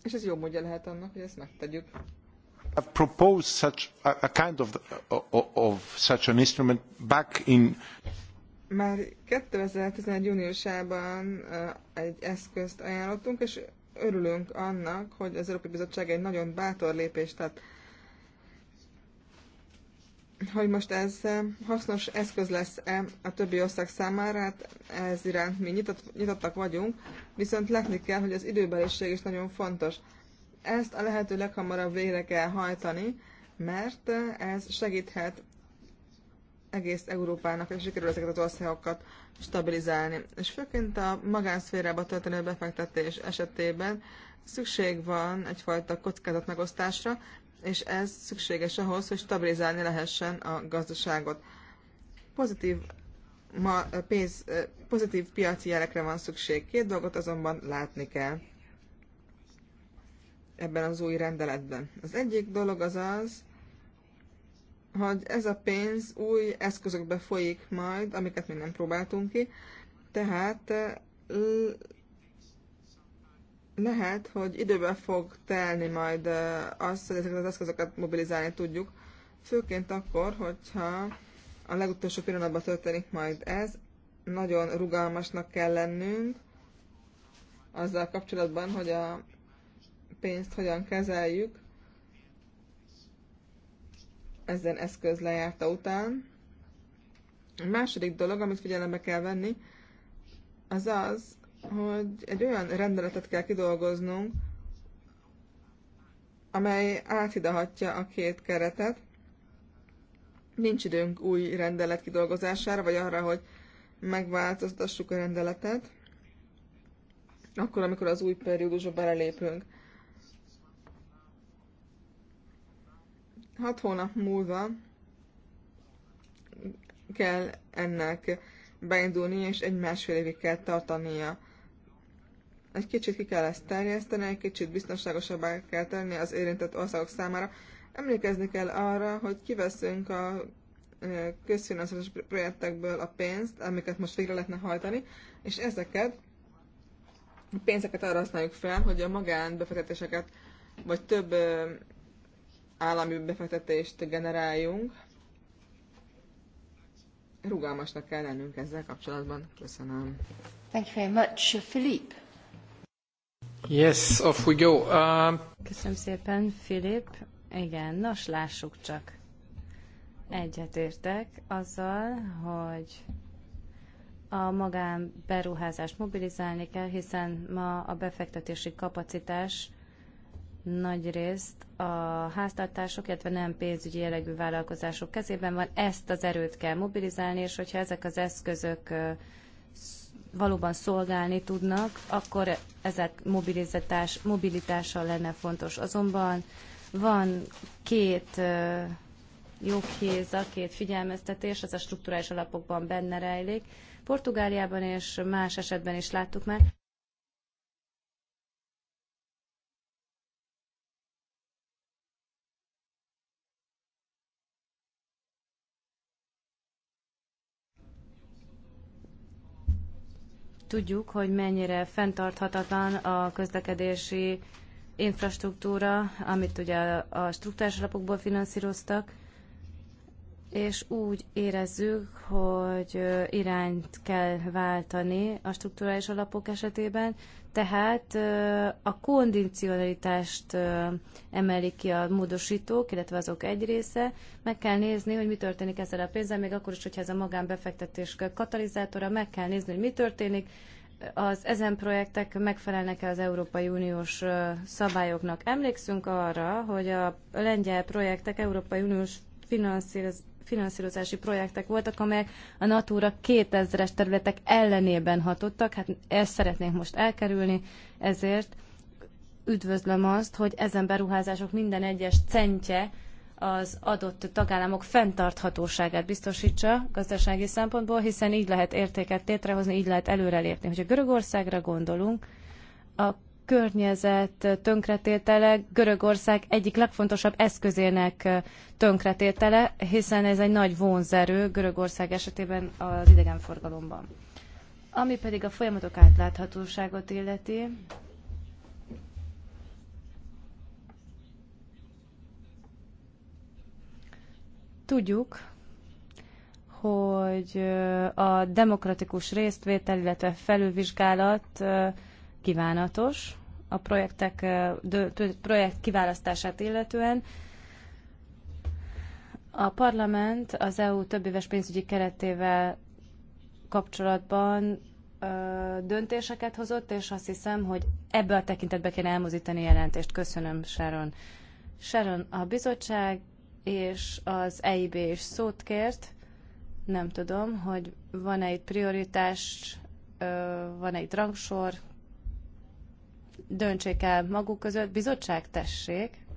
és ez jó módja lehet annak, hogy ezt megtegyük have proposed such a kind of, of such an instrument back in már 2011 júniusában egy eszközt ajánlottunk, és örülünk annak, hogy az Európai Bizottság egy nagyon bátor lépést tett. Hogy most ez hasznos eszköz lesz-e a többi ország számára, hát ez iránt mi nyitott, nyitottak vagyunk, viszont látni kell, hogy az időbeliség is nagyon fontos. Ezt a lehető leghamarabb végre kell hajtani, mert ez segíthet egész Európának, és sikerül ezeket az országokat stabilizálni. És főként a magánszférába történő befektetés esetében szükség van egyfajta megosztásra, és ez szükséges ahhoz, hogy stabilizálni lehessen a gazdaságot. Pozitív, ma, pénz, eh, pozitív piaci jelekre van szükség. Két dolgot azonban látni kell ebben az új rendeletben. Az egyik dolog az az, hogy ez a pénz új eszközökbe folyik majd, amiket még nem próbáltunk ki, tehát lehet, hogy időben fog telni majd az, hogy ezeket az eszközöket mobilizálni tudjuk, főként akkor, hogyha a legutolsó pillanatban történik majd ez, nagyon rugalmasnak kell lennünk azzal kapcsolatban, hogy a pénzt hogyan kezeljük ezen eszköz lejárta után. A második dolog, amit figyelembe kell venni, az az, hogy egy olyan rendeletet kell kidolgoznunk, amely áthidahatja a két keretet. Nincs időnk új rendelet kidolgozására, vagy arra, hogy megváltoztassuk a rendeletet, akkor, amikor az új periódusba belelépünk. Hat hónap múlva kell ennek beindulni és egy másfél évig kell tartania. Egy kicsit ki kell ezt terjeszteni, egy kicsit biztonságosabbá kell tenni az érintett országok számára. Emlékezni kell arra, hogy kiveszünk a közfinanszírozás projektekből a pénzt, amiket most végre lehetne hajtani, és ezeket a pénzeket arra használjuk fel, hogy a magánbefektetéseket, vagy több állami befektetést generáljunk. Rugalmasnak kell lennünk ezzel kapcsolatban. Köszönöm. Thank you very much, Philippe. Yes, off we go. Uh... Köszönöm szépen, Philip. Igen, nos, lássuk csak. Egyetértek azzal, hogy a magán beruházást mobilizálni kell, hiszen ma a befektetési kapacitás nagy részt a háztartások, illetve nem pénzügyi jellegű vállalkozások kezében van. Ezt az erőt kell mobilizálni, és hogyha ezek az eszközök valóban szolgálni tudnak, akkor ezek mobilizatás, mobilitása lenne fontos. Azonban van két joghéza, két figyelmeztetés, ez a strukturális alapokban benne rejlik. Portugáliában és más esetben is láttuk már. tudjuk, hogy mennyire fenntarthatatlan a közlekedési infrastruktúra, amit ugye a struktúrás alapokból finanszíroztak, és úgy érezzük, hogy irányt kell váltani a strukturális alapok esetében, tehát a kondicionalitást emelik ki a módosítók, illetve azok egy része. Meg kell nézni, hogy mi történik ezzel a pénzzel, még akkor is, hogyha ez a magánbefektetés katalizátora, meg kell nézni, hogy mi történik. Az ezen projektek megfelelnek-e az Európai Uniós szabályoknak? Emlékszünk arra, hogy a lengyel projektek Európai Uniós finanszíroz, finanszírozási projektek voltak, amelyek a Natura 2000-es területek ellenében hatottak. Hát ezt szeretnénk most elkerülni, ezért üdvözlöm azt, hogy ezen beruházások minden egyes centje az adott tagállamok fenntarthatóságát biztosítsa gazdasági szempontból, hiszen így lehet értéket létrehozni, így lehet előrelépni. Hogyha Görögországra gondolunk, környezet tönkretétele Görögország egyik legfontosabb eszközének tönkretétele, hiszen ez egy nagy vonzerő Görögország esetében az idegenforgalomban. Ami pedig a folyamatok átláthatóságot illeti, tudjuk, hogy a demokratikus résztvétel, illetve felülvizsgálat kívánatos a projektek, projekt kiválasztását illetően. A parlament az EU többéves pénzügyi keretével kapcsolatban ö, döntéseket hozott, és azt hiszem, hogy ebbe a tekintetbe kéne elmozítani jelentést. Köszönöm, Sharon. Sharon, a bizottság és az EIB is szót kért. Nem tudom, hogy van-e itt prioritás, van-e itt rangsor, döntsék el maguk között. Bizottság, tessék!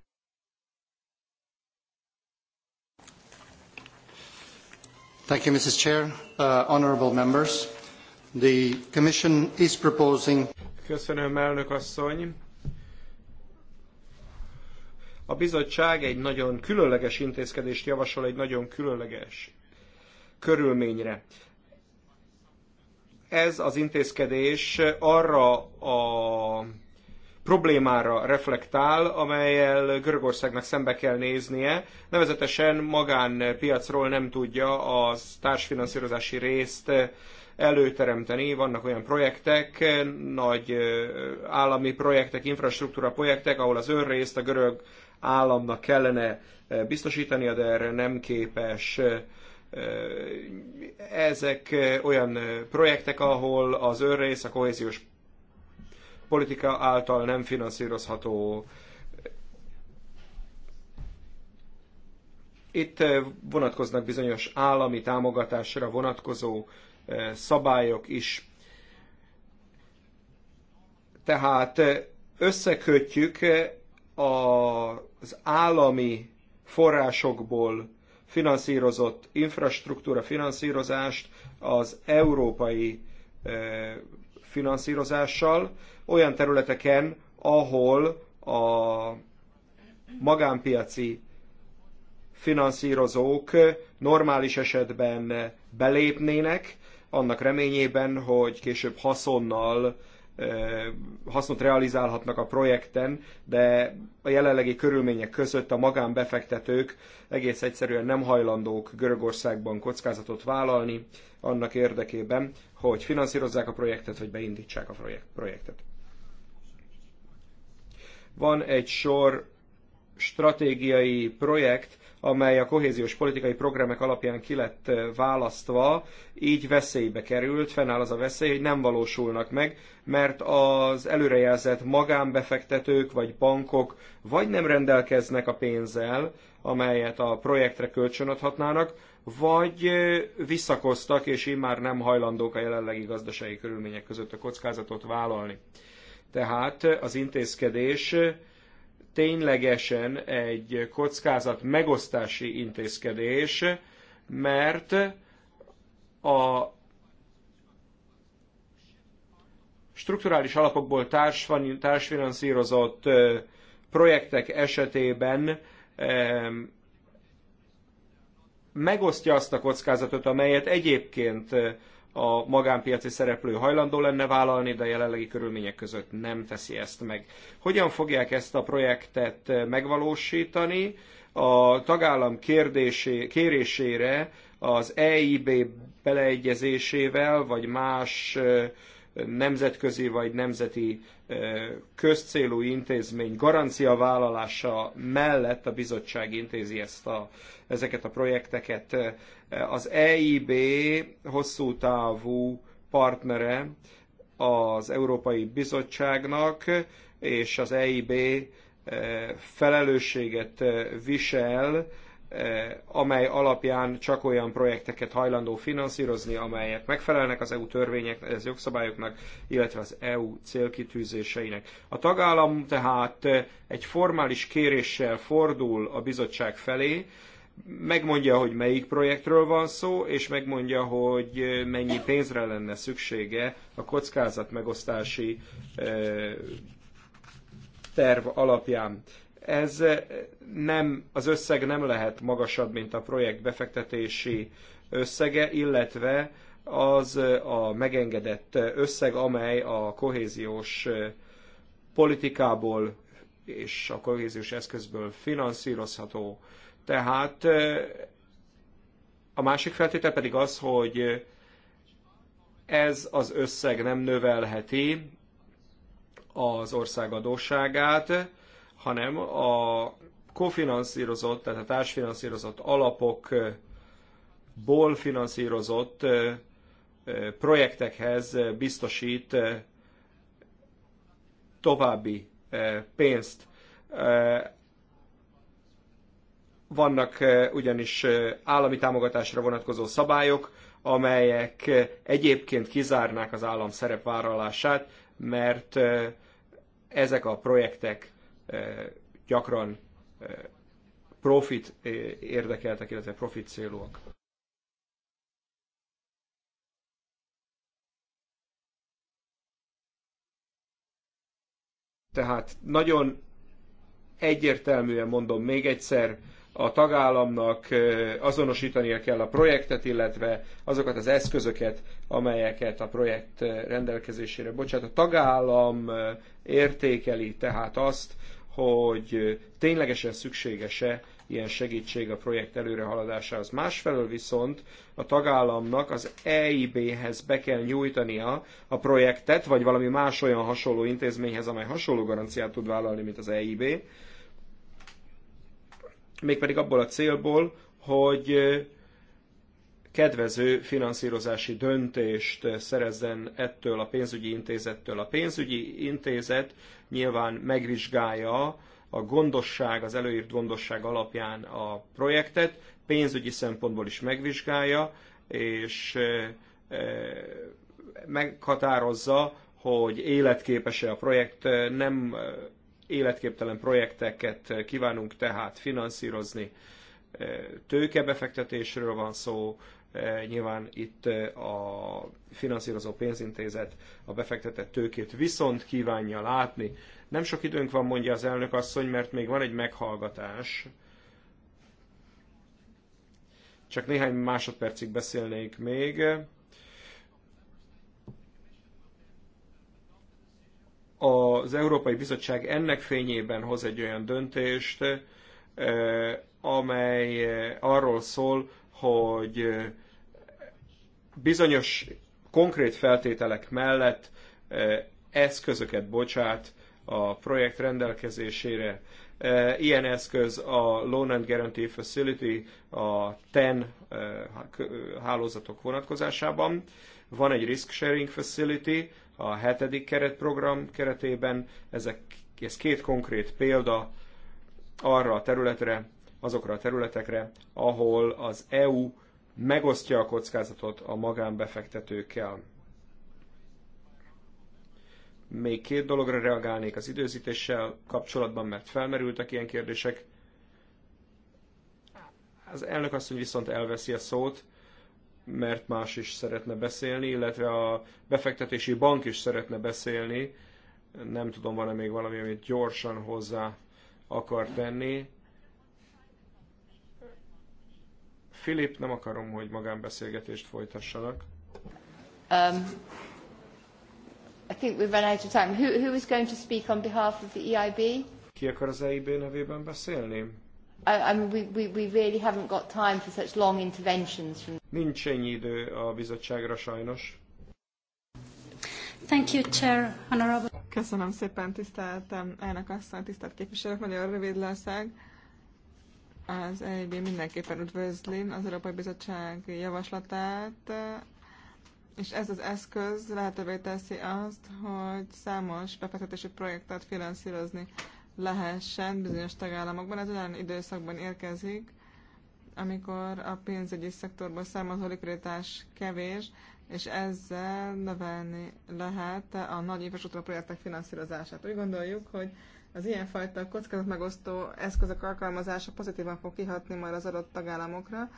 Thank you, Mrs. Chair. Uh, honorable members, the Commission is proposing... Köszönöm, elnök asszony. A bizottság egy nagyon különleges intézkedést javasol egy nagyon különleges körülményre. Ez az intézkedés arra a problémára reflektál, amelyel Görögországnak szembe kell néznie, nevezetesen magánpiacról nem tudja a társfinanszírozási részt előteremteni. Vannak olyan projektek, nagy állami projektek, infrastruktúra projektek, ahol az önrészt a görög államnak kellene biztosítania, de erre nem képes. Ezek olyan projektek, ahol az önrész a kohéziós politika által nem finanszírozható. Itt eh, vonatkoznak bizonyos állami támogatásra vonatkozó eh, szabályok is. Tehát eh, összekötjük az állami forrásokból finanszírozott infrastruktúra finanszírozást az európai finanszírozással olyan területeken, ahol a magánpiaci finanszírozók normális esetben belépnének, annak reményében, hogy később haszonnal hasznot realizálhatnak a projekten, de a jelenlegi körülmények között a magánbefektetők egész egyszerűen nem hajlandók Görögországban kockázatot vállalni annak érdekében, hogy finanszírozzák a projektet, vagy beindítsák a projektet. Van egy sor stratégiai projekt, amely a kohéziós politikai programok alapján ki lett választva, így veszélybe került, fennáll az a veszély, hogy nem valósulnak meg, mert az előrejelzett magánbefektetők vagy bankok vagy nem rendelkeznek a pénzzel, amelyet a projektre kölcsönadhatnának, vagy visszakoztak, és immár nem hajlandók a jelenlegi gazdasági körülmények között a kockázatot vállalni. Tehát az intézkedés ténylegesen egy kockázat megosztási intézkedés, mert a strukturális alapokból társfinanszírozott projektek esetében megosztja azt a kockázatot, amelyet egyébként a magánpiaci szereplő hajlandó lenne vállalni, de a jelenlegi körülmények között nem teszi ezt meg. Hogyan fogják ezt a projektet megvalósítani? A tagállam kérdésé, kérésére az EIB beleegyezésével, vagy más nemzetközi vagy nemzeti közcélú intézmény garanciavállalása mellett a bizottság intézi ezt a, ezeket a projekteket. Az EIB hosszú távú partnere az Európai Bizottságnak, és az EIB felelősséget visel Eh, amely alapján csak olyan projekteket hajlandó finanszírozni, amelyek megfelelnek az EU törvények, az jogszabályoknak, illetve az EU célkitűzéseinek. A tagállam tehát eh, egy formális kéréssel fordul a bizottság felé, megmondja, hogy melyik projektről van szó, és megmondja, hogy eh, mennyi pénzre lenne szüksége a kockázatmegosztási terv alapján. Ez nem, az összeg nem lehet magasabb, mint a projekt befektetési összege, illetve az a megengedett összeg, amely a kohéziós politikából és a kohéziós eszközből finanszírozható. Tehát a másik feltétel pedig az, hogy ez az összeg nem növelheti az ország adósságát, hanem a kofinanszírozott, tehát a társfinanszírozott alapokból finanszírozott projektekhez biztosít további pénzt. Vannak ugyanis állami támogatásra vonatkozó szabályok, amelyek egyébként kizárnák az állam szerepvállalását, mert ezek a projektek gyakran profit érdekeltek, illetve profit célúak. Tehát nagyon egyértelműen mondom még egyszer, a tagállamnak azonosítania kell a projektet, illetve azokat az eszközöket, amelyeket a projekt rendelkezésére bocsát. A tagállam értékeli tehát azt, hogy ténylegesen szükséges-e ilyen segítség a projekt előrehaladásához. Másfelől viszont a tagállamnak az EIB-hez be kell nyújtania a projektet, vagy valami más olyan hasonló intézményhez, amely hasonló garanciát tud vállalni, mint az EIB, mégpedig abból a célból, hogy kedvező finanszírozási döntést szerezzen ettől a pénzügyi intézettől. A pénzügyi intézet nyilván megvizsgálja a gondosság, az előírt gondosság alapján a projektet, pénzügyi szempontból is megvizsgálja, és meghatározza, hogy életképes-e a projekt, nem életképtelen projekteket kívánunk tehát finanszírozni. E, tőkebefektetésről van szó, e, nyilván itt e, a finanszírozó pénzintézet a befektetett tőkét viszont kívánja látni. Nem sok időnk van, mondja az elnök asszony, mert még van egy meghallgatás. Csak néhány másodpercig beszélnék még. az Európai Bizottság ennek fényében hoz egy olyan döntést, amely arról szól, hogy bizonyos konkrét feltételek mellett eszközöket bocsát a projekt rendelkezésére. Ilyen eszköz a Loan and Guarantee Facility, a TEN hálózatok vonatkozásában. Van egy Risk Sharing Facility a hetedik keretprogram keretében, ezek, ez két konkrét példa arra a területre, azokra a területekre, ahol az EU megosztja a kockázatot a magánbefektetőkkel. Még két dologra reagálnék az időzítéssel kapcsolatban, mert felmerültek ilyen kérdések. Az elnök asszony viszont elveszi a szót, mert más is szeretne beszélni, illetve a befektetési bank is szeretne beszélni. Nem tudom, van-e még valami, amit gyorsan hozzá akar tenni. Filip, nem akarom, hogy magánbeszélgetést folytassanak. Um, I think we've run out of time. Who, who is going to speak on behalf of the EIB? Ki akar az EIB nevében beszélni? Nincs ennyi idő a bizottságra sajnos. Thank you, Chair, Honorable. Köszönöm szépen, tisztelt elnök asszony, tisztelt képviselők, nagyon rövid leszek. Az EIB mindenképpen üdvözli az Európai Bizottság javaslatát, és ez az eszköz lehetővé teszi azt, hogy számos befektetési projektet finanszírozni lehessen bizonyos tagállamokban. Ez olyan időszakban érkezik, amikor a pénzügyi szektorból származó likviditás kevés, és ezzel növelni lehet a nagy infrastruktúra projektek finanszírozását. Úgy gondoljuk, hogy az ilyenfajta megosztó eszközök alkalmazása pozitívan fog kihatni majd az adott tagállamokra,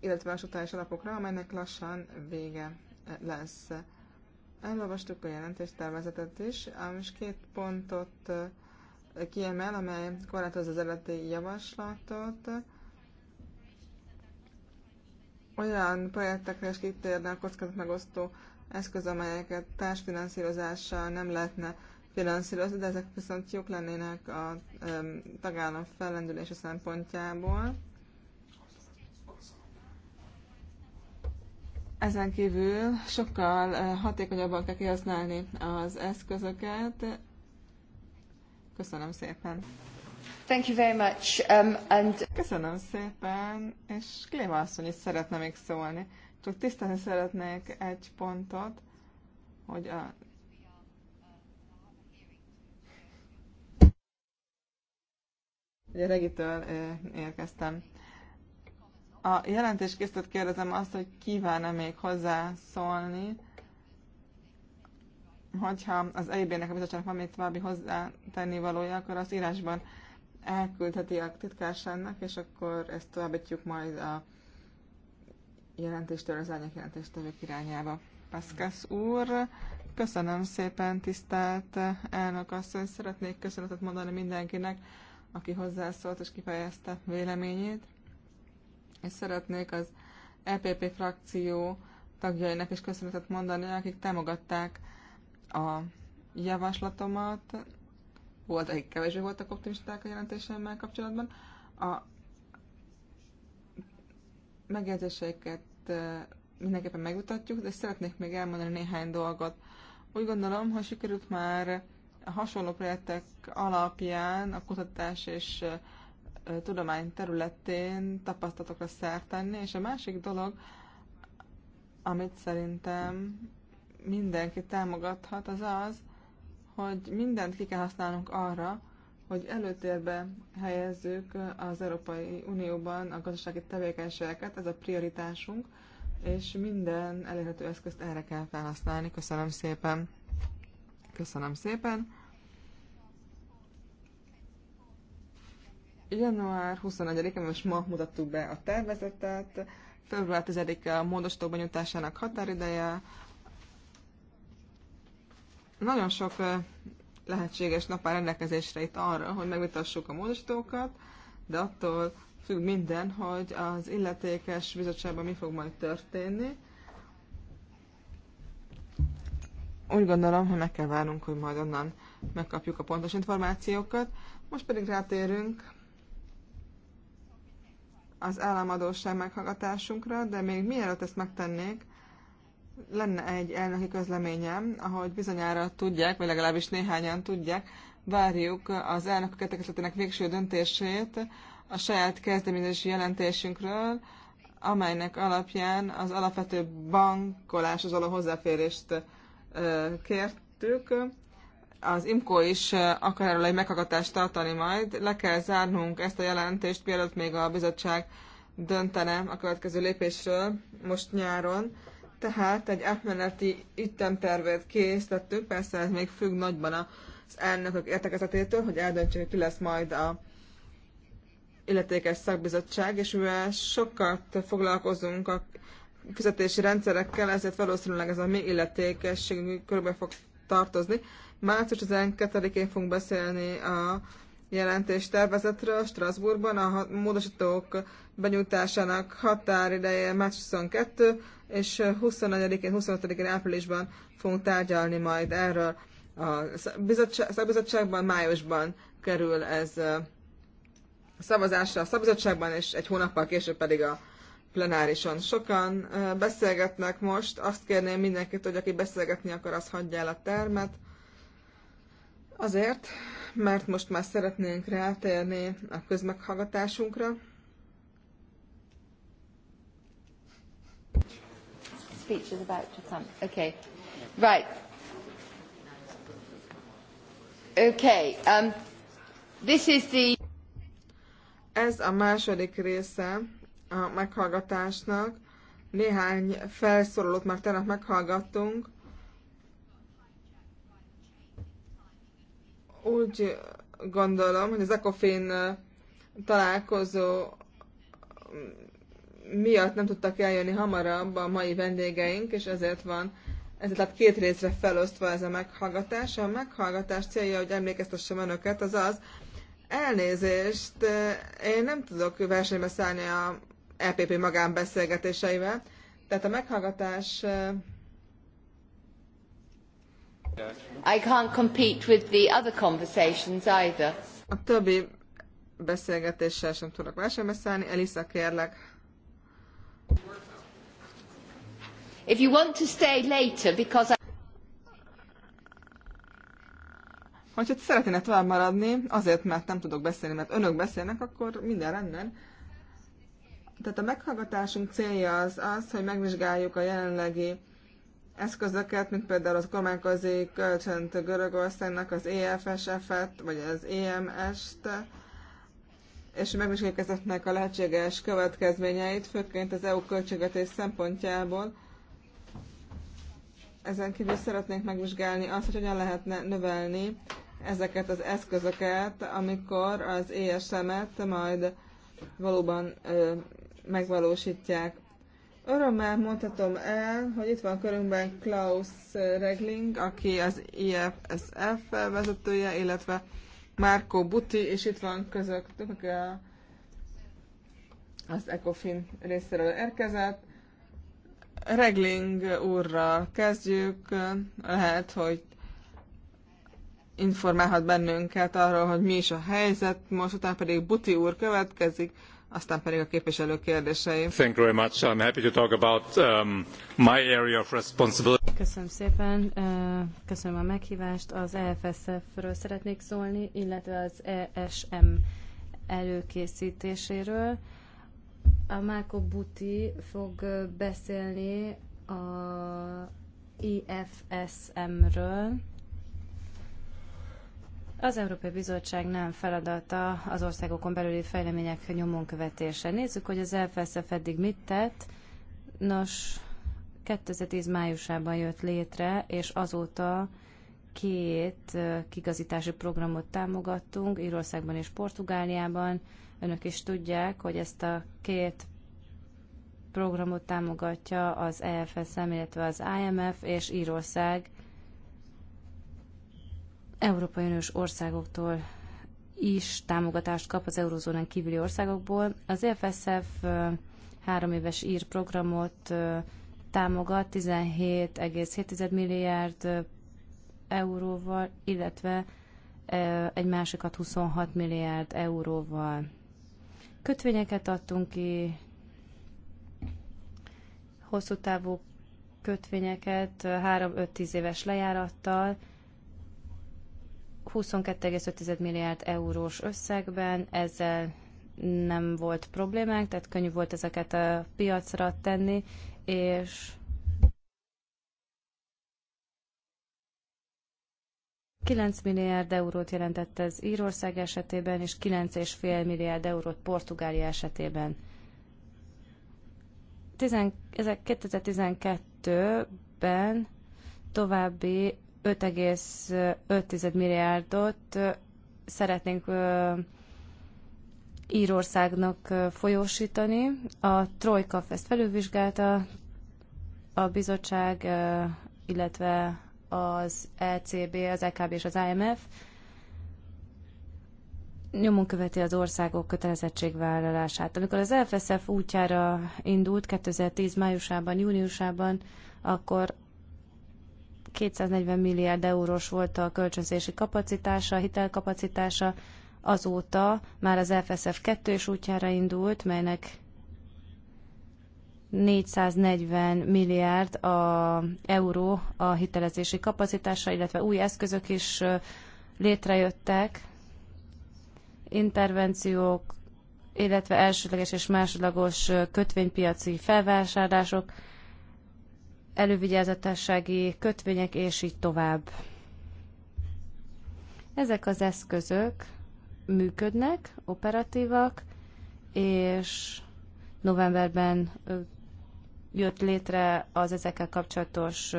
illetve a sotályos alapokra, amelynek lassan vége lesz. Elolvastuk a jelentéstervezetet is, és két pontot kiemel, amely korlátozza az eredeti javaslatot. Olyan projektekre is kitérne a kockázat megosztó eszköz, amelyeket társfinanszírozással nem lehetne finanszírozni, de ezek viszont jók lennének a tagállam fellendülése szempontjából. Ezen kívül sokkal hatékonyabban kell kihasználni az eszközöket. Köszönöm szépen! Thank you very much. Um, and... Köszönöm szépen, és Kléma asszony is szeretne még szólni. Csak tisztelni szeretnék egy pontot, hogy a Ugye regitől érkeztem a jelentés készített kérdezem azt, hogy kíván-e még hozzászólni, hogyha az EIB-nek a bizottságnak van még további hozzátenni valója, akkor az írásban elküldheti a titkárságnak, és akkor ezt továbbítjuk majd a jelentéstől az árnyék jelentéstevők irányába. Pascasz úr, köszönöm szépen, tisztelt elnök asszony, szeretnék köszönetet mondani mindenkinek, aki hozzászólt és kifejezte véleményét és szeretnék az EPP frakció tagjainak is köszönetet mondani, akik támogatták a javaslatomat. Volt, akik kevésbé voltak optimisták a jelentésemmel kapcsolatban. A megjegyzéseiket mindenképpen megmutatjuk, de szeretnék még elmondani néhány dolgot. Úgy gondolom, hogy sikerült már a hasonló projektek alapján a kutatás és tudomány területén tapasztalatokra szert tenni, és a másik dolog, amit szerintem mindenki támogathat, az az, hogy mindent ki kell használnunk arra, hogy előtérbe helyezzük az Európai Unióban a gazdasági tevékenységeket, ez a prioritásunk, és minden elérhető eszközt erre kell felhasználni. Köszönöm szépen! Köszönöm szépen! Január 21 én most ma mutattuk be a tervezetet, február 10-e a módosítók benyújtásának határideje. Nagyon sok lehetséges nap áll rendelkezésre itt arra, hogy megvitassuk a módosítókat, de attól függ minden, hogy az illetékes bizottságban mi fog majd történni. Úgy gondolom, hogy meg kell várnunk, hogy majd onnan megkapjuk a pontos információkat. Most pedig rátérünk az államadóság meghallgatásunkra, de még mielőtt ezt megtennék, lenne egy elnöki közleményem, ahogy bizonyára tudják, vagy legalábbis néhányan tudják, várjuk az elnök értekezletének végső döntését a saját kezdeményezési jelentésünkről, amelynek alapján az alapvető bankolás az hozzáférést kértük az IMCO is akar erről egy meghallgatást tartani majd. Le kell zárnunk ezt a jelentést, mielőtt még a bizottság döntene a következő lépésről most nyáron. Tehát egy átmeneti ütemtervet készítettünk, persze ez még függ nagyban az elnökök értekezetétől, hogy eldöntsék, ki lesz majd a illetékes szakbizottság, és mivel sokat foglalkozunk a fizetési rendszerekkel, ezért valószínűleg ez a mi illetékességünk körbe fog tartozni, Március 12-én fogunk beszélni a jelentés tervezetről Strasbourgban. A módosítók benyújtásának határideje március 22, és 24-én, 25-én áprilisban fogunk tárgyalni majd erről. A szakbizottságban, májusban kerül ez szavazásra a szakbizottságban, és egy hónappal később pedig a plenárison. Sokan beszélgetnek most, azt kérném mindenkit, hogy aki beszélgetni akar, az hagyja el a termet. Azért, mert most már szeretnénk rátérni a közmeghallgatásunkra. Speech is about to come. Okay. Right. Okay. Um, this is the... Ez a második része a meghallgatásnak. Néhány felszólalót már tegnap meghallgattunk Úgy gondolom, hogy az ECOFIN találkozó mm, miatt nem tudtak eljönni hamarabb a mai vendégeink, és ezért van ezért tehát két részre felosztva ez a meghallgatás. A meghallgatás célja, hogy emlékeztessem önöket, az az, elnézést, én nem tudok versenybe szállni a EPP magánbeszélgetéseivel, tehát a meghallgatás I can't compete with the other conversations either. A többi beszélgetéssel sem tudok versenybe szállni. Elisa, kérlek. If you want to stay later, because I... Hogyha szeretné tovább maradni, azért, mert nem tudok beszélni, mert önök beszélnek, akkor minden rendben. Tehát a meghallgatásunk célja az az, hogy megvizsgáljuk a jelenlegi eszközöket, mint például az kormányközi kölcsönt Görögországnak, az EFSF-et, vagy az EMS-t, és megvizsgáljuk ezeknek a lehetséges következményeit, főként az EU költségvetés szempontjából. Ezen kívül szeretnénk megvizsgálni azt, hogy hogyan lehetne növelni ezeket az eszközöket, amikor az ESM-et majd valóban ö, megvalósítják. Örömmel mondhatom el, hogy itt van körünkben Klaus Regling, aki az IFSF vezetője, illetve Márko Buti, és itt van közöttük az ECOFIN részéről érkezett. Regling úrral kezdjük. Lehet, hogy informálhat bennünket arról, hogy mi is a helyzet, most utána pedig Buti úr következik, aztán pedig a képviselő kérdései. Thank you very much. I'm happy to talk about um, my area of responsibility. Köszönöm szépen, uh, köszönöm a meghívást. Az EFSF-ről szeretnék szólni, illetve az ESM előkészítéséről. A Máko Buti fog uh, beszélni a IFSM-ről. E az Európai Bizottság nem feladata az országokon belüli fejlemények nyomon követése. Nézzük, hogy az EFSZF eddig mit tett. Nos, 2010 májusában jött létre, és azóta két kigazítási programot támogattunk, Írországban és Portugáliában. Önök is tudják, hogy ezt a két programot támogatja az EFSM, illetve az IMF és Írország Európai Uniós országoktól is támogatást kap az eurozónán kívüli országokból. Az EFSF három éves ír programot támogat 17,7 milliárd euróval, illetve egy másikat 26 milliárd euróval. Kötvényeket adtunk ki, hosszú távú kötvényeket 3-5-10 éves lejárattal, 22,5 milliárd eurós összegben, ezzel nem volt problémánk, tehát könnyű volt ezeket a piacra tenni, és 9 milliárd eurót jelentett ez Írország esetében, és 9,5 milliárd eurót Portugália esetében. 10, 2012-ben további 5,5 milliárdot szeretnénk Írországnak folyósítani. A Trojka ezt felülvizsgálta, a bizottság, illetve az ECB, az EKB és az IMF nyomon követi az országok kötelezettségvállalását. Amikor az FSF útjára indult 2010 májusában, júniusában, akkor 240 milliárd eurós volt a kölcsönzési kapacitása, a hitelkapacitása, azóta már az FSF 2 is útjára indult, melynek 440 milliárd a euró a hitelezési kapacitása, illetve új eszközök is létrejöttek, intervenciók, illetve elsődleges és másodlagos kötvénypiaci felvásárlások, elővigyázatossági kötvények, és így tovább. Ezek az eszközök működnek, operatívak, és novemberben jött létre az ezekkel kapcsolatos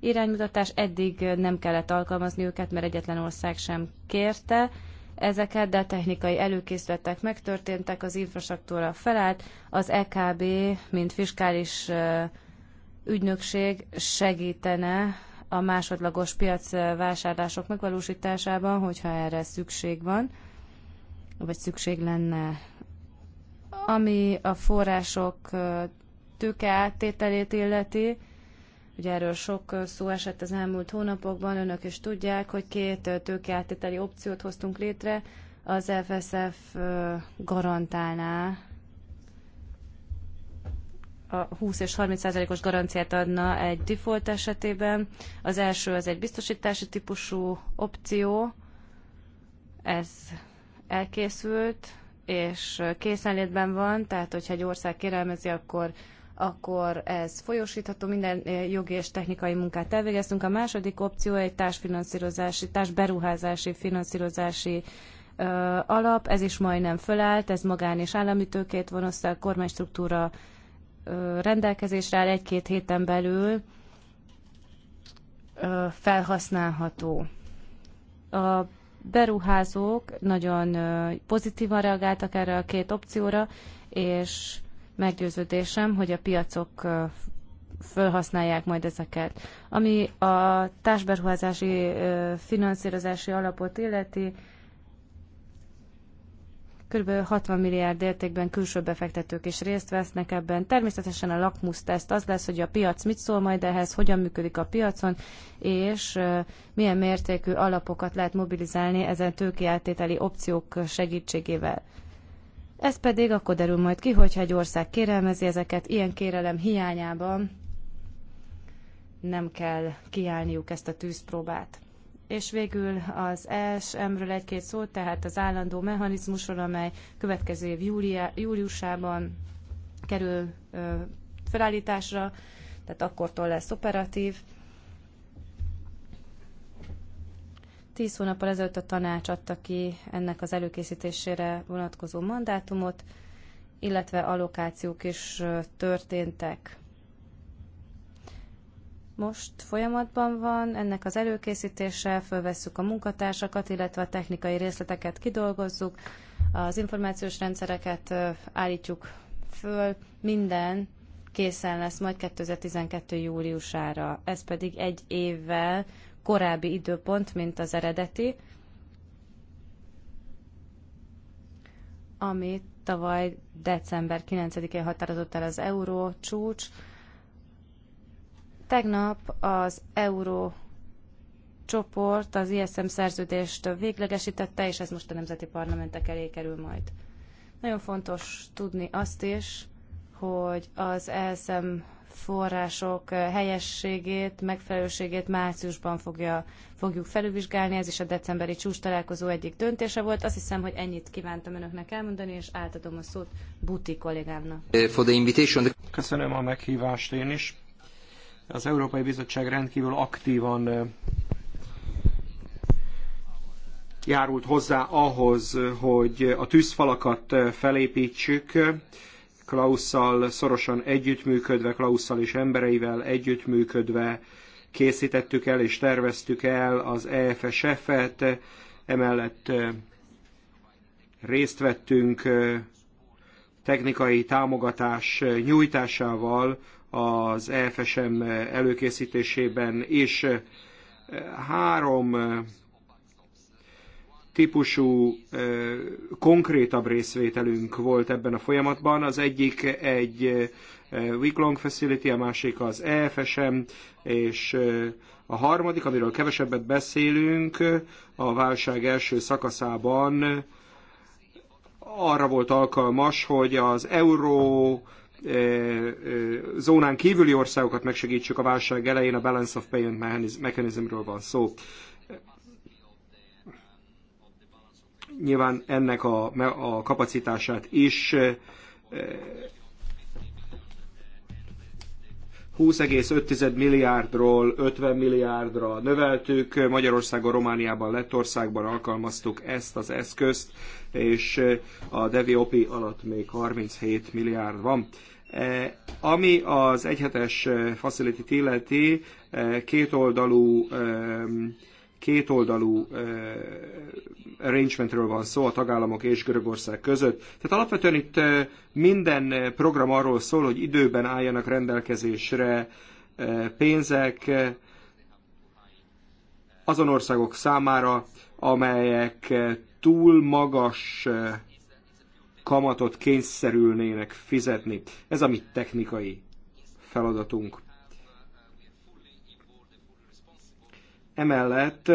iránymutatás. Eddig nem kellett alkalmazni őket, mert egyetlen ország sem kérte ezeket, de a technikai előkészületek megtörténtek, az infrastruktúra felállt, az EKB, mint fiskális ügynökség segítene a másodlagos piac vásárlások megvalósításában, hogyha erre szükség van, vagy szükség lenne. Ami a források tőke áttételét illeti, ugye erről sok szó esett az elmúlt hónapokban, önök is tudják, hogy két tőke áttételi opciót hoztunk létre, az FSF garantálná a 20 és 30 százalékos garanciát adna egy default esetében. Az első az egy biztosítási típusú opció, ez elkészült, és készenlétben van, tehát hogyha egy ország kérelmezi, akkor akkor ez folyósítható, minden eh, jogi és technikai munkát elvégeztünk. A második opció egy társfinanszírozási, társberuházási, finanszírozási ö, eh, alap, ez is majdnem fölállt, ez magán és állami tőkét von össze, a kormánystruktúra rendelkezésre áll egy-két héten belül felhasználható. A beruházók nagyon pozitívan reagáltak erre a két opcióra, és meggyőződésem, hogy a piacok felhasználják majd ezeket. Ami a társberuházási finanszírozási alapot illeti, Kb. 60 milliárd értékben külső befektetők is részt vesznek ebben. Természetesen a teszt az lesz, hogy a piac mit szól majd ehhez, hogyan működik a piacon, és milyen mértékű alapokat lehet mobilizálni ezen tőkiáttételi opciók segítségével. Ez pedig akkor derül majd ki, hogyha egy ország kérelmezi ezeket, ilyen kérelem hiányában nem kell kiállniuk ezt a tűzpróbát és végül az ESM-ről egy-két szót, tehát az állandó mechanizmusról, amely következő év júliá, júliusában kerül ö, felállításra, tehát akkortól lesz operatív. Tíz hónappal ezelőtt a tanács adta ki ennek az előkészítésére vonatkozó mandátumot, illetve allokációk is történtek most folyamatban van, ennek az előkészítése, fölvesszük a munkatársakat, illetve a technikai részleteket kidolgozzuk, az információs rendszereket állítjuk föl, minden készen lesz majd 2012. júliusára. Ez pedig egy évvel korábbi időpont, mint az eredeti, amit tavaly december 9-én határozott el az euró csúcs, Tegnap az euró csoport az ISM szerződést véglegesítette, és ez most a nemzeti parlamentek elé kerül majd. Nagyon fontos tudni azt is, hogy az ESM források helyességét, megfelelőségét márciusban fogja, fogjuk felülvizsgálni. Ez is a decemberi csúcs találkozó egyik döntése volt. Azt hiszem, hogy ennyit kívántam önöknek elmondani, és átadom a szót Buti kollégámnak. Köszönöm a meghívást én is. Az Európai Bizottság rendkívül aktívan járult hozzá ahhoz, hogy a tűzfalakat felépítsük, Klausszal szorosan együttműködve, Klausszal és embereivel együttműködve készítettük el és terveztük el az EFSF-et, emellett részt vettünk technikai támogatás nyújtásával az EFSM előkészítésében is. Három eh, típusú eh, konkrétabb részvételünk volt ebben a folyamatban. Az egyik egy eh, week-long facility, a másik az EFSM, és a harmadik, amiről kevesebbet beszélünk, a válság első szakaszában arra volt alkalmas, hogy az euró Eh, eh, zónán kívüli országokat megsegítsük a válság elején, a Balance of Payment Mechanismről van szó. Nyilván ennek a, a kapacitását is eh, 20,5 milliárdról 50 milliárdra növeltük. Magyarországon, Romániában, Lettországban alkalmaztuk ezt az eszközt, és eh, a Deviopi alatt még 37 milliárd van. Eh, ami az egyhetes eh, facility illeti, kétoldalú kétoldalú eh, arrangementről van szó a tagállamok és Görögország között. Tehát alapvetően itt eh, minden eh, program arról szól, hogy időben álljanak rendelkezésre pénzek azon országok számára, amelyek túl magas kamatot kényszerülnének fizetni. Ez a mi technikai feladatunk. Emellett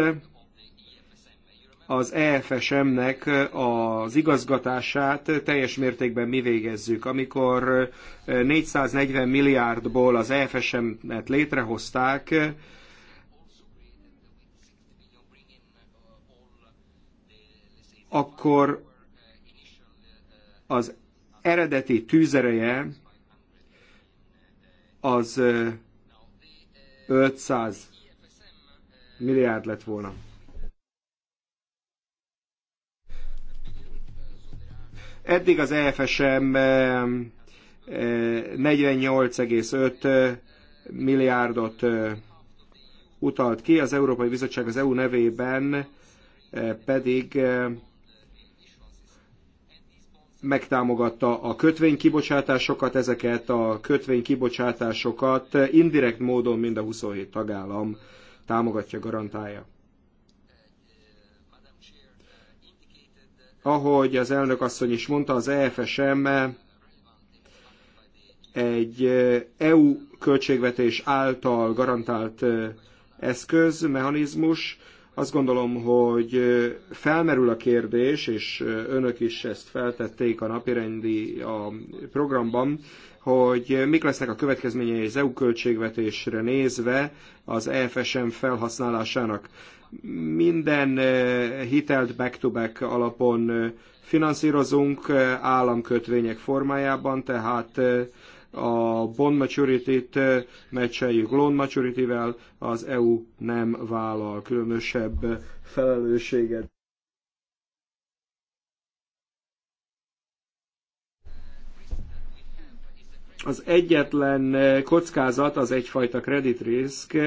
az EFSM-nek az igazgatását teljes mértékben mi végezzük. Amikor 440 milliárdból az EFSM-et létrehozták, akkor az eredeti tűzereje az 500 milliárd lett volna. Eddig az EFSM 48,5 eh, eh, eh, milliárdot utalt ki, az Európai Bizottság az EU nevében pedig megtámogatta a kötvénykibocsátásokat, ezeket a kötvénykibocsátásokat indirekt módon mind a 27 tagállam támogatja, garantálja. Ahogy az elnök asszony is mondta, az EFSM egy EU költségvetés által garantált eszköz, mechanizmus, azt gondolom, hogy felmerül a kérdés, és önök is ezt feltették a napirendi a programban, hogy mik lesznek a következményei az EU költségvetésre nézve az EFSM felhasználásának. Minden hitelt back-to-back alapon finanszírozunk államkötvények formájában, tehát a bond maturity-t meccseljük loan maturity az EU nem vállal különösebb felelősséget. az egyetlen kockázat az egyfajta credit risk,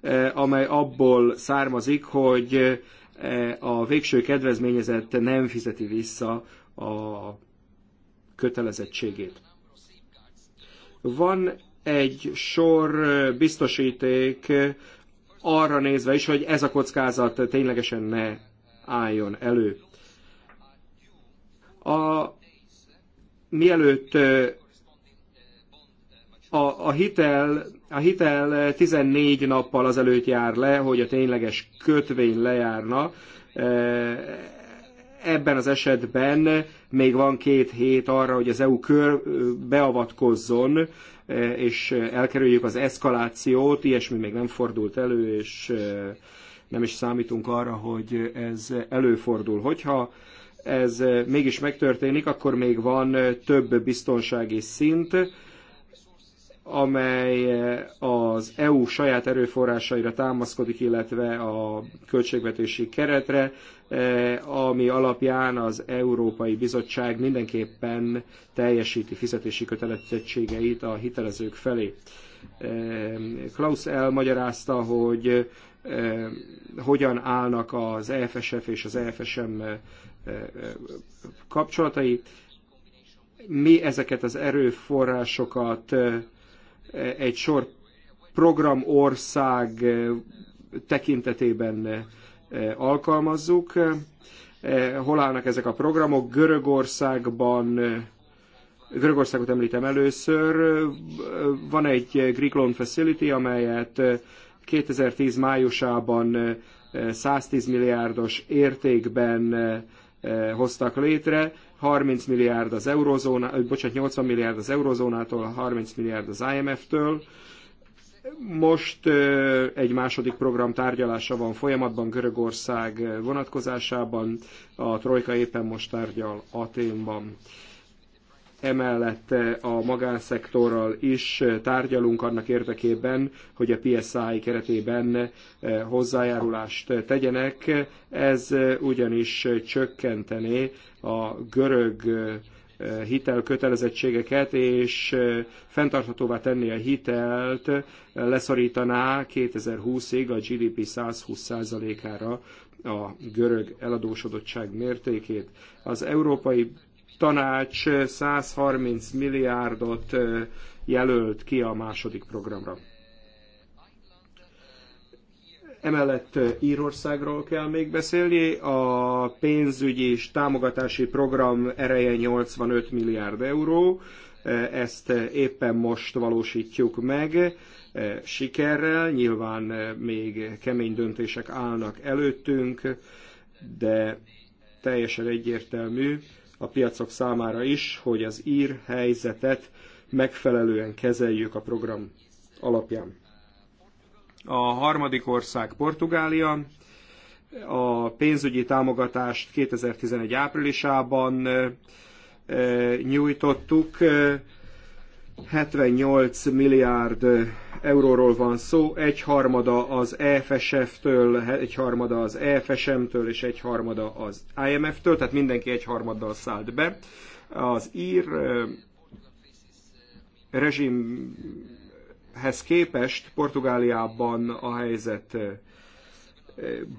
eh, amely abból származik, hogy eh, a végső kedvezményezett nem fizeti vissza a kötelezettségét. Van egy sor biztosíték arra nézve is, hogy ez a kockázat ténylegesen ne álljon elő. A, mielőtt a, a, hitel, a hitel 14 nappal azelőtt jár le, hogy a tényleges kötvény lejárna, ebben az esetben még van két hét arra, hogy az EU kör beavatkozzon, és elkerüljük az eszkalációt, ilyesmi még nem fordult elő, és nem is számítunk arra, hogy ez előfordul. Hogyha ez mégis megtörténik, akkor még van több biztonsági szint, amely eh, az EU saját erőforrásaira támaszkodik, illetve a költségvetési keretre, eh, ami alapján az Európai Bizottság mindenképpen teljesíti fizetési kötelezettségeit a hitelezők felé. Eh, Klaus elmagyarázta, hogy hogyan állnak az EFSF és az EFSM kapcsolatai. Mi ezeket az erőforrásokat egy sor programország eh, tekintetében eh, alkalmazzuk. Eh, hol állnak ezek a programok? Görögországban, Görögországot említem először, van egy Greek Loan Facility, amelyet 2010 májusában 110 milliárdos értékben hoztak létre. 30 milliárd az eurozóna, bocsánat, 80 milliárd az eurozónától, 30 milliárd az IMF-től. Most egy második program tárgyalása van folyamatban Görögország vonatkozásában, a Trojka éppen most tárgyal Aténban emellett a magánszektorral is tárgyalunk annak érdekében, hogy a PSI keretében eh, hozzájárulást tegyenek. Ez ugyanis csökkentené a görög eh, hitelkötelezettségeket, és eh, fenntarthatóvá tenni a hitelt, leszorítaná 2020-ig a GDP 120%-ára a görög eladósodottság mértékét. Az Európai tanács 130 eh, milliárdot eh, jelölt ki a második programra. Emellett eh, Írországról kell még beszélni. A pénzügyi és támogatási program ereje 85 milliárd euró. Ezt éppen most valósítjuk meg sikerrel. Nyilván még kemény döntések állnak előttünk, de teljesen egyértelmű, a piacok számára is, hogy az ír helyzetet megfelelően kezeljük a program alapján. A harmadik ország Portugália. A pénzügyi támogatást 2011 áprilisában nyújtottuk. 78 milliárd euróról van szó, egy harmada az EFSF-től, egy harmada az EFSM-től, és egy harmada az IMF-től, tehát mindenki egy harmaddal szállt be. Az ír rezsimhez képest Portugáliában a helyzet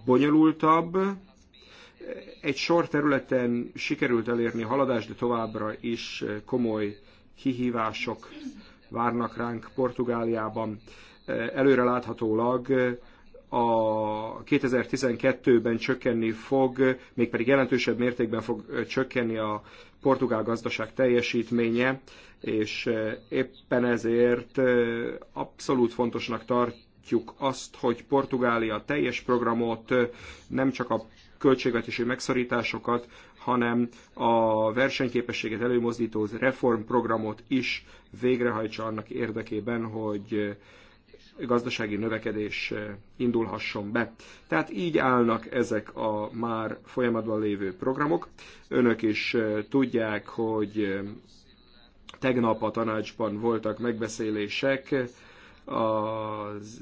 bonyolultabb, egy sor területen sikerült elérni haladást, de továbbra is komoly kihívások várnak ránk Portugáliában. E, Előreláthatólag e, a 2012-ben csökkenni fog, mégpedig jelentősebb mértékben fog e, csökkenni a portugál gazdaság teljesítménye, és éppen ezért abszolút fontosnak tartjuk azt, hogy Portugália teljes programot, nem csak a költségvetési megszorításokat, hanem a versenyképességet előmozdító reformprogramot is végrehajtsa annak érdekében, hogy gazdasági növekedés indulhasson be. Tehát így állnak ezek a már folyamatban lévő programok. Önök is tudják, hogy tegnap a tanácsban voltak megbeszélések az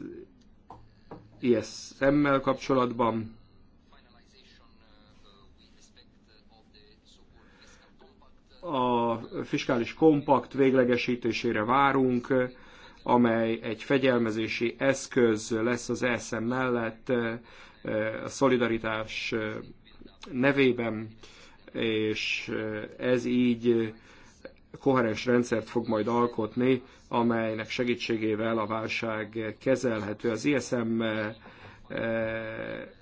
ISM-mel kapcsolatban, a fiskális kompakt véglegesítésére várunk, amely egy fegyelmezési eszköz lesz az ESM mellett eh, a szolidaritás eh, nevében, és eh, ez így koherens rendszert fog majd alkotni, amelynek segítségével a válság kezelhető. Az ISM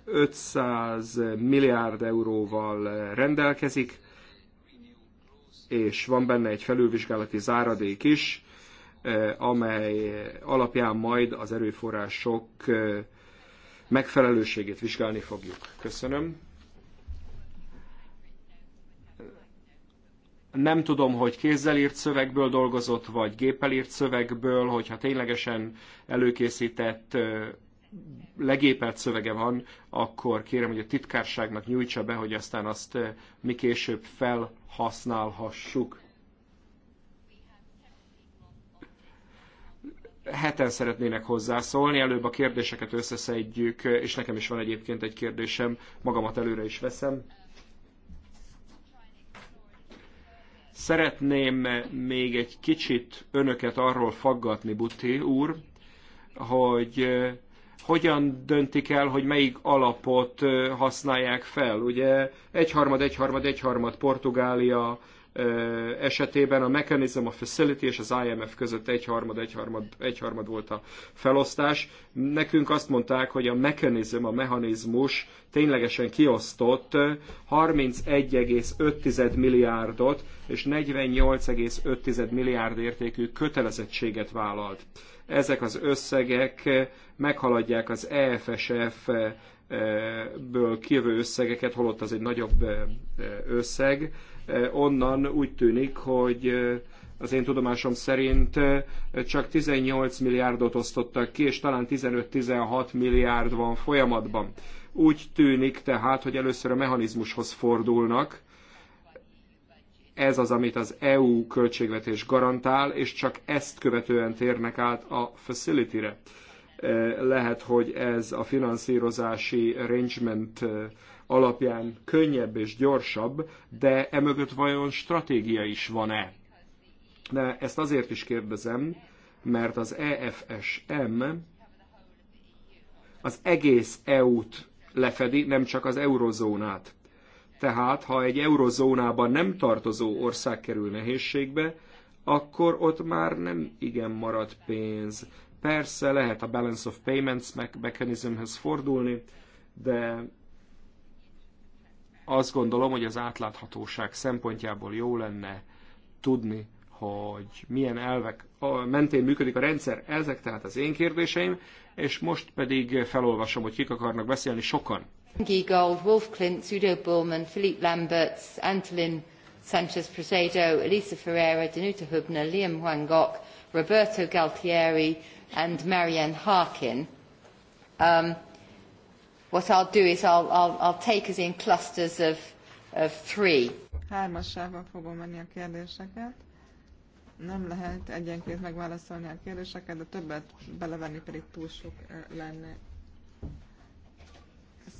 500 milliárd euróval rendelkezik, és van benne egy felülvizsgálati záradék is, eh, amely alapján majd az erőforrások eh, megfelelőségét vizsgálni fogjuk. Köszönöm. nem tudom, hogy kézzel írt szövegből dolgozott, vagy géppel írt szövegből, hogyha ténylegesen előkészített eh, legépelt szövege van, akkor kérem, hogy a titkárságnak nyújtsa be, hogy aztán azt eh, mi később felhasználhassuk. Heten szeretnének hozzászólni, előbb a kérdéseket összeszedjük, eh, és nekem is van egyébként egy kérdésem, magamat előre is veszem. Szeretném eh, még egy kicsit önöket arról faggatni, Butti úr, hogy hogyan döntik el, hogy melyik alapot használják fel. Ugye egyharmad, egyharmad, egyharmad Portugália, esetében a Mechanism, a Facility és az IMF között egyharmad, egyharmad, egyharmad volt a felosztás. Nekünk azt mondták, hogy a Mechanism, a mechanizmus ténylegesen kiosztott 31,5 milliárdot és 48,5 milliárd értékű kötelezettséget vállalt. Ezek az összegek meghaladják az EFSF ből kijövő összegeket, holott az egy nagyobb összeg, Eh, onnan úgy tűnik, hogy eh, az én tudomásom szerint eh, csak 18 milliárdot osztottak ki, és talán 15-16 milliárd van folyamatban. Úgy tűnik tehát, hogy először a mechanizmushoz fordulnak, ez az, amit az EU költségvetés garantál, és csak ezt követően térnek át a facility-re. Lehet, hogy ez a finanszírozási arrangement alapján könnyebb és gyorsabb, de emögött vajon stratégia is van-e? De ezt azért is kérdezem, mert az EFSM az egész EU-t lefedi, nem csak az eurozónát. Tehát, ha egy eurozónában nem tartozó ország kerül nehézségbe, akkor ott már nem igen marad pénz. Persze lehet a Balance of Payments mechanismhez fordulni, de azt gondolom, hogy az átláthatóság szempontjából jó lenne tudni, hogy milyen elvek mentén működik a rendszer. Ezek tehát az én kérdéseim, és most pedig felolvasom, hogy kik akarnak beszélni sokan. Gold, Wolf Clint, Sudo Bullman, Philippe Lamberts, Antolin Sanchez Prosedo, Elisa Ferreira, Danuta Hubner, Liam Wangok, Roberto Galtieri and Marianne Harkin. Um, What I'll do is I'll, I'll, I'll take us in clusters of, of three. Hármasával fogom menni a kérdéseket. Nem lehet egyenként megválaszolni a kérdéseket, de többet belevenni pedig túl sok lenne.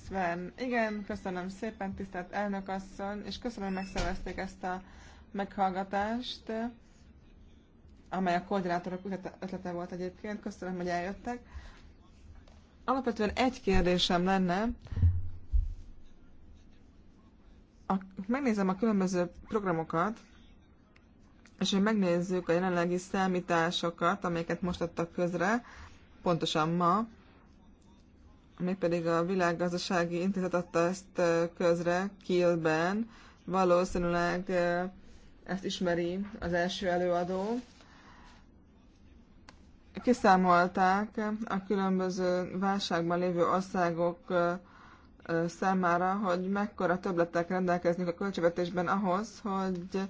Sven, igen, köszönöm szépen, tisztelt elnök asszony, és köszönöm, hogy megszervezték ezt a meghallgatást, amely a koordinátorok ötlete volt egyébként. Köszönöm, hogy eljöttek. Alapvetően egy kérdésem lenne, a, megnézem a különböző programokat, és hogy megnézzük a jelenlegi számításokat, amelyeket most adtak közre, pontosan ma, mégpedig a Világgazdasági Intézet adta ezt közre Kielben, valószínűleg ezt ismeri az első előadó kiszámolták a különböző válságban lévő országok számára, hogy mekkora többletek rendelkeznek a költségvetésben ahhoz, hogy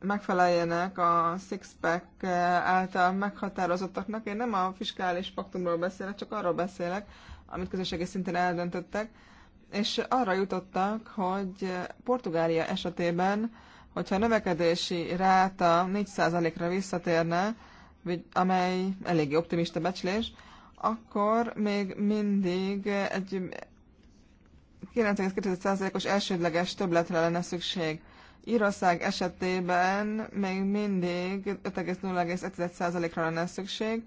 megfeleljenek a Sixpack által meghatározottaknak. Én nem a fiskális paktumról beszélek, csak arról beszélek, amit közösségi szinten eldöntöttek, és arra jutottak, hogy Portugália esetében, hogyha a növekedési ráta 4%-ra visszatérne, amely eléggé optimista becslés, akkor még mindig egy 9,2%-os elsődleges többletre lenne szükség. Írország esetében még mindig 5,0,1%-ra lenne szükség,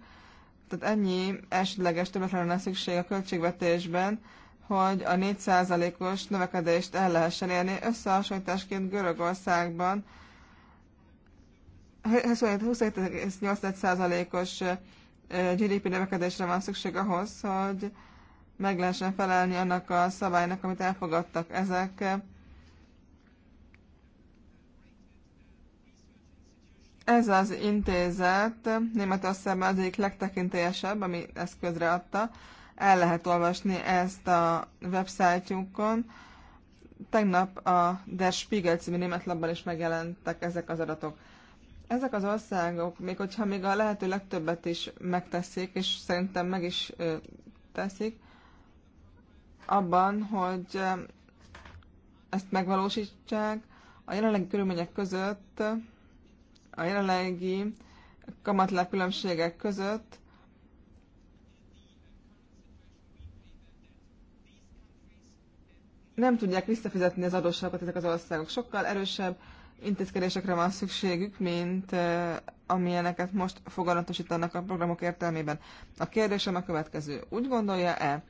tehát ennyi elsődleges többletre lenne szükség a költségvetésben, hogy a 4%-os növekedést el lehessen érni. Összehasonlításként Görögországban 27,8%-os GDP növekedésre van szükség ahhoz, hogy meg lehessen felelni annak a szabálynak, amit elfogadtak ezek. Ez az intézet Németországban az egyik legtekintélyesebb, ami ezt adta, El lehet olvasni ezt a websájtjukon. Tegnap a Der Spiegel című német labban is megjelentek ezek az adatok. Ezek az országok, még hogyha még a lehető legtöbbet is megteszik, és szerintem meg is teszik, abban, hogy ezt megvalósítsák, a jelenlegi körülmények között, a jelenlegi kamatlák különbségek között, nem tudják visszafizetni az adósságokat ezek az országok. Sokkal erősebb intézkedésekre van szükségük, mint amilyeneket most foganatosítanak a programok értelmében. A kérdésem a következő. Úgy gondolja-e,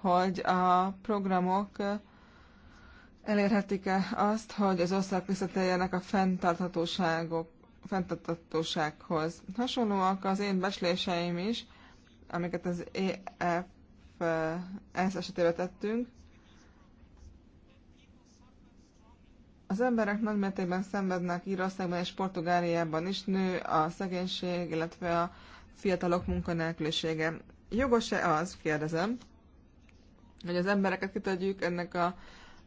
hogy a programok elérhetik-e azt, hogy az ország visszatérjenek a fenntarthatóságok, fenntarthatósághoz? Hasonlóak az én besléseim is, amiket az EFS esetében tettünk, Az emberek nagymértékben szenvednek Írországban és Portugáliában is, nő a szegénység, illetve a fiatalok munkanélkülisége. Jogos-e az, kérdezem, hogy az embereket kitegyük ennek a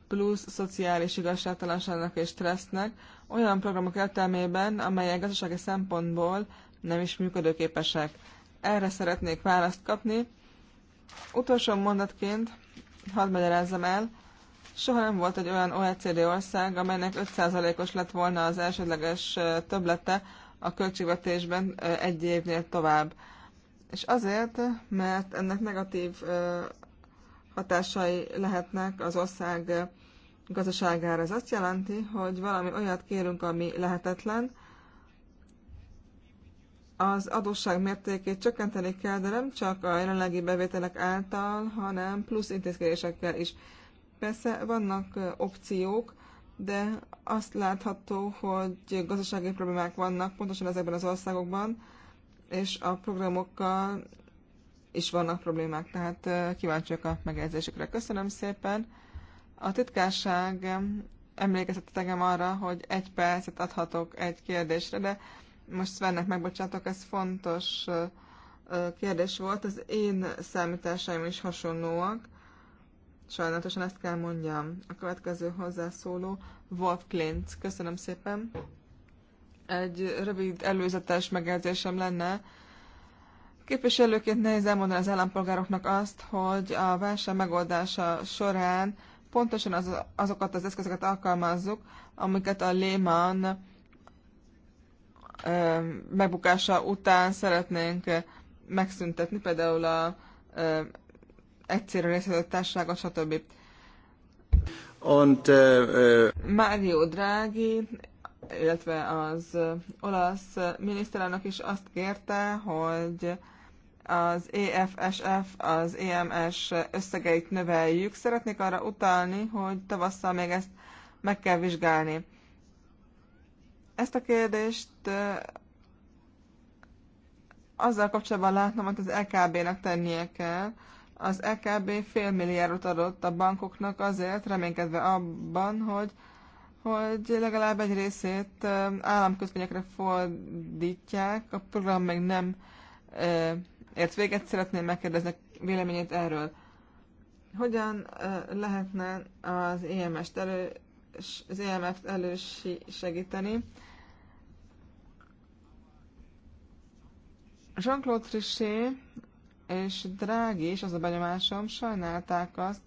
plusz szociális igazságtalanságnak és stressznek olyan programok értelmében, amelyek gazdasági szempontból nem is működőképesek. Erre szeretnék választ kapni. Utolsó mondatként hadd magyarázzam el, Soha nem volt egy olyan OECD ország, amelynek 5%-os lett volna az elsődleges töblete a költségvetésben egy évnél tovább. És azért, mert ennek negatív hatásai lehetnek az ország gazdaságára. Ez azt jelenti, hogy valami olyat kérünk, ami lehetetlen, az adósság mértékét csökkenteni kell, de nem csak a jelenlegi bevételek által, hanem plusz intézkedésekkel is. Persze vannak opciók, de azt látható, hogy gazdasági problémák vannak pontosan ezekben az országokban, és a programokkal is vannak problémák, tehát kíváncsiak a megjegyzésükre. Köszönöm szépen! A titkárság emlékeztetett engem arra, hogy egy percet adhatok egy kérdésre, de most Svennek megbocsátok, ez fontos kérdés volt. Az én számításaim is hasonlóak. Sajnálatosan ezt kell mondjam. A következő hozzászóló Wolf Klint. Köszönöm szépen. Egy rövid előzetes megjegyzésem lenne. Képviselőként nehéz elmondani az állampolgároknak azt, hogy a válság megoldása során pontosan az, azokat az eszközöket alkalmazzuk, amiket a Lehman megbukása után szeretnénk megszüntetni, például a egyszerű részlető társaságot, stb. Und, uh, uh... Mário Draghi, illetve az olasz miniszterelnök is azt kérte, hogy az EFSF, az EMS összegeit növeljük. Szeretnék arra utalni, hogy tavasszal még ezt meg kell vizsgálni. Ezt a kérdést azzal kapcsolatban látnom, hogy az LKB-nek e tennie kell, az EKB fél milliárdot adott a bankoknak azért, reménykedve abban, hogy, hogy legalább egy részét államközpényekre fordítják. A program még nem ért véget. Szeretném megkérdezni véleményét erről. Hogyan lehetne az emf t elő, az emf elősi segíteni? Jean-Claude Trichet és drági is az a benyomásom, sajnálták azt,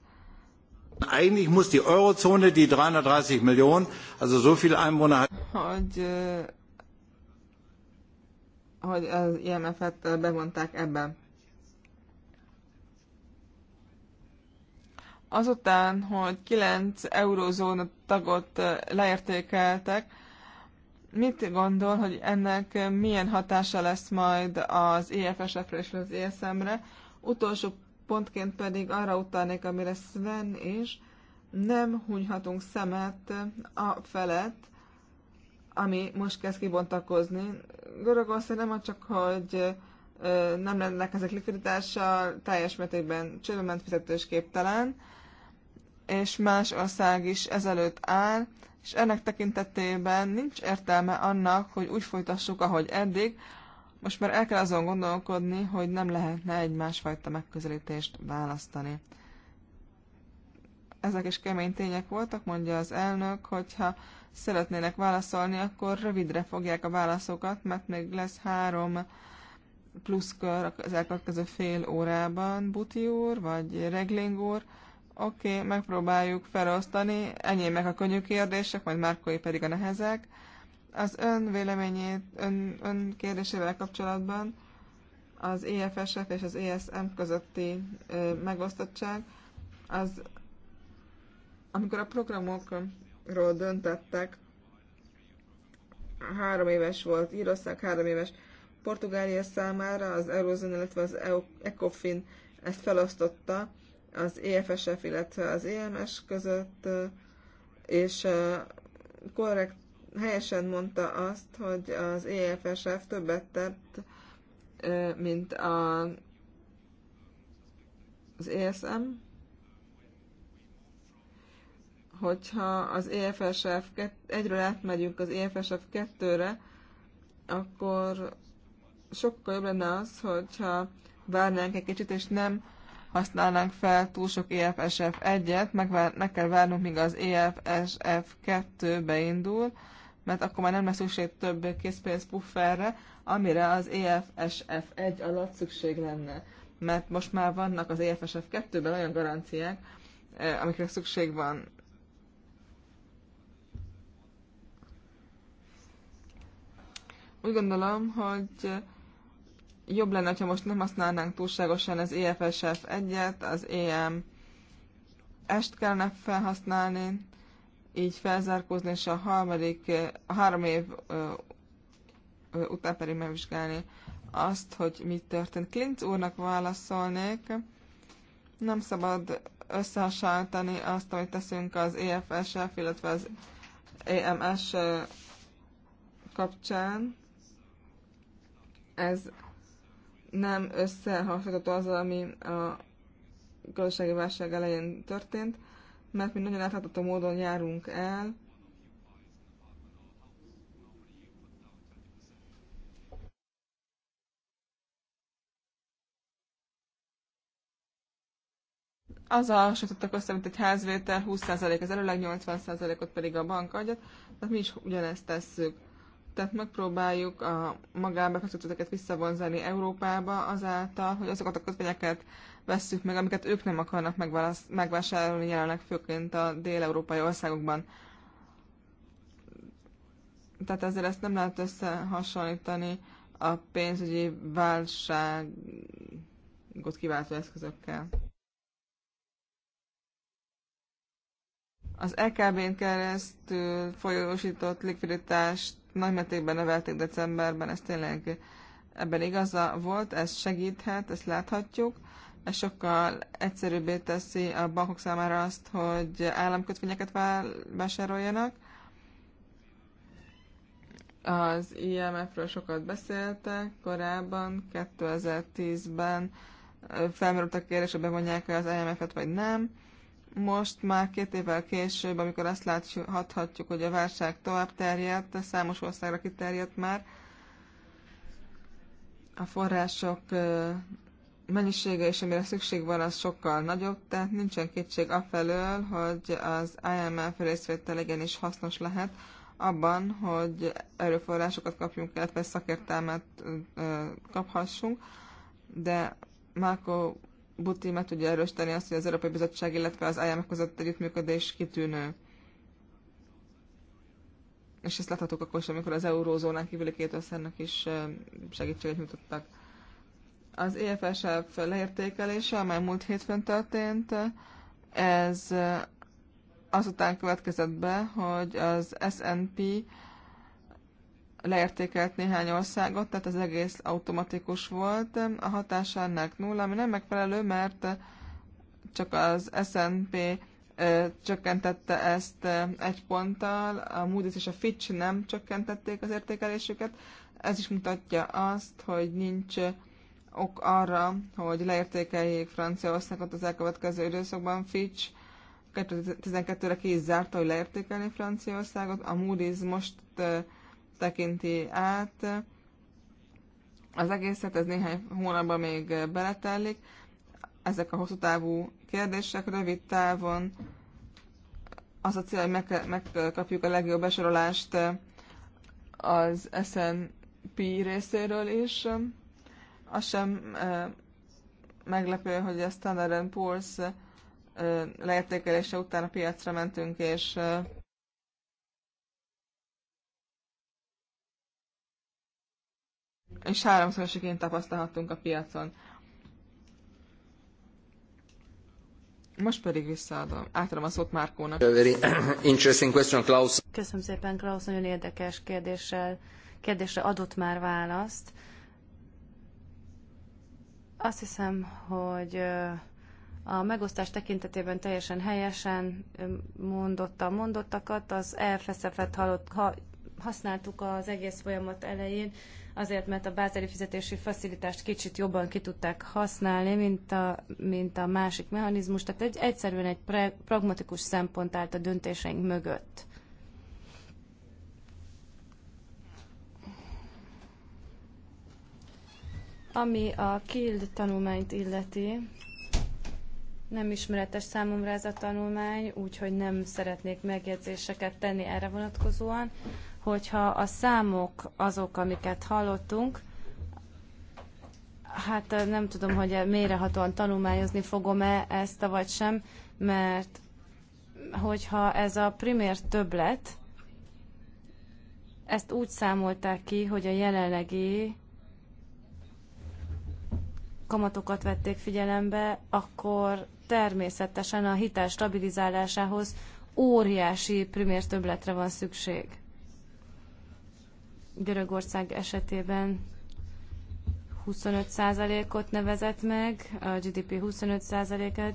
Eigentlich muss die Eurozone, die 330 Millionen, also so viel Einwohner hat. Hogy, hogy az IMF-et bevonták ebben. Azután, hogy 9 eurózóna tagot leértékeltek, mit gondol, hogy ennek milyen hatása lesz majd az efs re és az ESM-re? Utolsó pontként pedig arra utalnék, amire Sven is, nem hunyhatunk szemet a felett, ami most kezd kibontakozni. Görögország nem csak, hogy nem ezek likviditással, teljes mértékben csődöment fizetősképtelen, és más ország is ezelőtt áll, és ennek tekintetében nincs értelme annak, hogy úgy folytassuk, ahogy eddig, most már el kell azon gondolkodni, hogy nem lehetne egy másfajta megközelítést választani. Ezek is kemény tények voltak, mondja az elnök, hogyha szeretnének válaszolni, akkor rövidre fogják a válaszokat, mert még lesz három pluszkör az elkövetkező fél órában, Buti úr, vagy Regling úr, Oké, okay, megpróbáljuk felosztani. Enyémek a könnyű kérdések, majd Márkói pedig a nehezek. Az ön véleményét, ön, ön kérdésével kapcsolatban az EFSF és az ESM közötti ö, megosztottság, az amikor a programokról döntettek, három éves volt Írország, három éves Portugália számára, az Eurozone, illetve az e ECOFIN ezt felosztotta, az EFSF, illetve az EMS között, és korrekt, helyesen mondta azt, hogy az EFSF többet tett, mint a, az ESM, hogyha az EFSF egyről átmegyünk az EFSF 2-re, akkor sokkal jobb lenne az, hogyha várnánk egy kicsit, és nem használnánk fel túl sok EFSF-1-et, meg, meg kell várnunk, míg az EFSF-2 beindul, mert akkor már nem lesz szükség több készpénz pufferre, amire az EFSF-1 alatt szükség lenne. Mert most már vannak az EFSF-2-ben olyan garanciák, eh, amikre szükség van. Úgy gondolom, hogy jobb lenne, ha most nem használnánk túlságosan az EFSF 1-et, az EM est kellene felhasználni, így felzárkózni, és a harmadik, a három év után pedig megvizsgálni azt, hogy mi történt. Klinc úrnak válaszolnék, nem szabad összehasonlítani azt, amit teszünk az EFSF, illetve az EMS kapcsán. Ez nem összehasonlítható azzal, ami a gazdasági válság elején történt, mert mi nagyon átlátható módon járunk el. Az a hasonlítottak össze, mint egy házvétel, 20% az előleg, 80%-ot pedig a bank adja, tehát mi is ugyanezt tesszük. Tehát megpróbáljuk a magábefektetőket visszavonzani Európába azáltal, hogy azokat a kötvényeket vesszük meg, amiket ők nem akarnak megvásárolni jelenleg, főként a dél-európai országokban. Tehát ezzel ezt nem lehet összehasonlítani a pénzügyi válságot kiváltó eszközökkel. Az EKB-n keresztül folyósított likviditást nagymértékben növelték decemberben, ez tényleg ebben igaza volt, ez segíthet, ezt láthatjuk. Ez sokkal egyszerűbbé teszi a bankok számára azt, hogy államkötvényeket vásároljanak. Az IMF-ről sokat beszéltek korábban, 2010-ben felmerült a kérdés, hogy bevonják -e az IMF-et vagy nem most már két évvel később, amikor azt láthatjuk, hogy a válság tovább terjedt, számos országra kiterjedt már, a források mennyisége és amire szükség van, az sokkal nagyobb, tehát nincsen kétség afelől, hogy az IMF részvétel igenis hasznos lehet abban, hogy erőforrásokat kapjunk, illetve szakértelmet kaphassunk, de Márko Buti meg tudja erősíteni azt, hogy az Európai Bizottság, illetve az IMF között együttműködés kitűnő. És ezt láthatók akkor is, amikor az eurózónán kívüli két országnak is segítséget nyújtottak. Az EFSF leértékelése, amely múlt hétfőn történt, ez azután következett be, hogy az S&P leértékelt néhány országot, tehát az egész automatikus volt. A hatása ennek nulla, ami nem megfelelő, mert csak az S&P csökkentette ezt egy ponttal, a Moody's és a Fitch nem csökkentették az értékelésüket. Ez is mutatja azt, hogy nincs ok arra, hogy leértékeljék Franciaországot az elkövetkező időszakban. Fitch 2012-re ki hogy leértékelni Franciaországot, a Moody's most tekinti át. Az egészet ez néhány hónapban még beletellik. Ezek a hosszú távú kérdések rövid távon az a cél, hogy megkapjuk a legjobb besorolást az S&P részéről is. Az sem meglepő, hogy a Standard Poor's leértékelése után a piacra mentünk, és és háromszorosiként tapasztalhattunk a piacon. Most pedig visszaadom. Átadom a szót Márkónak. [coughs] question, Köszönöm szépen, Klaus. Nagyon érdekes kérdéssel, kérdésre adott már választ. Azt hiszem, hogy a megosztás tekintetében teljesen helyesen mondotta a mondottakat. Az elfeszefet hallott, ha, használtuk az egész folyamat elején, azért, mert a bázeli fizetési facilitást kicsit jobban ki tudták használni, mint a, mint a másik mechanizmus. Tehát egy, egyszerűen egy pre, pragmatikus szempont állt a döntéseink mögött. Ami a Kild tanulmányt illeti, nem ismeretes számomra ez a tanulmány, úgyhogy nem szeretnék megjegyzéseket tenni erre vonatkozóan hogyha a számok azok, amiket hallottunk, hát nem tudom, hogy mérehatóan tanulmányozni fogom-e ezt, vagy sem, mert hogyha ez a primér többlet, ezt úgy számolták ki, hogy a jelenlegi kamatokat vették figyelembe, akkor természetesen a hitel stabilizálásához óriási primér többletre van szükség. Görögország esetében 25%-ot nevezett meg, a GDP 25%-et.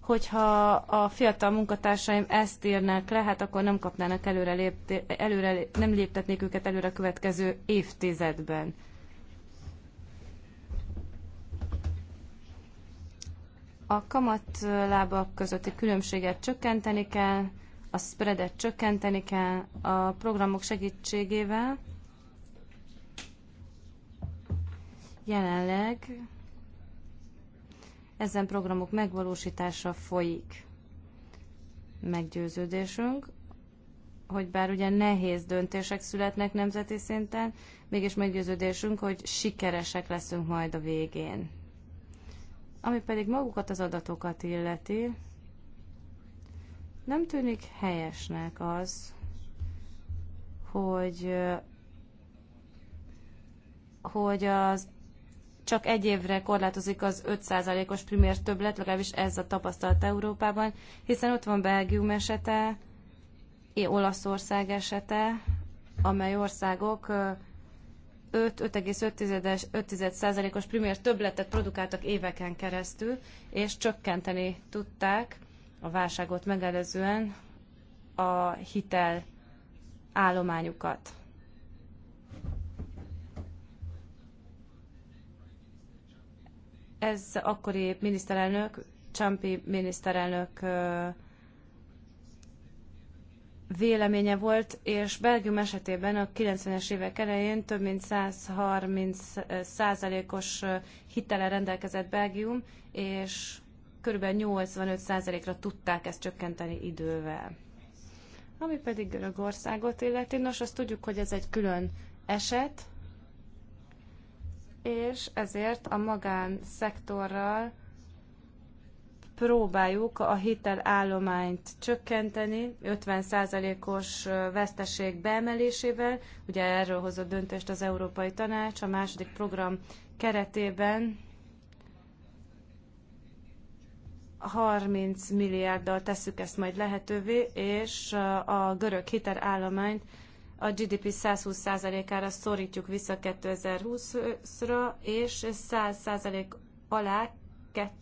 Hogyha a fiatal munkatársaim ezt írnák le, hát akkor nem kapnának előre, lépte, előre nem léptetnék őket előre a következő évtizedben. A kamatlábak közötti különbséget csökkenteni kell, a spreadet csökkenteni kell a programok segítségével. Jelenleg ezen programok megvalósítása folyik. Meggyőződésünk, hogy bár ugye nehéz döntések születnek nemzeti szinten, mégis meggyőződésünk, hogy sikeresek leszünk majd a végén. Ami pedig magukat az adatokat illeti, nem tűnik helyesnek az, hogy, hogy az csak egy évre korlátozik az 5%-os primér többlet, legalábbis ez a tapasztalat Európában, hiszen ott van Belgium esete, Olaszország esete, amely országok 5,5%-os primér többletet produkáltak éveken keresztül, és csökkenteni tudták a válságot megelőzően a hitel állományukat. Ez akkori miniszterelnök, Csampi miniszterelnök véleménye volt, és Belgium esetében a 90-es évek elején több mint 130 eh, százalékos eh, hitele rendelkezett Belgium, és kb. 85 százalékra tudták ezt csökkenteni idővel. Ami pedig Görögországot illeti, nos, azt tudjuk, hogy ez egy külön eset, és ezért a magánszektorral próbáljuk a hitelállományt csökkenteni 50%-os veszteség beemelésével. Ugye erről hozott döntést az Európai Tanács a második program keretében 30 milliárddal tesszük ezt majd lehetővé, és a görög hitelállományt a GDP 120%-ára szorítjuk vissza 2020-ra, és 100% alá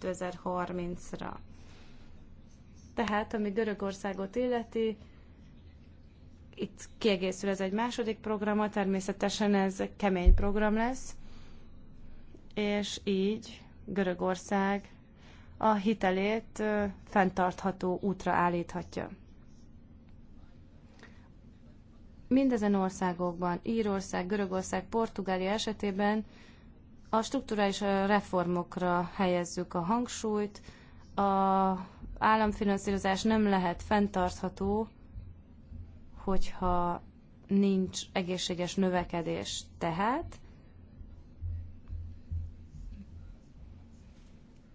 2030-ra. Tehát, ami Görögországot illeti, itt kiegészül ez egy második programmal, természetesen ez kemény program lesz, és így Görögország a hitelét fenntartható útra állíthatja. Mindezen országokban, Írország, Görögország, Portugália esetében a strukturális reformokra helyezzük a hangsúlyt, a államfinanszírozás nem lehet fenntartható, hogyha nincs egészséges növekedés. Tehát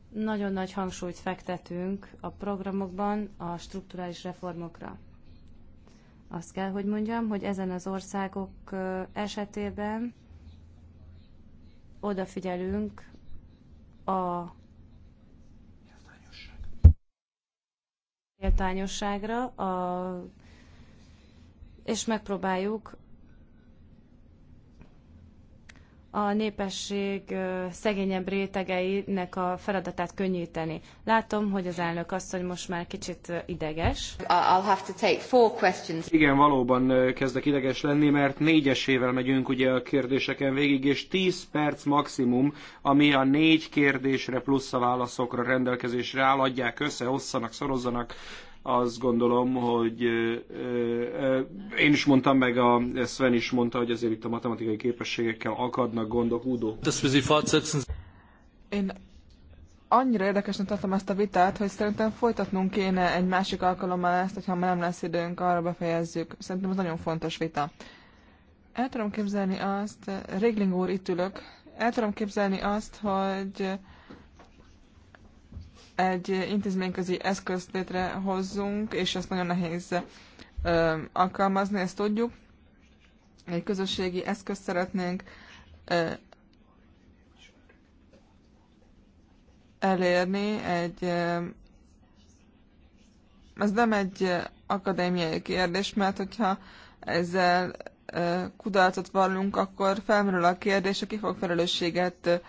nagyon nagy hangsúlyt fektetünk a programokban a strukturális reformokra. Azt kell, hogy mondjam, hogy ezen az országok esetében odafigyelünk a méltányosságra, a, és megpróbáljuk a népesség szegényebb rétegeinek a feladatát könnyíteni. Látom, hogy az elnök asszony most már kicsit ideges. I'll have to take four questions. Igen, valóban kezdek ideges lenni, mert négyesével megyünk ugye a kérdéseken végig, és tíz perc maximum, ami a négy kérdésre plusz a válaszokra rendelkezésre áll, adják össze, osszanak, szorozzanak, azt gondolom, hogy én is mondtam, meg a Sven is mondta, hogy azért itt a matematikai képességekkel akadnak gondok, údó. Én annyira érdekesnek tartom ezt a vitát, hogy szerintem folytatnunk kéne egy másik alkalommal ezt, hogyha már nem lesz időnk, arra befejezzük. Szerintem ez nagyon fontos vita. El tudom képzelni azt, Régling úr, itt ülök, el tudom képzelni azt, hogy egy intézményközi eszközt létrehozzunk, és ezt nagyon nehéz ö, alkalmazni, ezt tudjuk. Egy közösségi eszközt szeretnénk ö, elérni, egy ö, ez nem egy akadémiai kérdés, mert hogyha ezzel kudarcot vallunk, akkor felmerül a kérdés, aki fog felelősséget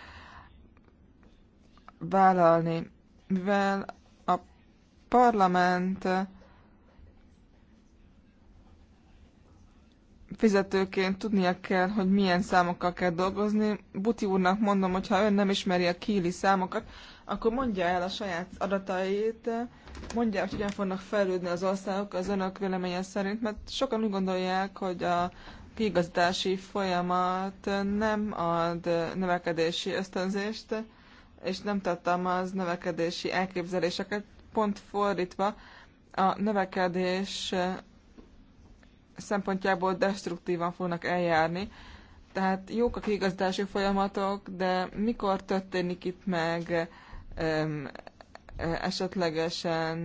vállalni mivel a parlament fizetőként tudnia kell, hogy milyen számokkal kell dolgozni. Buti úrnak mondom, hogy ha ön nem ismeri a kíli számokat, akkor mondja el a saját adatait, mondja, hogy hogyan fognak fejlődni az országok az önök véleménye szerint, mert sokan úgy gondolják, hogy a kiigazdási folyamat nem ad növekedési ösztönzést, és nem tartalmaz növekedési elképzeléseket, pont fordítva a növekedés eh, szempontjából destruktívan fognak eljárni. Tehát jók a kiigazdási folyamatok, de mikor történik itt meg esetlegesen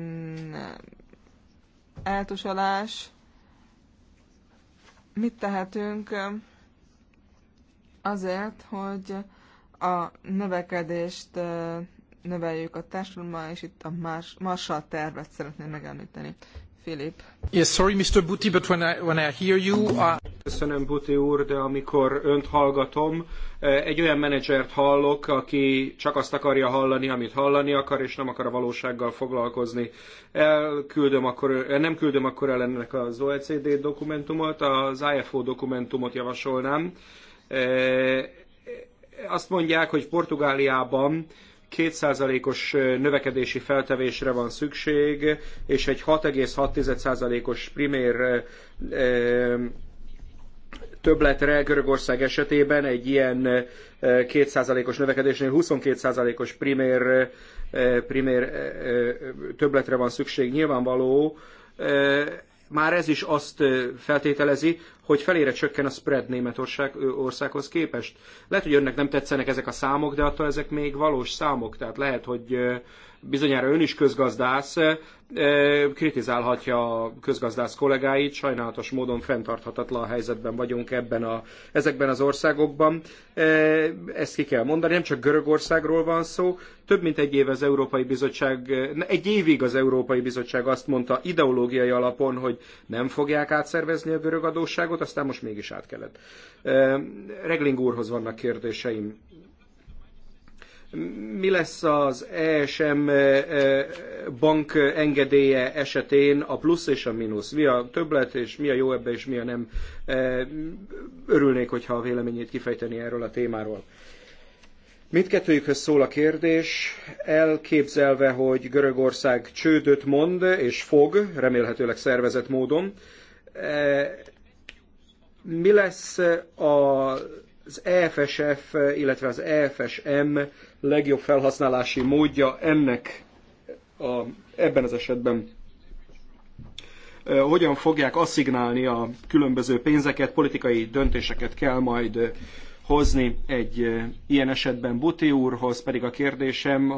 eh, eltusolás, mit tehetünk eh, azért, hogy a növekedést növeljük a társadalommal, és itt a más, Marshall tervet szeretném megemlíteni. Philip. Yes, sorry, Mr. Buti, but when I, when I hear you... I... Köszönöm, Buti úr, de amikor önt hallgatom, egy olyan menedzsert hallok, aki csak azt akarja hallani, amit hallani akar, és nem akar a valósággal foglalkozni. Elküldöm akkor, nem küldöm akkor el ennek az OECD dokumentumot, az IFO dokumentumot javasolnám azt mondják, hogy Portugáliában 2%-os növekedési feltevésre van szükség, és egy 6,6%-os primér többletre Görögország esetében egy ilyen 2%-os növekedésnél 22%-os primér, primér többletre van szükség. Nyilvánvaló, már ez is azt feltételezi, hogy felére csökken a spread Németország országhoz képest. Lehet, hogy önnek nem tetszenek ezek a számok, de attól ezek még valós számok, tehát lehet, hogy bizonyára ön is közgazdász, e, e, kritizálhatja a közgazdász kollégáit, sajnálatos módon fenntarthatatlan helyzetben vagyunk ebben a, ezekben az országokban. E, ezt ki kell mondani, nem csak Görögországról van szó, több mint egy év az Európai Bizottság, egy évig az Európai Bizottság azt mondta ideológiai alapon, hogy nem fogják átszervezni a görög adósságot, aztán most mégis át kellett. Regling úrhoz vannak kérdéseim mi lesz az ESM eh, eh, bank engedélye esetén a plusz és a mínusz? Mi a többlet, és mi a jó ebbe, és mi a nem? Eh, örülnék, hogyha a véleményét kifejteni erről a témáról. Mindkettőjükhöz szól a kérdés, elképzelve, hogy Görögország csődöt mond, és fog, remélhetőleg szervezett módon. Mi lesz az EFSF, illetve az EFSM legjobb felhasználási módja ennek a, ebben az esetben hogyan fogják asszignálni a különböző pénzeket, politikai döntéseket kell majd hozni egy ilyen esetben Buti úrhoz, pedig a kérdésem,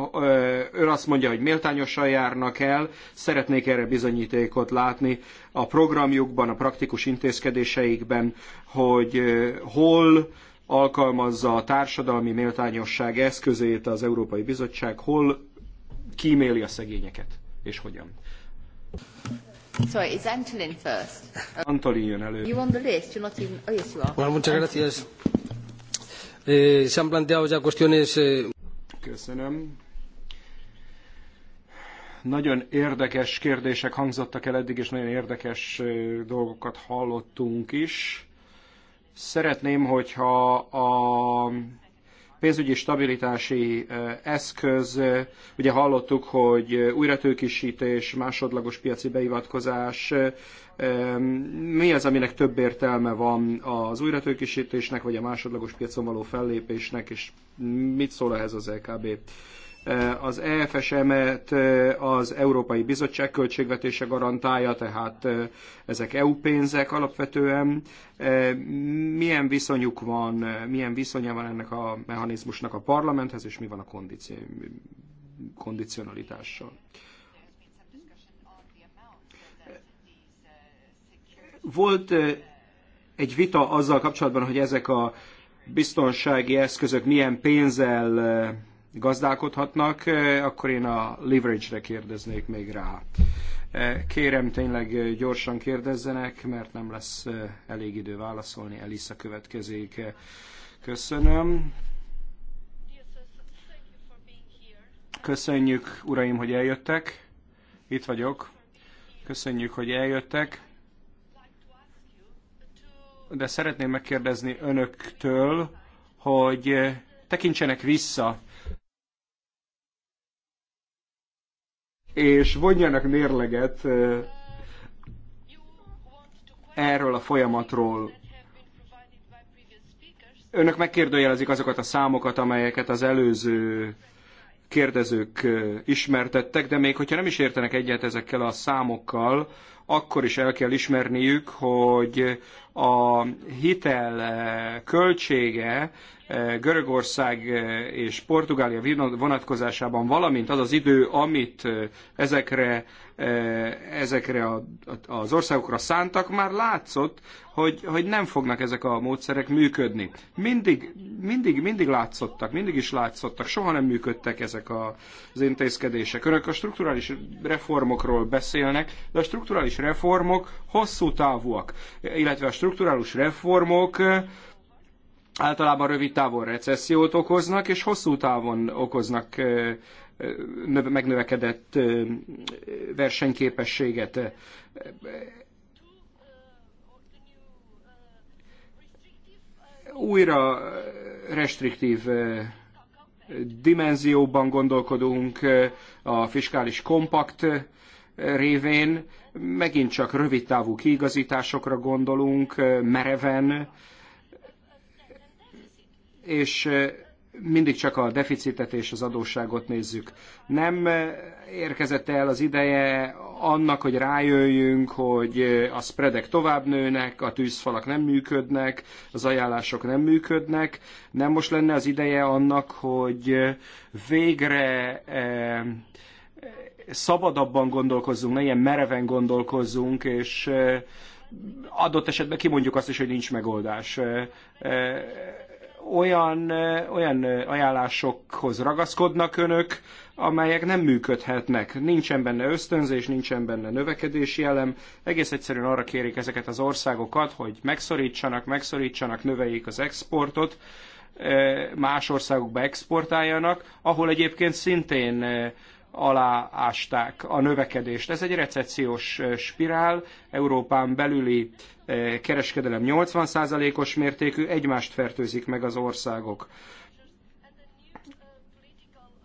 ő azt mondja, hogy méltányosan járnak el, szeretnék erre bizonyítékot látni a programjukban, a praktikus intézkedéseikben, hogy hol alkalmazza a társadalmi méltányosság eszközét az Európai Bizottság, hol kíméli a szegényeket, és hogyan. Sorry, it's Antolin first. Antolin jön elő. You on the list? You're not even... Oh, yes, you are. Bueno, muchas gracias. Eh, se han planteado ya cuestiones... Eh... Köszönöm. Nagyon érdekes kérdések hangzottak el eddig, és nagyon érdekes eh, dolgokat hallottunk is Szeretném, hogyha a pénzügyi stabilitási eszköz, ugye hallottuk, hogy újratőkisítés, másodlagos piaci beivatkozás, mi az, aminek több értelme van az újratőkisítésnek, vagy a másodlagos piacon való fellépésnek, és mit szól ehhez az LKB? E az EFSM-et az Európai Bizottság költségvetése garantálja, tehát ezek EU pénzek alapvetően. Milyen viszonyuk van, milyen viszonya van ennek a mechanizmusnak a parlamenthez, és mi van a kondici- kondicionalitással? Volt egy vita azzal kapcsolatban, hogy ezek a biztonsági eszközök milyen pénzzel gazdálkodhatnak, eh, akkor én a leverage-re kérdeznék még rá. Eh, kérem, tényleg eh, gyorsan kérdezzenek, mert nem lesz elég idő válaszolni. Elisa következik. Köszönöm. Köszönjük, uraim, hogy eljöttek. Itt vagyok. Köszönjük, hogy eljöttek. De szeretném megkérdezni önöktől, hogy tekintsenek vissza és vonjanak mérleget erről a folyamatról. Önök megkérdőjelezik azokat a számokat, amelyeket az előző kérdezők ismertettek, de még hogyha nem is értenek egyet ezekkel a számokkal, akkor is el kell ismerniük, hogy a hitel eh, költsége eh, Görögország eh, és Portugália vonatkozásában, valamint az az idő, amit ezekre, ezekre az országokra szántak, már látszott, hogy, hogy nem fognak ezek a módszerek működni. Mindig, mindig, mindig látszottak, mindig is látszottak, soha nem működtek ezek az intézkedések. Önök a strukturális reformokról beszélnek, de a strukturális strukturális reformok hosszú távúak, illetve a strukturális reformok eh, általában rövid távon recessziót okoznak, és hosszú távon okoznak eh, eh, megnövekedett versenyképességet. Újra restriktív dimenzióban gondolkodunk a fiskális kompakt révén, megint csak rövidtávú kiigazításokra gondolunk, mereven, és mindig csak a deficitet és az adósságot nézzük. Nem érkezett el az ideje annak, hogy rájöjjünk, hogy a spreadek tovább nőnek, a tűzfalak nem működnek, az ajánlások nem működnek. Nem most lenne az ideje annak, hogy végre szabadabban gondolkozzunk, ne ilyen mereven gondolkozzunk, és adott esetben kimondjuk azt is, hogy nincs megoldás. Olyan, olyan ajánlásokhoz ragaszkodnak önök, amelyek nem működhetnek. Nincsen benne ösztönzés, nincsen benne növekedési elem. Egész egyszerűen arra kérik ezeket az országokat, hogy megszorítsanak, megszorítsanak, növeljék az exportot, más országokba exportáljanak, ahol egyébként szintén aláásták a növekedést. Ez egy recessziós spirál, Európán belüli kereskedelem 80%-os mértékű, egymást fertőzik meg az országok.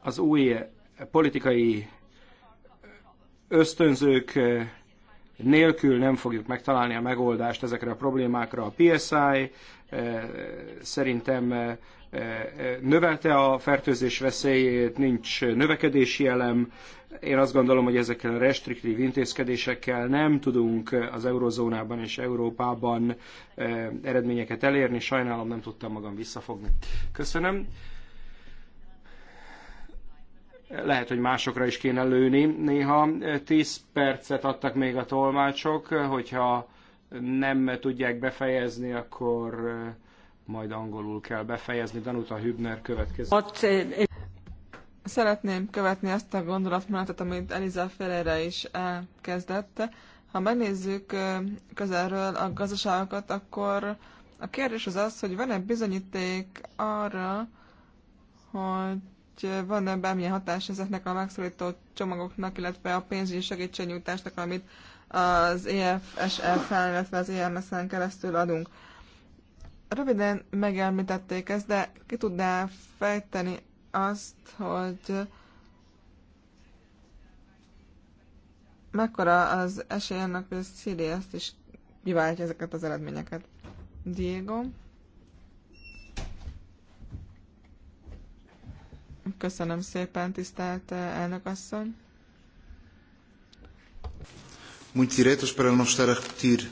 Az új politikai ösztönzők nélkül nem fogjuk megtalálni a megoldást ezekre a problémákra. A PSI szerintem növelte a fertőzés veszélyét, nincs növekedési elem. Én azt gondolom, hogy ezekkel a restriktív intézkedésekkel nem tudunk az eurozónában és Európában eh, eredményeket elérni. Sajnálom, nem tudtam magam visszafogni. Köszönöm lehet, hogy másokra is kéne lőni. Néha 10 percet adtak még a tolmácsok, hogyha nem tudják befejezni, akkor eh, majd angolul kell befejezni. Danuta Hübner következik. Szeretném követni azt a gondolatmenetet, amit Eliza Ferreira is elkezdett. Ha megnézzük közelről a gazdaságokat, akkor a kérdés az az, hogy van-e bizonyíték arra, hogy van-e bármilyen hatás ezeknek a megszorító csomagoknak, illetve a pénzügyi segítségnyújtásnak, amit az EFSF-en, e illetve az EMS-en keresztül adunk. Röviden megelmítették ezt, de ki tudná fejteni azt, hogy mekkora az esély annak, hogy a Szíri ezt is kiváltja ezeket az eredményeket. Diego. Köszönöm szépen, tisztelt elnök asszony. Muito direitos para não estar a repetir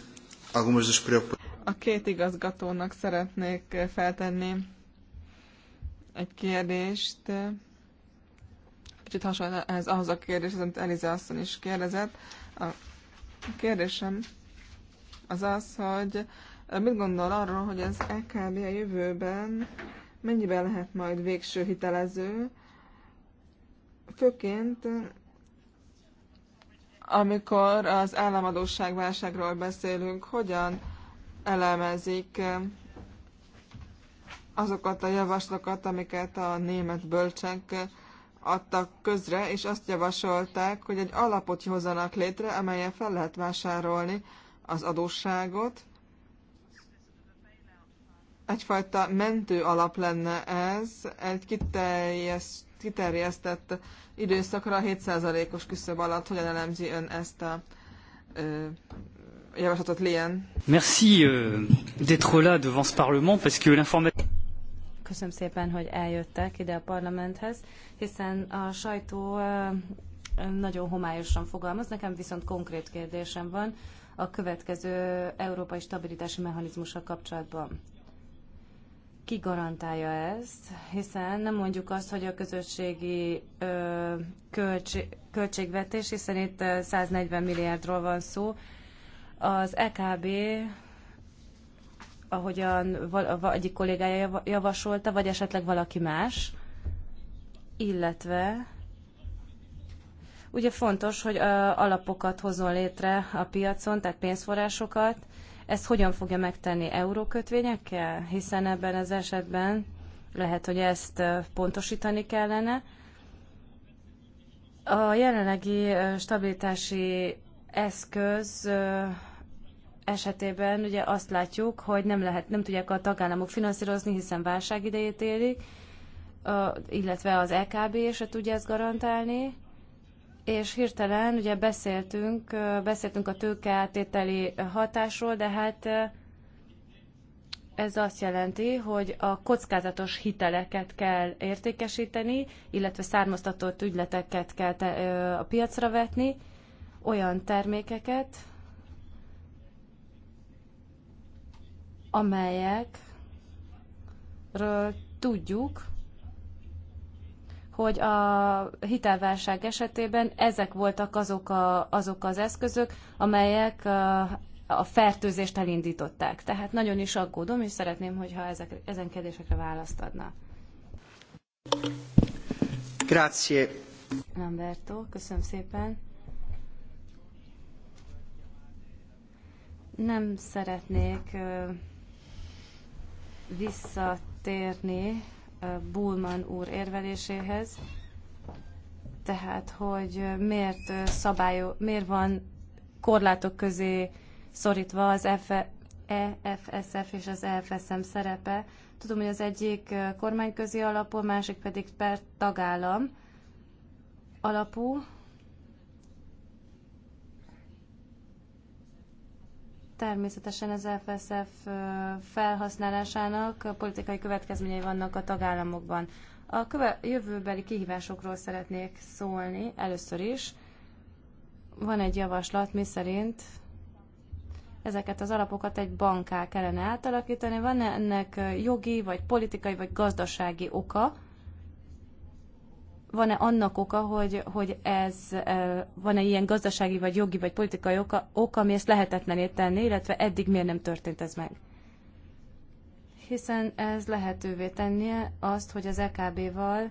algumas das preocupações. A két igazgatónak szeretnék feltenni egy kérdést. Kicsit hasonló ez ahhoz a kérdéshez, amit Eliza asszony is kérdezett. A kérdésem az az, hogy mit gondol arról, hogy az EKB a jövőben mennyiben lehet majd végső hitelező, főként amikor az államadóságválságról beszélünk, hogyan elemezik eh, azokat a javaslatokat, amiket a német bölcsek eh, adtak közre, és azt javasolták, hogy egy alapot hozzanak létre, amelyen fel lehet vásárolni az adósságot. Egyfajta mentő alap lenne ez, egy kiterjesztett időszakra 7%-os küszöb alatt. Hogyan elemzi ön ezt a ö, javaslatot Lien. Merci euh, d'être là devant ce Parlement, parce que l'information... Köszönöm szépen, hogy eljöttek ide a parlamenthez, hiszen a sajtó nagyon homályosan fogalmaz, nekem viszont konkrét kérdésem van a következő európai stabilitási mechanizmussal kapcsolatban. Ki garantálja ezt? Hiszen nem mondjuk azt, hogy a közösségi költség, költségvetés, hiszen itt 140 milliárdról van szó, az EKB ahogyan val- egyik kollégája javasolta, vagy esetleg valaki más, illetve ugye fontos, hogy a alapokat hozzon létre a piacon, tehát pénzforrásokat. Ezt hogyan fogja megtenni eurókötvényekkel? Hiszen ebben az esetben lehet, hogy ezt pontosítani kellene. A jelenlegi stabilitási eszköz esetében ugye azt látjuk, hogy nem, lehet, nem tudják a tagállamok finanszírozni, hiszen válság idejét élik, illetve az LKB e se tudja ezt garantálni, és hirtelen ugye beszéltünk, beszéltünk a átételi hatásról, de hát ez azt jelenti, hogy a kockázatos hiteleket kell értékesíteni, illetve származtatott ügyleteket kell a piacra vetni, olyan termékeket, amelyekről tudjuk, hogy a hitelválság esetében ezek voltak azok, a, azok az eszközök, amelyek a, a fertőzést elindították. Tehát nagyon is aggódom, és szeretném, hogyha ezek, ezen kérdésekre választ adna. Grazie. Lamberto, köszönöm szépen. Nem szeretnék visszatérni Bulman úr érveléséhez, tehát hogy miért, szabályo, miért van korlátok közé szorítva az EFSF e, e és az EFSM szerepe. Tudom, hogy az egyik kormányközi alapú, a másik pedig per tagállam alapú, Természetesen az FSF felhasználásának politikai következményei vannak a tagállamokban. A köve- jövőbeli kihívásokról szeretnék szólni először is. Van egy javaslat, mi szerint ezeket az alapokat egy banká kellene átalakítani. Van -e ennek jogi, vagy politikai, vagy gazdasági oka? van-e annak oka, hogy, hogy ez van-e ilyen gazdasági, vagy jogi, vagy politikai oka, oka, ami ezt lehetetlené tenni, illetve eddig miért nem történt ez meg? Hiszen ez lehetővé tennie azt, hogy az EKB-val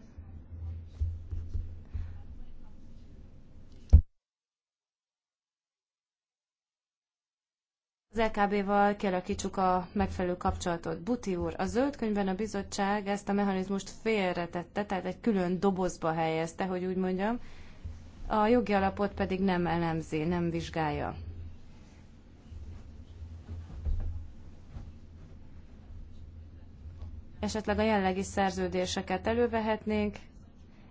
Az LKB-val kialakítsuk a megfelelő kapcsolatot. Buti úr, a zöld könyvben a bizottság ezt a mechanizmust félretette, tehát egy külön dobozba helyezte, hogy úgy mondjam, a jogi alapot pedig nem elemzi, nem vizsgálja. Esetleg a jelenlegi szerződéseket elővehetnénk.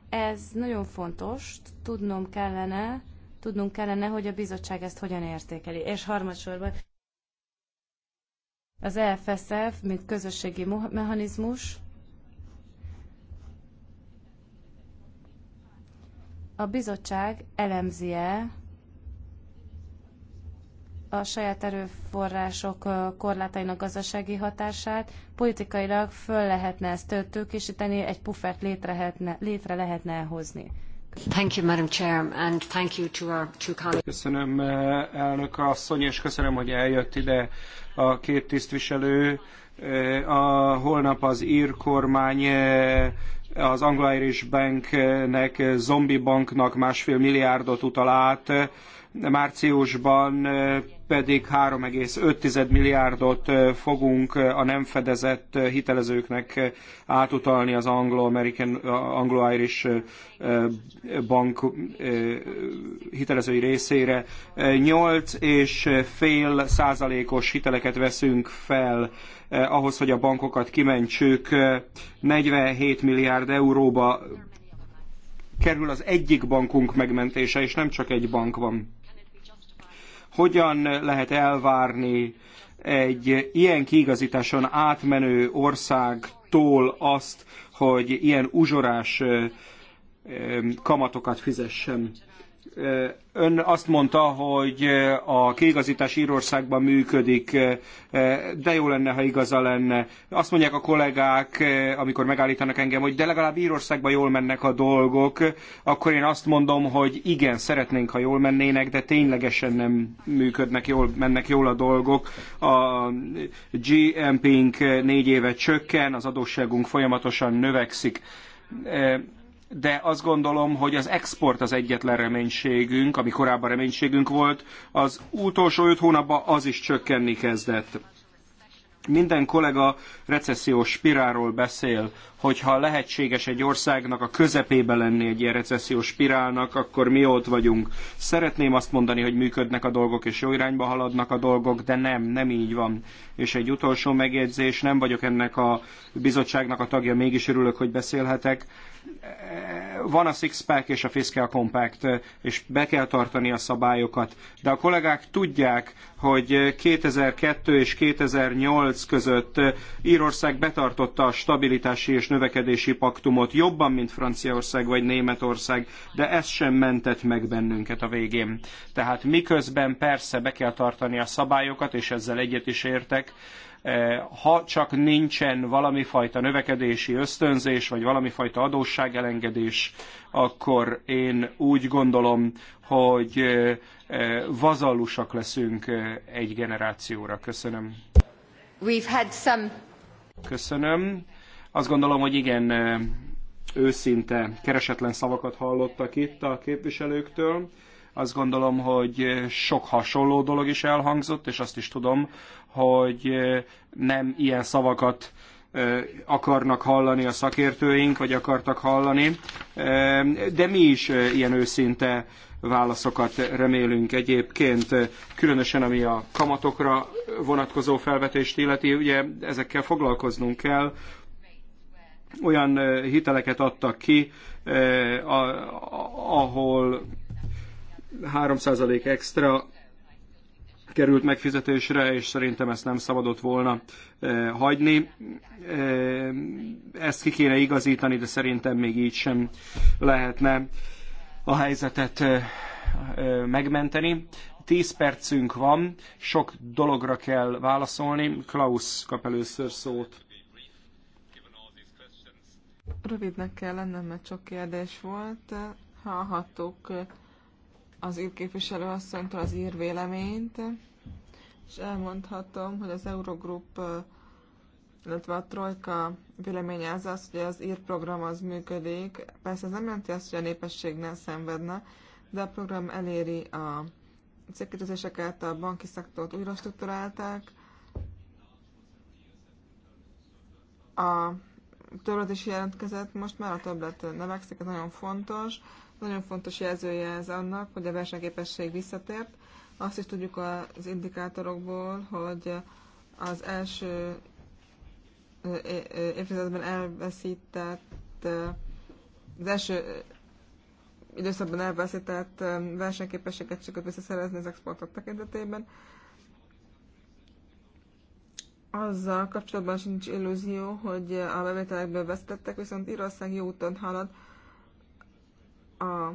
Ez nagyon fontos, tudnom kellene, tudnunk kellene, hogy a bizottság ezt hogyan értékeli. És harmadsorban az EFSF, mint közösségi mechanizmus, a bizottság elemzi-e a saját erőforrások korlátainak gazdasági hatását, politikailag föl lehetne ezt tőkésíteni, egy puffert létre lehetne, létre lehetne hozni. Thank you, Madam Chair, and thank you to our two colleagues. Köszönöm, eh, elnök asszony, és köszönöm, hogy eljött ide a két tisztviselő. Eh, a, holnap az ír kormány eh, az Anglo-Irish Banknek, zombi banknak másfél milliárdot utal át, márciusban pedig 3,5 milliárdot fogunk a nem fedezett hitelezőknek átutalni az Anglo-American, Anglo-Irish bank hitelezői részére. 8 és fél százalékos hiteleket veszünk fel ahhoz, hogy a bankokat kimentsük. 47 milliárd euróba kerül az egyik bankunk megmentése, és nem csak egy bank van hogyan lehet elvárni egy ilyen kiigazításon átmenő országtól azt, hogy ilyen uzsorás kamatokat fizessen. Ön azt mondta, hogy a kiigazítás Írországban működik, de jó lenne, ha igaza lenne. Azt mondják a kollégák, amikor megállítanak engem, hogy de legalább Írországban jól mennek a dolgok, akkor én azt mondom, hogy igen, szeretnénk, ha jól mennének, de ténylegesen nem működnek jól, mennek jól a dolgok. A GMP-nk négy éve csökken, az adósságunk folyamatosan növekszik de azt gondolom, hogy az export az egyetlen reménységünk, ami korábban reménységünk volt, az utolsó öt hónapban az is csökkenni kezdett. Minden kollega recessziós spirálról beszél, hogyha lehetséges egy országnak a közepébe lenni egy ilyen recessziós spirálnak, akkor mi ott vagyunk. Szeretném azt mondani, hogy működnek a dolgok és jó irányba haladnak a dolgok, de nem, nem így van. És egy utolsó megjegyzés, nem vagyok ennek a bizottságnak a tagja, mégis örülök, hogy beszélhetek van a six-pack és a fiscal compact, és be kell tartani a szabályokat. De a kollégák tudják, hogy 2002 és 2008 között Írország betartotta a stabilitási és növekedési paktumot jobban, mint Franciaország vagy Németország, de ez sem mentett meg bennünket a végén. Tehát miközben persze be kell tartani a szabályokat, és ezzel egyet is értek, Eh, ha csak nincsen valami fajta növekedési ösztönzés, vagy valami fajta adósságelengedés, akkor én úgy gondolom, hogy eh, eh, vazallusak leszünk egy generációra. Köszönöm. We've had some... Köszönöm. Azt gondolom, hogy igen, őszinte, keresetlen szavakat hallottak itt a képviselőktől. Azt gondolom, hogy sok hasonló dolog is elhangzott, és azt is tudom, hogy nem ilyen szavakat akarnak hallani a szakértőink, vagy akartak hallani, de mi is ilyen őszinte válaszokat remélünk egyébként, különösen ami a kamatokra vonatkozó felvetést illeti, ugye ezekkel foglalkoznunk kell, olyan hiteleket adtak ki, ahol 3% extra került megfizetésre, és szerintem ezt nem szabadott volna eh, hagyni. Eh, ezt ki kéne igazítani, de szerintem még így sem lehetne a helyzetet eh, megmenteni. Tíz percünk van, sok dologra kell válaszolni. Klaus kap először szót. Rövidnek kell lennem, mert sok kérdés volt. Hallhattuk az írképviselő asszonytól az ír véleményt és elmondhatom, hogy az Eurogroup, illetve a Trojka véleménye az az, hogy az ír program az működik. Persze ez nem jelenti azt, hogy a népesség ne szenvedne, de a program eléri a cégkérdezéseket, a banki szektort újra struktúrálták, a többlet is jelentkezett, most már a többlet növekszik, ez nagyon fontos. Nagyon fontos jelzője ez annak, hogy a versenyképesség visszatért, azt is tudjuk az indikátorokból, hogy az első évtizedben elveszített, az első időszakban elveszített versenyképességet sikerült visszaszerezni az exportok tekintetében. Azzal kapcsolatban sincs illúzió, hogy a bevételekből vesztettek, viszont Írország jó úton halad a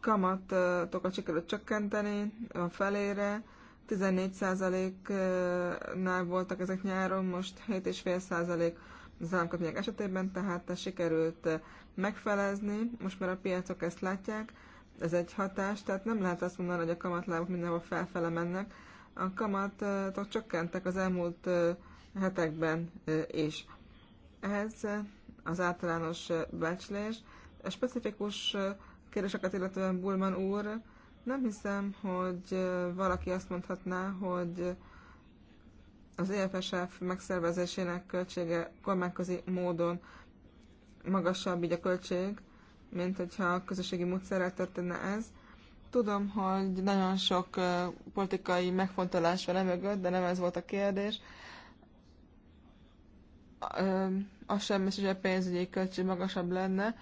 kamatokat sikerült csökkenteni a felére, 14%-nál voltak ezek nyáron, most 7,5% az államkötvények esetében, tehát sikerült megfelezni, most már a piacok ezt látják, ez egy hatás, tehát nem lehet azt mondani, hogy a kamatlábok mindenhol felfele mennek, a kamatok csökkentek az elmúlt hetekben is. Ez az általános becslés. A specifikus kérdéseket illetően Bulman úr, nem hiszem, hogy valaki azt mondhatná, hogy az EFSF megszervezésének költsége kormányközi módon magasabb így a költség, mint hogyha a közösségi módszerrel történne ez. Tudom, hogy nagyon sok politikai megfontolás van e mögött, de nem ez volt a kérdés. Az sem hogy a pénzügyi költség magasabb lenne,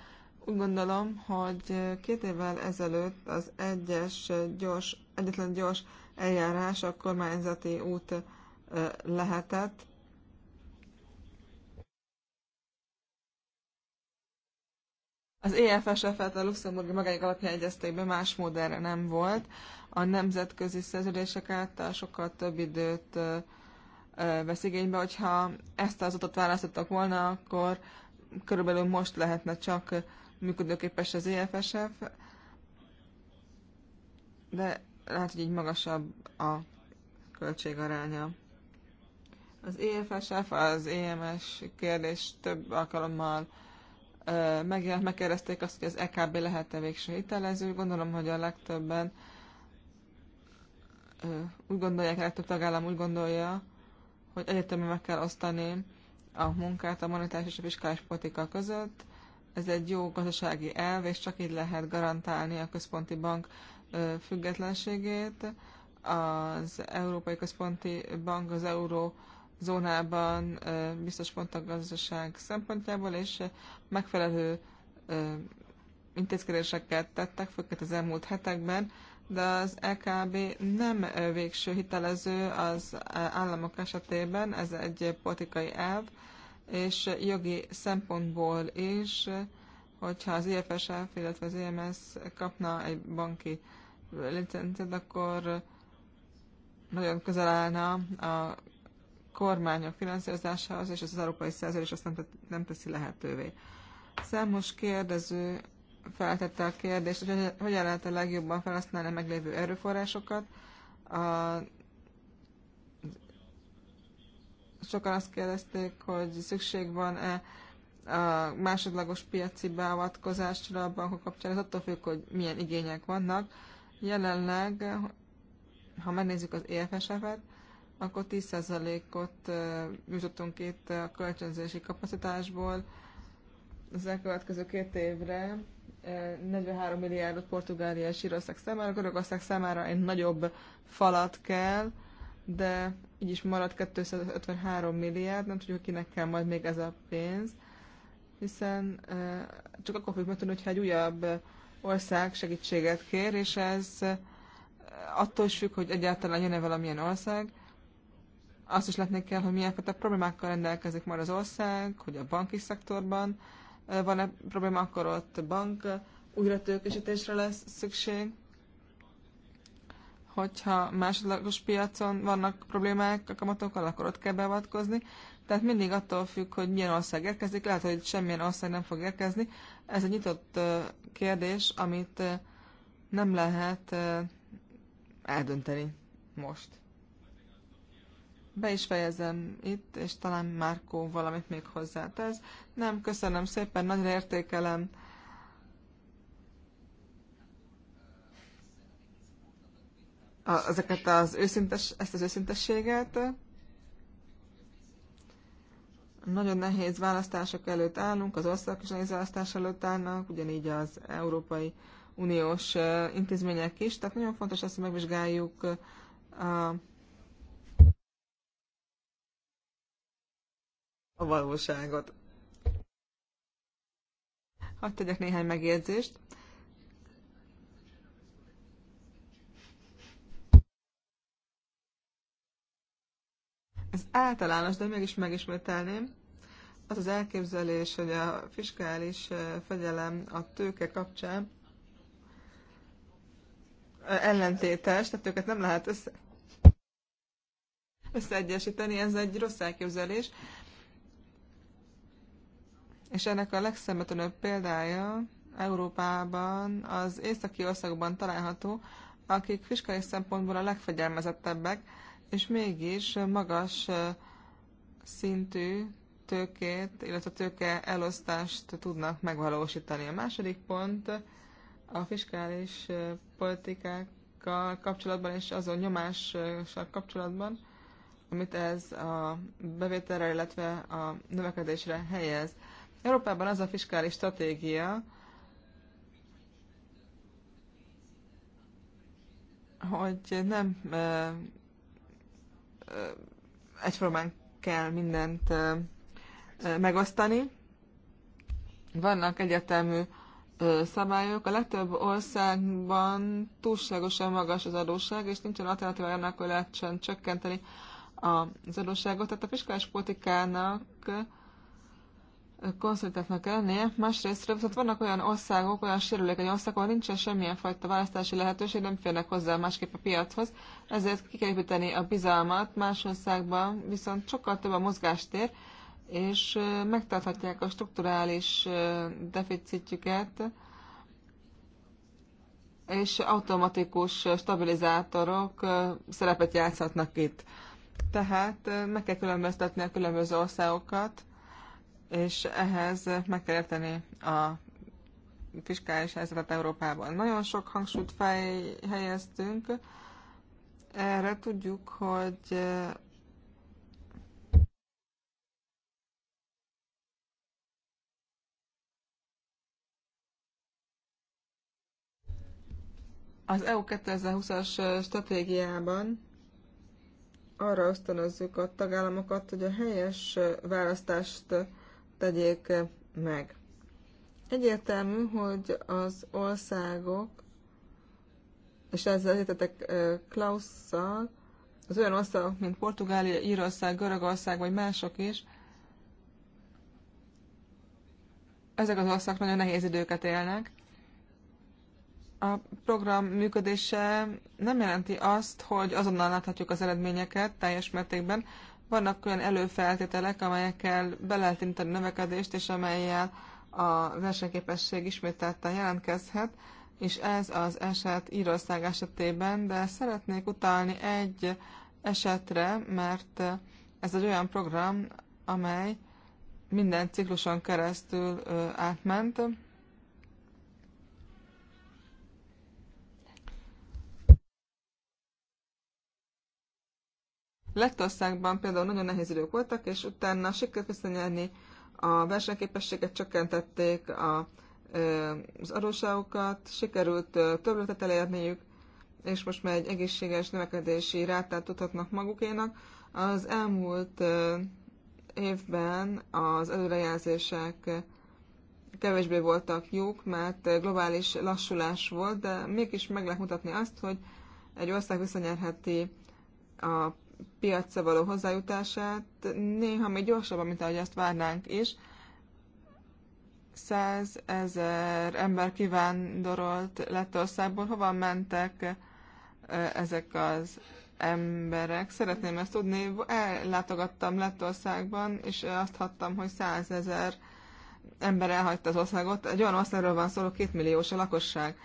úgy gondolom, hogy két évvel ezelőtt az egyes gyors, egyetlen gyors eljárás a kormányzati út lehetett, Az EFSF-et a luxemburgi magáik alapján egyezték be, más mód erre nem volt. A nemzetközi szerződések által sokkal több időt vesz igénybe, hogyha ezt az utat választottak volna, akkor körülbelül most lehetne csak működőképes az EFSF, de lehet, hogy így magasabb a költségaránya. Az EFSF, az EMS kérdés több alkalommal megjelent, megkérdezték azt, hogy az EKB lehet-e végső hitelező. Gondolom, hogy a legtöbben úgy gondolják, a legtöbb tagállam úgy gondolja, hogy egyetemben meg kell osztani a munkát a monetáris és a fiskális politika között. Ez egy jó gazdasági elv, és csak így lehet garantálni a központi bank függetlenségét. Az Európai Központi Bank az euró zónában biztos pont a gazdaság szempontjából, és megfelelő intézkedéseket tettek, főként az elmúlt hetekben, de az EKB nem végső hitelező az államok esetében, ez egy politikai elv, és jogi szempontból is, hogyha az IFSF, illetve az EMS kapna egy banki licencet, akkor nagyon közel állna a kormányok finanszírozásához, és az európai szerződés azt nem, te- nem teszi lehetővé. Számos kérdező feltette a kérdést, hogy hogyan lehet a legjobban felhasználni a meglévő erőforrásokat. A Sokan azt kérdezték, hogy szükség van-e a másodlagos piaci beavatkozásra a bankok kapcsán. Ez attól függ, hogy milyen igények vannak. Jelenleg, ha megnézzük az EFSF-et, akkor 10%-ot jutottunk itt a kölcsönzési kapacitásból. Az elkövetkező két évre 43 milliárdot Portugália és Írország számára, Görögország számára egy nagyobb falat kell, de így is marad 253 milliárd, nem tudjuk, kinek kell majd még ez a pénz, hiszen csak akkor fogjuk megtudni, hogyha egy újabb ország segítséget kér, és ez attól is függ, hogy egyáltalán jön-e valamilyen ország. Azt is látni kell, hogy milyen a problémákkal rendelkezik már az ország, hogy a banki szektorban van-e probléma, akkor ott bank újratőkésítésre lesz szükség hogyha másodlagos piacon vannak problémák a kamatokkal, akkor ott kell beavatkozni. Tehát mindig attól függ, hogy milyen ország érkezik, lehet, hogy semmilyen ország nem fog érkezni. Ez egy nyitott kérdés, amit nem lehet eldönteni most. Be is fejezem itt, és talán Márkó valamit még hozzátesz. Nem, köszönöm szépen, nagyra értékelem ezeket az őszintes, ezt az őszintességet. Nagyon nehéz választások előtt állunk, az országok is nehéz választás előtt állnak, ugyanígy az Európai Uniós intézmények is, tehát nagyon fontos azt, hogy megvizsgáljuk a, a valóságot. Hadd tegyek néhány megjegyzést. Ez általános, de mégis megismételném. Az az elképzelés, hogy a fiskális fegyelem a tőke kapcsán ellentétes, tehát őket nem lehet össze, összeegyesíteni, ez egy rossz elképzelés. És ennek a legszemmetlenebb példája Európában az északi országokban található, akik fiskális szempontból a legfegyelmezettebbek, és mégis magas szintű tőkét, illetve tőke elosztást tudnak megvalósítani. A második pont a fiskális politikákkal kapcsolatban és azon nyomással kapcsolatban, amit ez a bevételre, illetve a növekedésre helyez. Európában az a fiskális stratégia, hogy nem egyformán kell mindent megosztani. Vannak egyetemű szabályok. A legtöbb országban túlságosan magas az adósság, és nincsen alternatíva annak, hogy lehet csökkenteni az adósságot. Tehát a fiskális politikának konszultáltnak kell lennie, másrészt viszont vannak olyan országok, olyan sérülékeny országok, ahol nincsen semmilyen fajta választási lehetőség, nem férnek hozzá másképp a piachoz, ezért ki kell építeni a bizalmat, más országban viszont sokkal több a mozgástér, és megtarthatják a strukturális deficitjüket, és automatikus stabilizátorok szerepet játszhatnak itt. Tehát meg kell különböztetni a különböző országokat, és ehhez meg kell érteni a fiskális helyzetet Európában. Nagyon sok hangsúlyt fej, helyeztünk, erre tudjuk, hogy az EU 2020-as stratégiában arra ösztönözzük a tagállamokat, hogy a helyes választást tegyék meg. Egyértelmű, hogy az országok, és ezzel egyetetek Klausszal, az olyan országok, mint Portugália, Írország, Görögország, vagy mások is, ezek az országok nagyon nehéz időket élnek. A program működése nem jelenti azt, hogy azonnal láthatjuk az eredményeket teljes mértékben, vannak olyan előfeltételek, amelyekkel be lehet inteni növekedést, és amelyel a versenyképesség ismételten jelentkezhet, és ez az eset Írország esetében, de szeretnék utalni egy esetre, mert ez egy olyan program, amely minden cikluson keresztül átment, Lettországban például nagyon nehéz idők voltak, és utána sikerült visszanyerni a versenyképességet, csökkentették a, az adósságokat, sikerült többletet elérniük, és most már egy egészséges növekedési rátát tudhatnak magukénak. Az elmúlt évben az előrejelzések kevésbé voltak jók, mert globális lassulás volt, de mégis meg lehet mutatni azt, hogy egy ország visszanyerheti a piacra való hozzájutását, néha még gyorsabban, mint ahogy ezt várnánk is. Százezer ember kivándorolt lett országból. Hova mentek ezek az emberek? Szeretném ezt tudni. Ellátogattam Lettországban, és azt hattam, hogy százezer ember elhagyta az országot. Egy olyan országról van szó, két milliós a lakosság.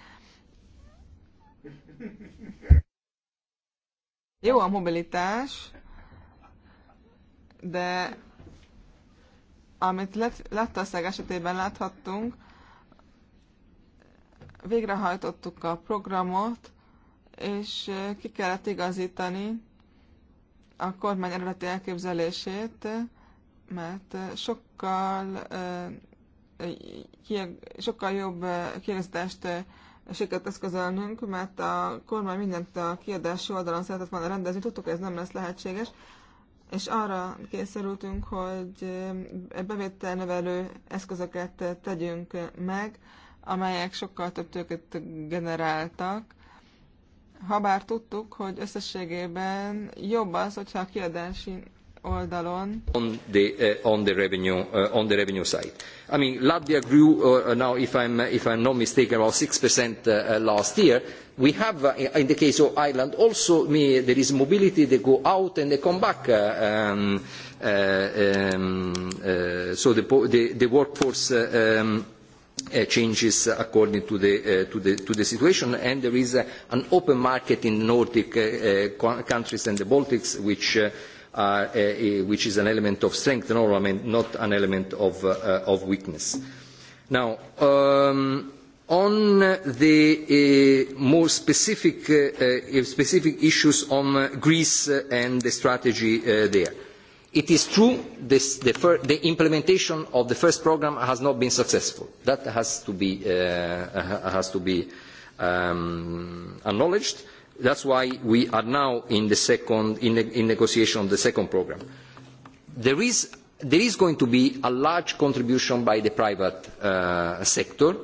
Jó a mobilitás, de amit Lettország esetében láthattunk, végrehajtottuk a programot, és ki kellett igazítani a kormány eredeti elképzelését, mert sokkal, sokkal jobb kiegazítást sikert eszközölnünk, mert a kormány mindent a kiadási oldalon szeretett volna rendezni, tudtuk, hogy ez nem lesz lehetséges, és arra készültünk, hogy eh, bevételnövelő eszközöket tegyünk meg, amelyek sokkal több tőket generáltak. Habár tudtuk, hogy összességében jobb az, hogyha a kiadási oldalon. On the, uh, on the revenue, uh, on the revenue side. I mean, Latvia grew uh, now, if I'm, if I'm not mistaken, about 6% uh, uh, last year. We have, uh, in the case of Ireland, also me, there is mobility. They go out and they come back. Uh, um, uh, um, uh, so the, the, the workforce uh, um, Uh, changes according to the, uh, to, the, to the situation, and there is uh, an open market in the Nordic uh, uh, countries and the Baltics, which uh, eh, eh, which is an element of strength, not an element of, uh, uh, of weakness. Now, um, on the uh, more specific, eh, specific issues on Greece and the strategy there. It is true this, the, the, implementation of the first programme has not been successful. That has to be, has to be um, acknowledged That's why we are now in the second, in, the, in negotiation on the second programme. There is, there is going to be a large contribution by the private uh, sector.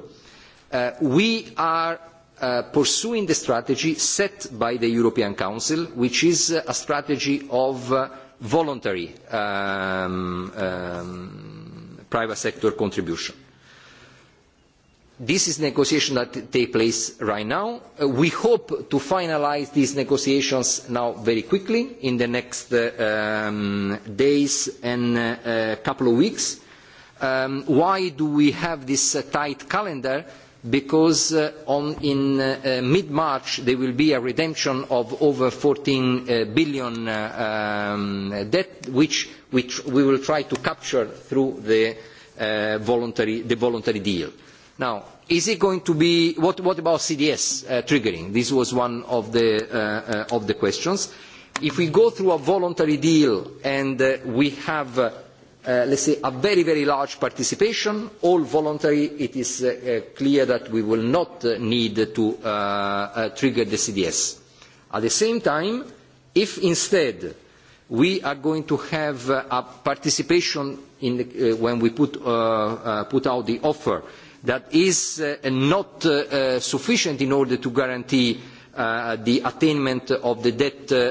Uh, we are Uh, pursuing the strategy set by the European Council, which is uh, a strategy of uh, voluntary um, um, private sector contribution this is negotiation that take place right now. Uh, we hope to finalise these negotiations now very quickly in the next uh, um, days and uh, uh, couple of weeks. Um, why do we have this uh, tight calendar? Because uh, on, in mid-March there will be a redemption of over 14 billion um, debt, which, which, we will try to capture through the, voluntary, the voluntary deal. Now, is it going to be, what, what about CDS uh, triggering? This was one of the, uh, uh, of the questions. If we go through a voluntary deal and uh, we have uh, uh, let's say, a very, very large participation, all voluntary, it is uh, clear that we will not need to trigger the CDS. At the same time, if instead we are going to have a participation the, when we put, put out the offer that is uh, not uh, uh, sufficient in order to guarantee Uh, the attainment of the debt uh,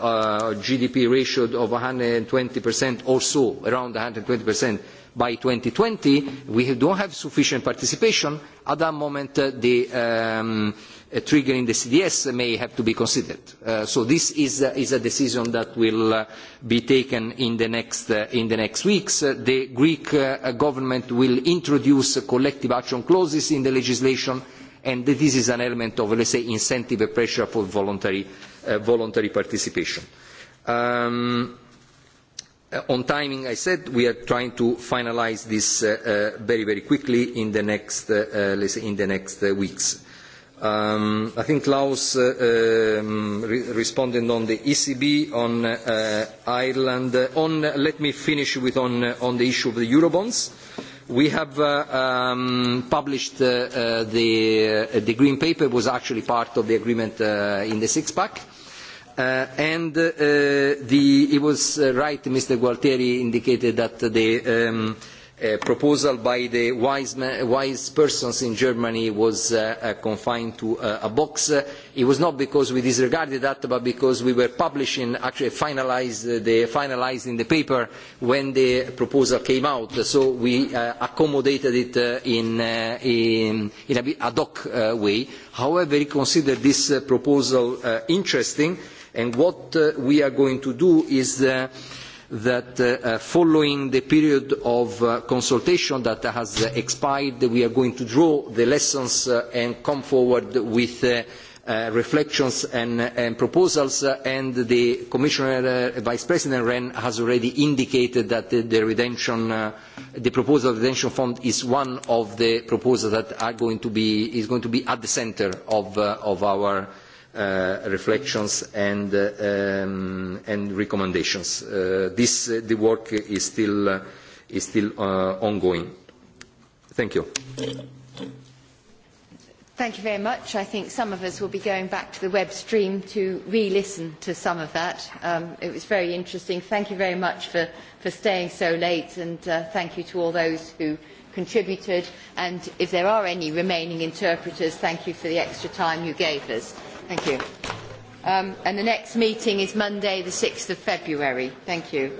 uh, GDP ratio of 120% or so, around 120% by 2020, we do not have sufficient participation. At that moment, the um, triggering the CDS may have to be considered. Uh, so this is, uh, is, a decision that will uh, be taken in the next, uh, in the next weeks. Uh, the Greek uh, government will introduce collective action clauses in the legislation and this is an element of, let's say, incentive pressure for voluntary, voluntary participation. Um, on timing, I said, we are trying to finalise this very, very quickly in the next, let's say in the next weeks. Um, I think Klaus uh, um, re responded on the ECB, on uh, Ireland. Uh, on, let me finish with on, uh, on the issue of the Eurobonds. We have uh, um, published uh, the, the, green paper was actually part of the agreement in the six-pack. and the, it was right, Mr. Gualtieri indicated that the um, proposal by the wise, wise, persons in Germany was uh, uh confined to uh, a box. It was not because we disregarded that, but because we were publishing, actually finalized uh, the, finalized in the paper when the proposal came out. So we accommodated it in, in, in, a bit ad hoc way. However, we consider this proposal interesting, and what we are going to do is that uh, uh, following the period of uh, consultation that has expired, we are going to draw the lessons uh, and come forward with uh, uh, reflections and, and proposals. and the Commissioner, Vice President Rehn, has already indicated that the, the redemption, the proposal of the redemption fund is one of the proposals that are going to be, is going to be at the centre of, of our Uh, reflections and, uh, um, and recommendations. Uh, this, uh, the work is still, uh, is still uh, ongoing. Thank you. Thank you very much. I think some of us will be going back to the web stream to re-listen to some of that. Um, it was very interesting. Thank you very much for, for staying so late and uh, thank you to all those who contributed and if there are any remaining interpreters, thank you for the extra time you gave us. Thank you. Um, and the next meeting is Monday, the 6th of February. Thank you.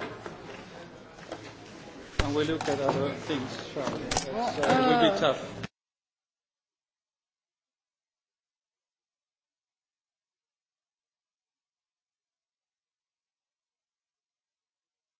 And we look at other things, shall we? uh, It will be tough.